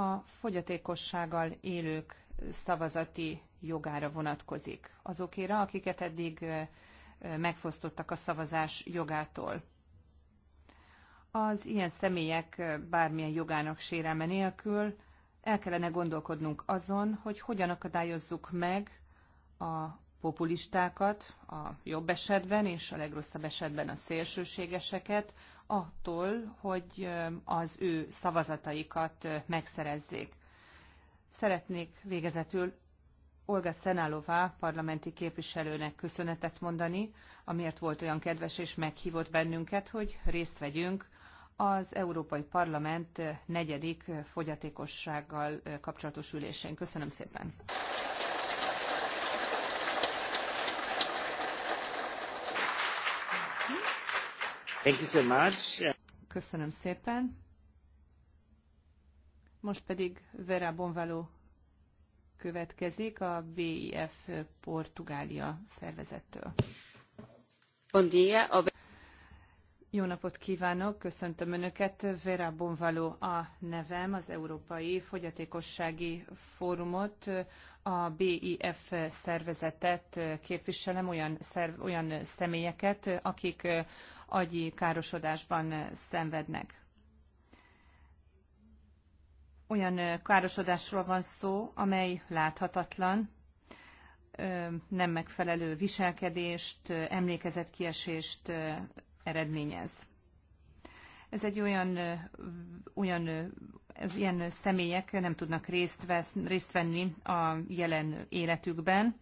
a fogyatékossággal élők szavazati jogára vonatkozik. Azokéra, akiket eddig megfosztottak a szavazás jogától. Az ilyen személyek bármilyen jogának sérelme nélkül el kellene gondolkodnunk azon, hogy hogyan akadályozzuk meg a populistákat a jobb esetben és a legrosszabb esetben a szélsőségeseket attól, hogy az ő szavazataikat megszerezzék. Szeretnék végezetül Olga Szenálová parlamenti képviselőnek köszönetet mondani, amiért volt olyan kedves és meghívott bennünket, hogy részt vegyünk az Európai Parlament negyedik fogyatékossággal kapcsolatos ülésén. Köszönöm szépen! Köszönöm szépen. Most pedig Vera Bonvaló következik a BIF Portugália szervezettől. Bon dia. Jó napot kívánok, köszöntöm Önöket. Vera Bonvaló a nevem, az Európai Fogyatékossági Fórumot, a BIF szervezetet képviselem, olyan, szerv, olyan személyeket, akik agyi károsodásban szenvednek. Olyan károsodásról van szó, amely láthatatlan, nem megfelelő viselkedést, emlékezetkiesést eredményez. Ez egy olyan, olyan ez ilyen személyek nem tudnak részt, vesz, részt venni a jelen életükben,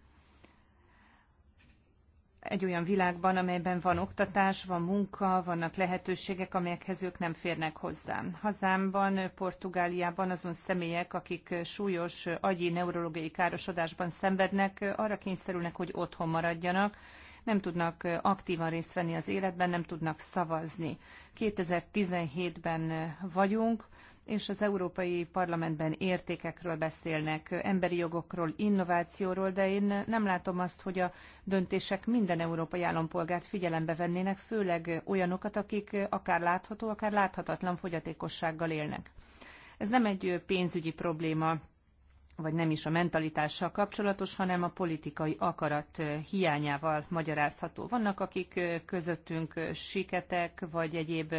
egy olyan világban, amelyben van oktatás, van munka, vannak lehetőségek, amelyekhez ők nem férnek hozzá. Hazámban, Portugáliában azon személyek, akik súlyos agyi neurológiai károsodásban szenvednek, arra kényszerülnek, hogy otthon maradjanak, nem tudnak aktívan részt venni az életben, nem tudnak szavazni. 2017-ben vagyunk, és az Európai Parlamentben értékekről beszélnek, emberi jogokról, innovációról, de én nem látom azt, hogy a döntések minden európai állampolgárt figyelembe vennének, főleg olyanokat, akik akár látható, akár láthatatlan fogyatékossággal élnek. Ez nem egy pénzügyi probléma, vagy nem is a mentalitással kapcsolatos, hanem a politikai akarat hiányával magyarázható. Vannak, akik közöttünk siketek, vagy egyéb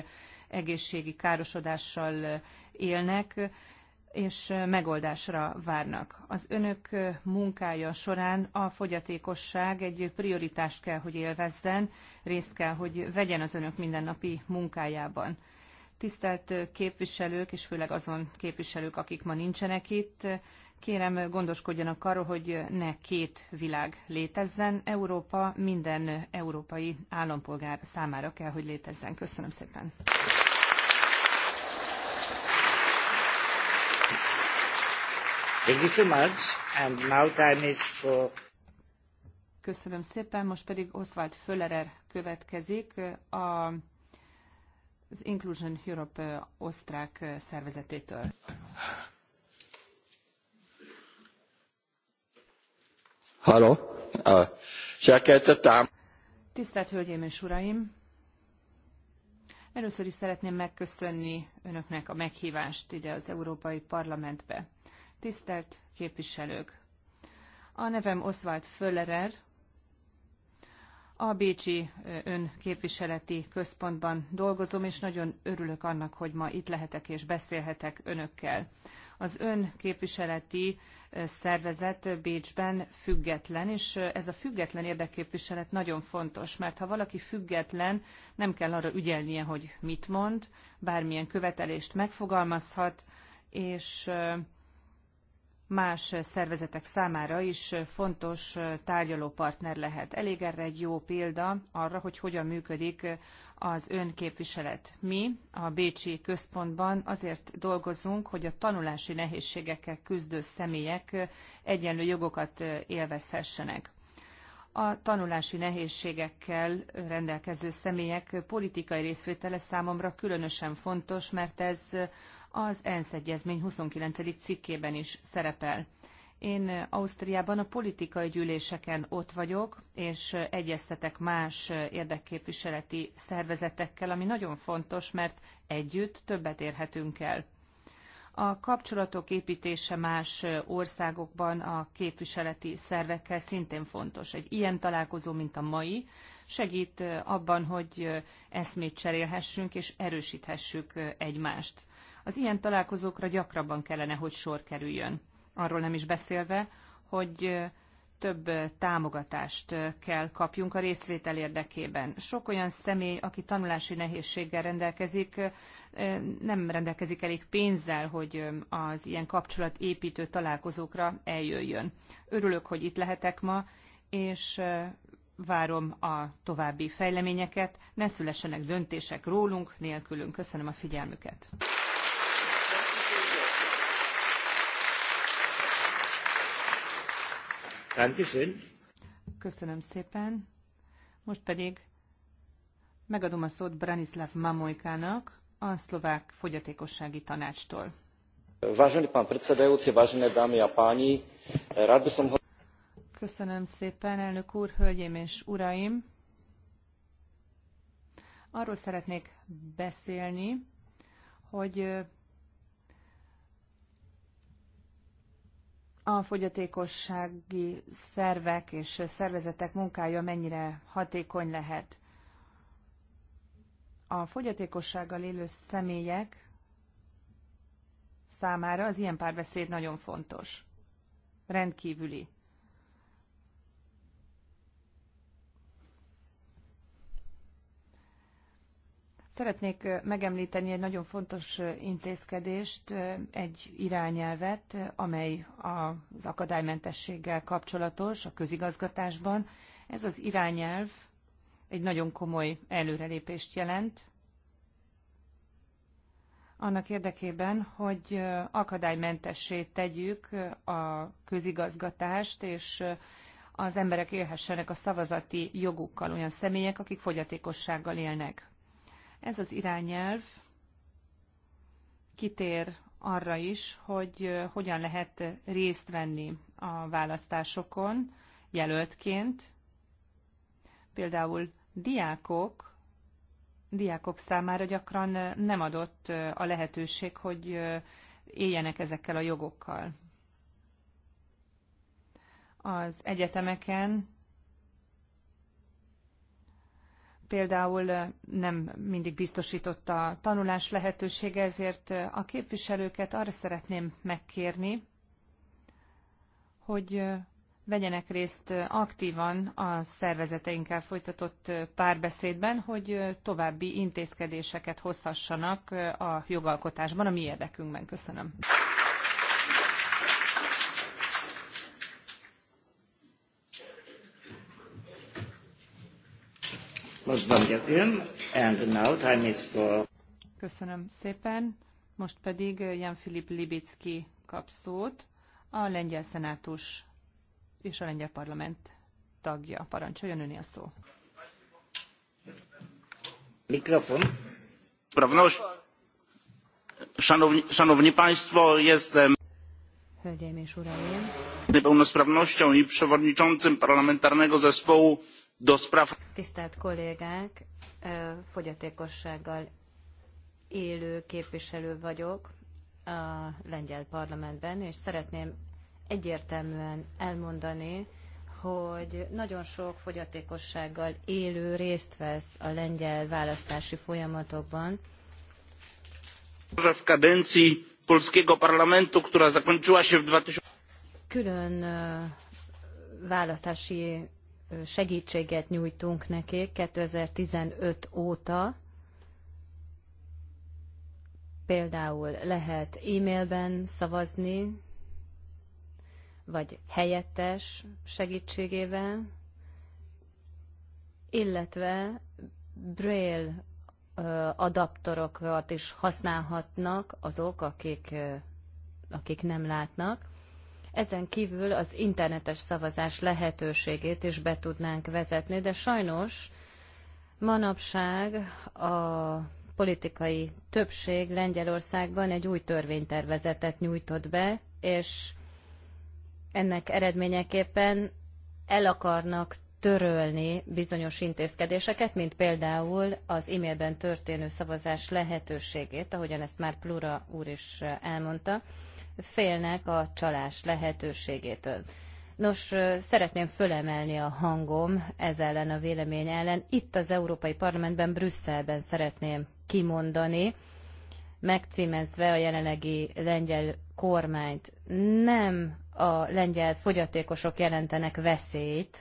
egészségi károsodással élnek, és megoldásra várnak. Az önök munkája során a fogyatékosság egy prioritást kell, hogy élvezzen, részt kell, hogy vegyen az önök mindennapi munkájában. Tisztelt képviselők, és főleg azon képviselők, akik ma nincsenek itt, kérem gondoskodjanak arról, hogy ne két világ létezzen. Európa minden európai állampolgár számára kell, hogy létezzen. Köszönöm szépen. Thank you so much, and now time is for... Köszönöm szépen, most pedig Oswald Föllerer következik, a, az Inclusion Europe osztrák szervezetétől. Halló? Uh, Tisztelt Hölgyeim és Uraim! Először is szeretném megköszönni Önöknek a meghívást ide az Európai Parlamentbe. Tisztelt képviselők! A nevem Oswald Föllerer, a Bécsi Önképviseleti Központban dolgozom, és nagyon örülök annak, hogy ma itt lehetek és beszélhetek önökkel. Az önképviseleti szervezet Bécsben független, és ez a független érdekképviselet nagyon fontos, mert ha valaki független, nem kell arra ügyelnie, hogy mit mond, bármilyen követelést megfogalmazhat, és más szervezetek számára is fontos tárgyalópartner lehet. Elég erre egy jó példa arra, hogy hogyan működik az önképviselet. Mi a Bécsi Központban azért dolgozunk, hogy a tanulási nehézségekkel küzdő személyek egyenlő jogokat élvezhessenek a tanulási nehézségekkel rendelkező személyek politikai részvétele számomra különösen fontos, mert ez az ENSZ egyezmény 29. cikkében is szerepel. Én eh, Ausztriában a politikai gyűléseken ott vagyok, és eh, egyeztetek más eh, érdekképviseleti szervezetekkel, ami nagyon fontos, mert együtt többet érhetünk el. A kapcsolatok építése más országokban a képviseleti szervekkel szintén fontos. Egy ilyen találkozó, mint a mai, segít abban, hogy eszmét cserélhessünk és erősíthessük egymást. Az ilyen találkozókra gyakrabban kellene, hogy sor kerüljön. Arról nem is beszélve, hogy több támogatást kell kapjunk a részvétel érdekében. Sok olyan személy, aki tanulási nehézséggel rendelkezik, nem rendelkezik elég pénzzel, hogy az ilyen kapcsolatépítő találkozókra eljöjjön. Örülök, hogy itt lehetek ma, és várom a további fejleményeket. Ne szülessenek döntések rólunk, nélkülünk. Köszönöm a figyelmüket. Köszönöm szépen. Most pedig megadom a szót Branislav Mamojkának, a szlovák fogyatékossági tanácstól. páni, rád Köszönöm szépen, elnök úr, hölgyeim és uraim! Arról szeretnék beszélni, hogy a fogyatékossági szervek és szervezetek munkája mennyire hatékony lehet. A fogyatékossággal élő személyek számára az ilyen párbeszéd nagyon fontos, rendkívüli. Szeretnék megemlíteni egy nagyon fontos intézkedést, egy irányelvet, amely az akadálymentességgel kapcsolatos a közigazgatásban. Ez az irányelv egy nagyon komoly előrelépést jelent, annak érdekében, hogy akadálymentessé tegyük a közigazgatást, és az emberek élhessenek a szavazati jogukkal, olyan személyek, akik fogyatékossággal élnek. Ez az irányelv kitér arra is, hogy hogyan lehet részt venni a választásokon jelöltként. Például diákok, diákok számára gyakran nem adott a lehetőség, hogy éljenek ezekkel a jogokkal. Az egyetemeken például nem mindig biztosított a tanulás lehetősége, ezért a képviselőket arra szeretném megkérni, hogy vegyenek részt aktívan a szervezeteinkkel folytatott párbeszédben, hogy további intézkedéseket hozhassanak a jogalkotásban, a mi érdekünkben. Köszönöm. Köszönöm szépen. Most pedig Jan Filip Libicki kap szót, a lengyel szenátus és a lengyel parlament tagja. Parancsoljon öné a szó. Mikrofon. Prawność. Szanowni, szanowni Państwo, jestem Hölgyeim és Uraim. pełnosprawnością i przewodniczącym parlamentarnego zespołu Tisztelt kollégák, fogyatékossággal élő képviselő vagyok a lengyel parlamentben, és szeretném egyértelműen elmondani, hogy nagyon sok fogyatékossággal élő részt vesz a lengyel választási folyamatokban. W kadencji polskiego parlamentu, która zakończyła się w 2000... Külön választási segítséget nyújtunk nekik 2015 óta. Például lehet e-mailben szavazni, vagy helyettes segítségével, illetve braille adaptorokat is használhatnak azok, akik, akik nem látnak. Ezen kívül az internetes szavazás lehetőségét is be tudnánk vezetni, de sajnos manapság a politikai többség Lengyelországban egy új törvénytervezetet nyújtott be, és ennek eredményeképpen el akarnak törölni bizonyos intézkedéseket, mint például az e-mailben történő szavazás lehetőségét, ahogyan ezt már Plura úr is elmondta félnek a csalás lehetőségétől. Nos, szeretném fölemelni a hangom ez ellen a vélemény ellen. Itt az Európai Parlamentben, Brüsszelben szeretném kimondani, megcímezve a jelenlegi lengyel kormányt. Nem a lengyel fogyatékosok jelentenek veszélyt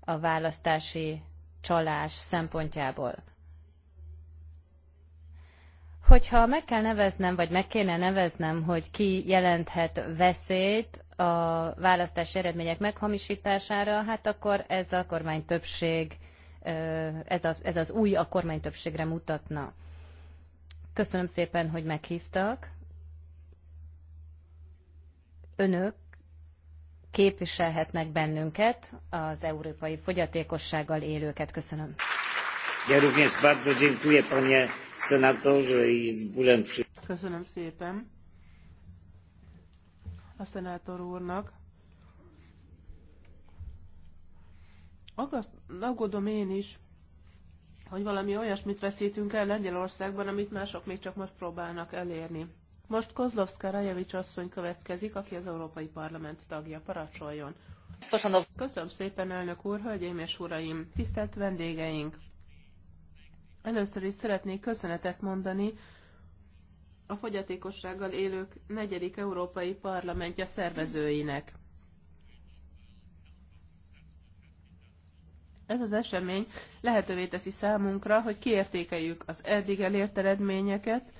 a választási csalás szempontjából. Hogyha meg kell neveznem, vagy meg kéne neveznem, hogy ki jelenthet veszélyt a választási eredmények meghamisítására, hát akkor ez a kormány többség, ez, a, ez az új a kormány többségre mutatna. Köszönöm szépen, hogy meghívtak. Önök képviselhetnek bennünket, az európai fogyatékossággal élőket. Köszönöm. Ja również bardzo dziękuję, panie senatorze i z przy... Köszönöm szépen a szenátor úrnak. Agaszt, aggódom én is, hogy valami olyasmit veszítünk el Lengyelországban, amit mások még csak most próbálnak elérni. Most Kozlovszka Rajevics asszony következik, aki az Európai Parlament tagja. Parancsoljon! Köszönöm szépen, elnök úr, hölgyeim és uraim, tisztelt vendégeink! Először is szeretnék köszönetet mondani a fogyatékossággal élők negyedik európai parlamentje szervezőinek. Ez az esemény lehetővé teszi számunkra, hogy kiértékeljük az eddig elért eredményeket,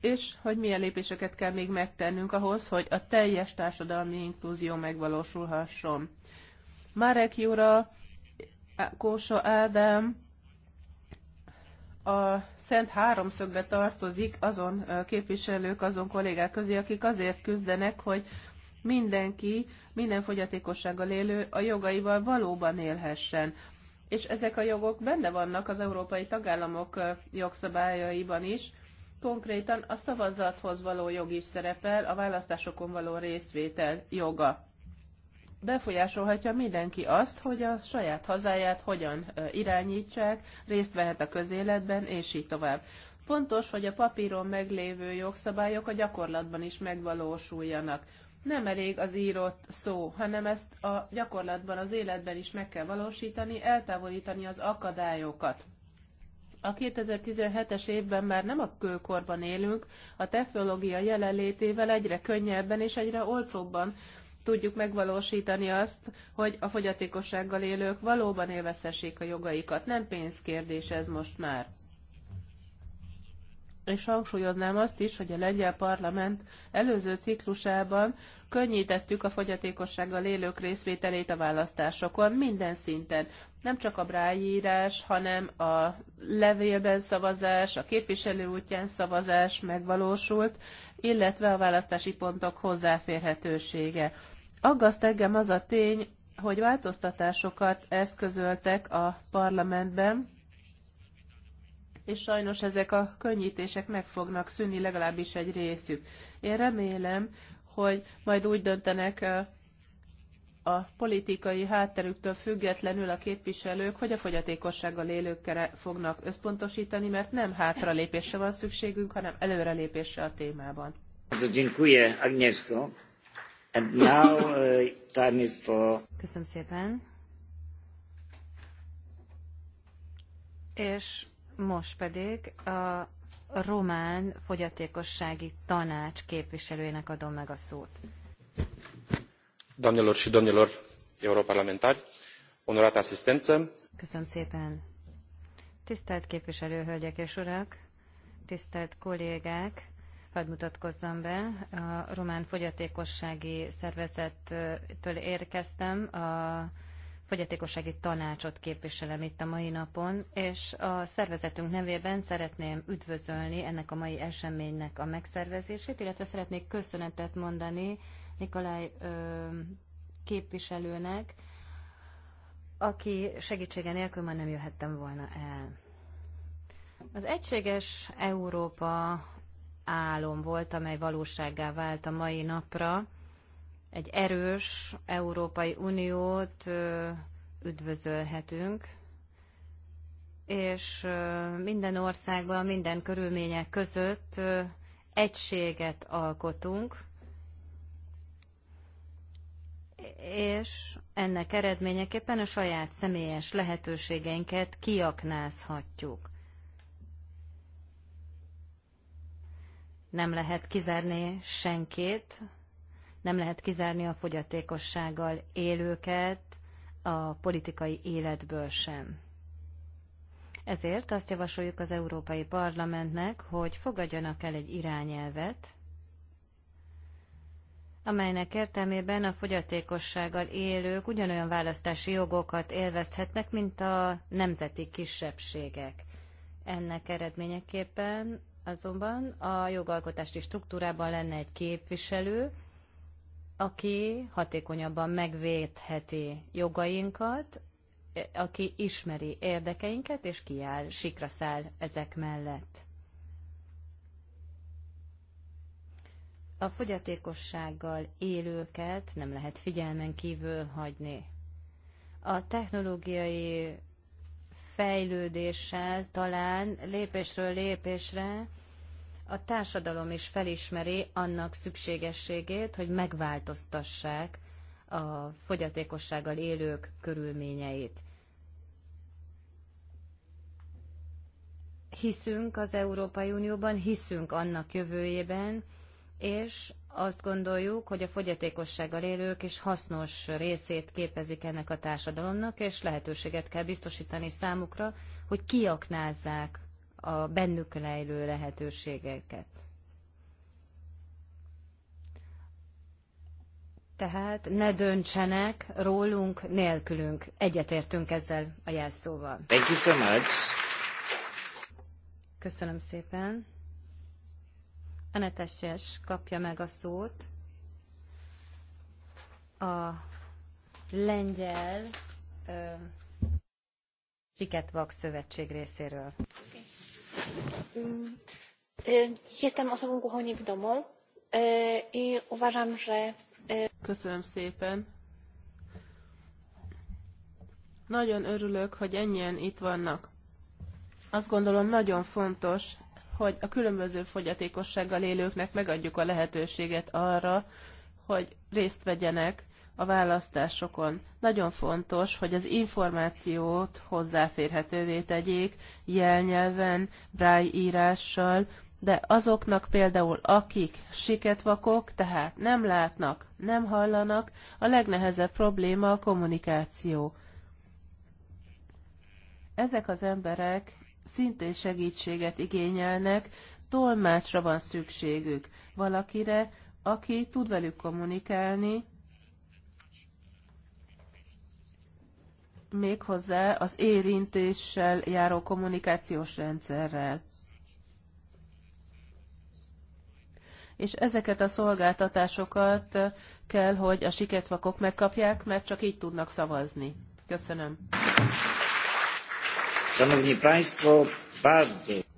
és hogy milyen lépéseket kell még megtennünk ahhoz, hogy a teljes társadalmi inkluzió megvalósulhasson. Marek Jura, Kósa Ádám, a Szent Háromszögbe tartozik azon képviselők, azon kollégák közé, akik azért küzdenek, hogy mindenki, minden fogyatékossággal élő a jogaival valóban élhessen. És ezek a jogok benne vannak az európai tagállamok jogszabályaiban is, konkrétan a szavazathoz való jog is szerepel, a választásokon való részvétel joga befolyásolhatja mindenki azt, hogy a saját hazáját hogyan irányítsák, részt vehet a közéletben, és így tovább. Fontos, hogy a papíron meglévő jogszabályok a gyakorlatban is megvalósuljanak. Nem elég az írott szó, hanem ezt a gyakorlatban, az életben is meg kell valósítani, eltávolítani az akadályokat. A 2017-es évben már nem a kőkorban élünk, a technológia jelenlétével egyre könnyebben és egyre olcsóbban tudjuk megvalósítani azt, hogy a fogyatékossággal élők valóban élvezhessék a jogaikat. Nem pénzkérdés ez most már. És hangsúlyoznám azt is, hogy a lengyel parlament előző ciklusában könnyítettük a fogyatékossággal élők részvételét a választásokon minden szinten. Nem csak a brájírás, hanem a levélben szavazás, a képviselő útján szavazás megvalósult, illetve a választási pontok hozzáférhetősége. Aggaszt engem az a tény, hogy változtatásokat eszközöltek a parlamentben, és sajnos ezek a könnyítések meg fognak szűnni, legalábbis egy részük. Én remélem, hogy majd úgy döntenek a politikai hátterüktől függetlenül a képviselők, hogy a fogyatékossággal élőkkel fognak összpontosítani, mert nem hátralépésre van szükségünk, hanem előrelépésre a témában. Dziękuję, Agnieszko. And now uh, time is for... Köszönöm szépen. És most pedig a román fogyatékossági tanács képviselőjének adom meg a szót. Doamnelor și domnilor europarlamentari, onorată asistență. Köszönöm szépen. Tisztelt képviselőhölgyek és urak, tisztelt kollégák, hadd mutatkozzam be. A Román Fogyatékossági Szervezettől érkeztem, a fogyatékossági tanácsot képviselem itt a mai napon, és a szervezetünk nevében szeretném üdvözölni ennek a mai eseménynek a megszervezését, illetve szeretnék köszönetet mondani Nikolaj ö, képviselőnek, aki segítsége nélkül már nem jöhettem volna el. Az egységes Európa álom volt, amely valóságá vált a mai napra. Egy erős Európai Uniót üdvözölhetünk, és minden országban, minden körülmények között egységet alkotunk, és ennek eredményeképpen a saját személyes lehetőségeinket kiaknázhatjuk. nem lehet kizárni senkit, nem lehet kizárni a fogyatékossággal élőket a politikai életből sem. Ezért azt javasoljuk az Európai Parlamentnek, hogy fogadjanak el egy irányelvet, amelynek értelmében a fogyatékossággal élők ugyanolyan választási jogokat élvezhetnek, mint a nemzeti kisebbségek. Ennek eredményeképpen Azonban a jogalkotási struktúrában lenne egy képviselő, aki hatékonyabban megvédheti jogainkat, aki ismeri érdekeinket, és kiáll, sikra száll ezek mellett. A fogyatékossággal élőket nem lehet figyelmen kívül hagyni. A technológiai fejlődéssel talán lépésről lépésre a társadalom is felismeri annak szükségességét, hogy megváltoztassák a fogyatékossággal élők körülményeit. Hiszünk az Európai Unióban, hiszünk annak jövőjében, és azt gondoljuk, hogy a fogyatékossággal élők is hasznos részét képezik ennek a társadalomnak, és lehetőséget kell biztosítani számukra, hogy kiaknázzák a bennük lejlő lehetőségeket. Tehát ne döntsenek rólunk, nélkülünk. Egyetértünk ezzel a jelszóval. Thank you so much. Köszönöm szépen. Aneteses kapja meg a szót. A lengyel uh, Siketvak Szövetség részéről. Jestem osobą głuchoniewidomą e, i uważam, że... E, Köszönöm szépen. Nagyon örülök, hogy ennyien itt vannak. Azt gondolom nagyon fontos, hogy a különböző fogyatékossággal élőknek megadjuk a lehetőséget arra, hogy részt vegyenek a választásokon. Nagyon fontos, hogy az információt hozzáférhetővé tegyék jelnyelven, braille írással, de azoknak például, akik siketvakok, tehát nem látnak, nem hallanak, a legnehezebb probléma a kommunikáció. Ezek az emberek szintén segítséget igényelnek, tolmácsra van szükségük, valakire, aki tud velük kommunikálni, méghozzá az érintéssel járó kommunikációs rendszerrel. És ezeket a szolgáltatásokat kell, hogy a siketvakok megkapják, mert csak így tudnak szavazni. Köszönöm.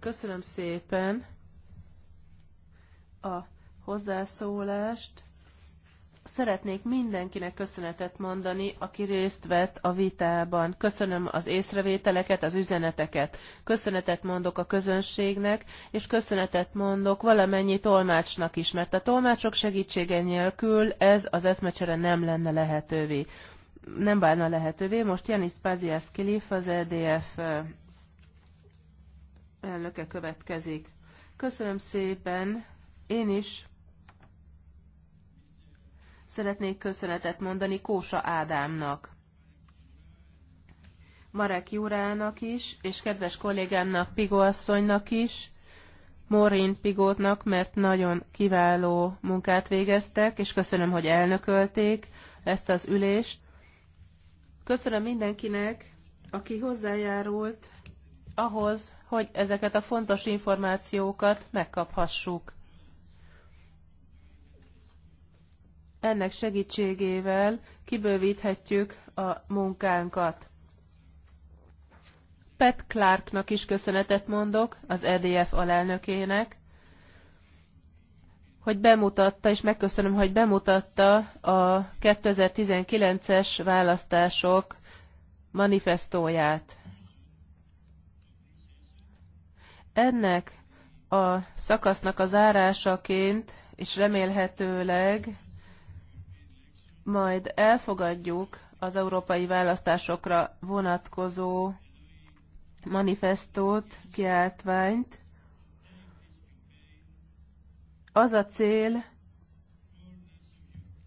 Köszönöm szépen a hozzászólást. Szeretnék mindenkinek köszönetet mondani, aki részt vett a vitában. Köszönöm az észrevételeket, az üzeneteket. Köszönetet mondok a közönségnek, és köszönetet mondok valamennyi tolmácsnak is, mert a tolmácsok segítsége nélkül ez az eszmecsere nem lenne lehetővé. Nem válna lehetővé. Most Janis Páziász Kilif, az EDF elnöke következik. Köszönöm szépen. Én is Szeretnék köszönetet mondani Kósa Ádámnak. Marek Jurának is, és kedves kollégámnak, Pigó asszonynak is, Morin Pigótnak, mert nagyon kiváló munkát végeztek, és köszönöm, hogy elnökölték ezt az ülést. Köszönöm mindenkinek, aki hozzájárult ahhoz, hogy ezeket a fontos információkat megkaphassuk. ennek segítségével kibővíthetjük a munkánkat. Pat Clarknak is köszönetet mondok, az EDF alelnökének, hogy bemutatta, és megköszönöm, hogy bemutatta a 2019-es választások manifestóját. Ennek a szakasznak az árásaként, és remélhetőleg majd elfogadjuk az európai választásokra vonatkozó manifestót, kiáltványt. Az a cél,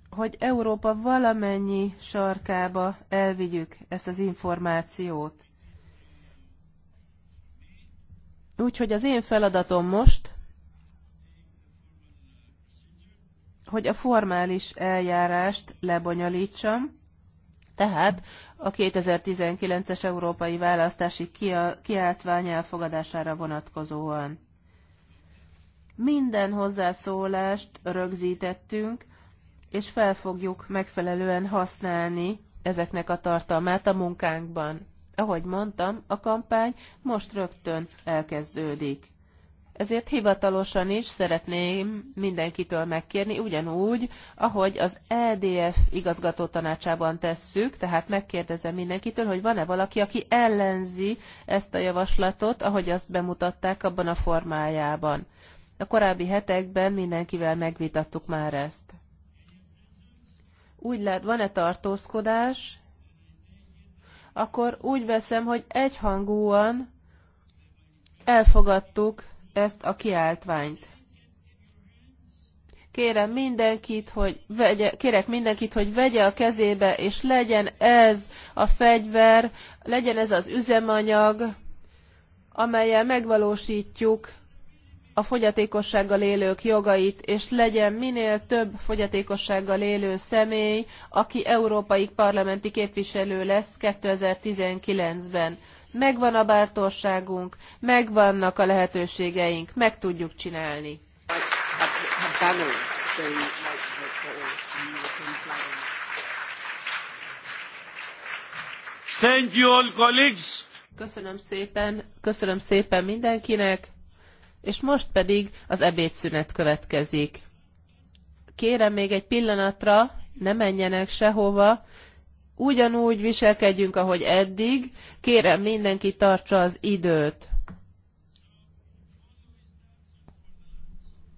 hogy Európa valamennyi sarkába elvigyük ezt az információt. Úgyhogy az én feladatom most, hogy a formális eljárást lebonyolítsam, tehát a 2019-es európai választási kiáltvány elfogadására vonatkozóan. Minden hozzászólást rögzítettünk, és fel fogjuk megfelelően használni ezeknek a tartalmát a munkánkban. Ahogy mondtam, a kampány most rögtön elkezdődik. Ezért hivatalosan is szeretném mindenkitől megkérni, ugyanúgy, ahogy az EDF igazgató tanácsában tesszük, tehát megkérdezem mindenkitől, hogy van-e valaki, aki ellenzi ezt a javaslatot, ahogy azt bemutatták abban a formájában. A korábbi hetekben mindenkivel megvitattuk már ezt. Úgy lehet, van-e tartózkodás? Akkor úgy veszem, hogy egyhangúan elfogadtuk ezt a kiáltványt. Kérem mindenkit, hogy vegye, kérek mindenkit, hogy vegye a kezébe, és legyen ez a fegyver, legyen ez az üzemanyag, amelyel megvalósítjuk a fogyatékossággal élők jogait, és legyen minél több fogyatékossággal élő személy, aki európai parlamenti képviselő lesz 2019-ben. Megvan a bátorságunk, megvannak a lehetőségeink, meg tudjuk csinálni. Thank you all colleagues. Köszönöm szépen, köszönöm szépen mindenkinek, és most pedig az ebédszünet következik. Kérem még egy pillanatra, ne menjenek sehova, ugyanúgy viselkedjünk, ahogy eddig. Kérem, mindenki tartsa az időt.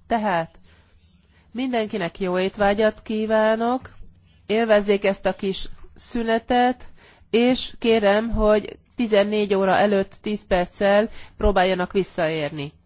Tehát mindenkinek jó étvágyat kívánok, élvezzék ezt a kis szünetet, és kérem, hogy 14 óra előtt 10 perccel próbáljanak visszaérni.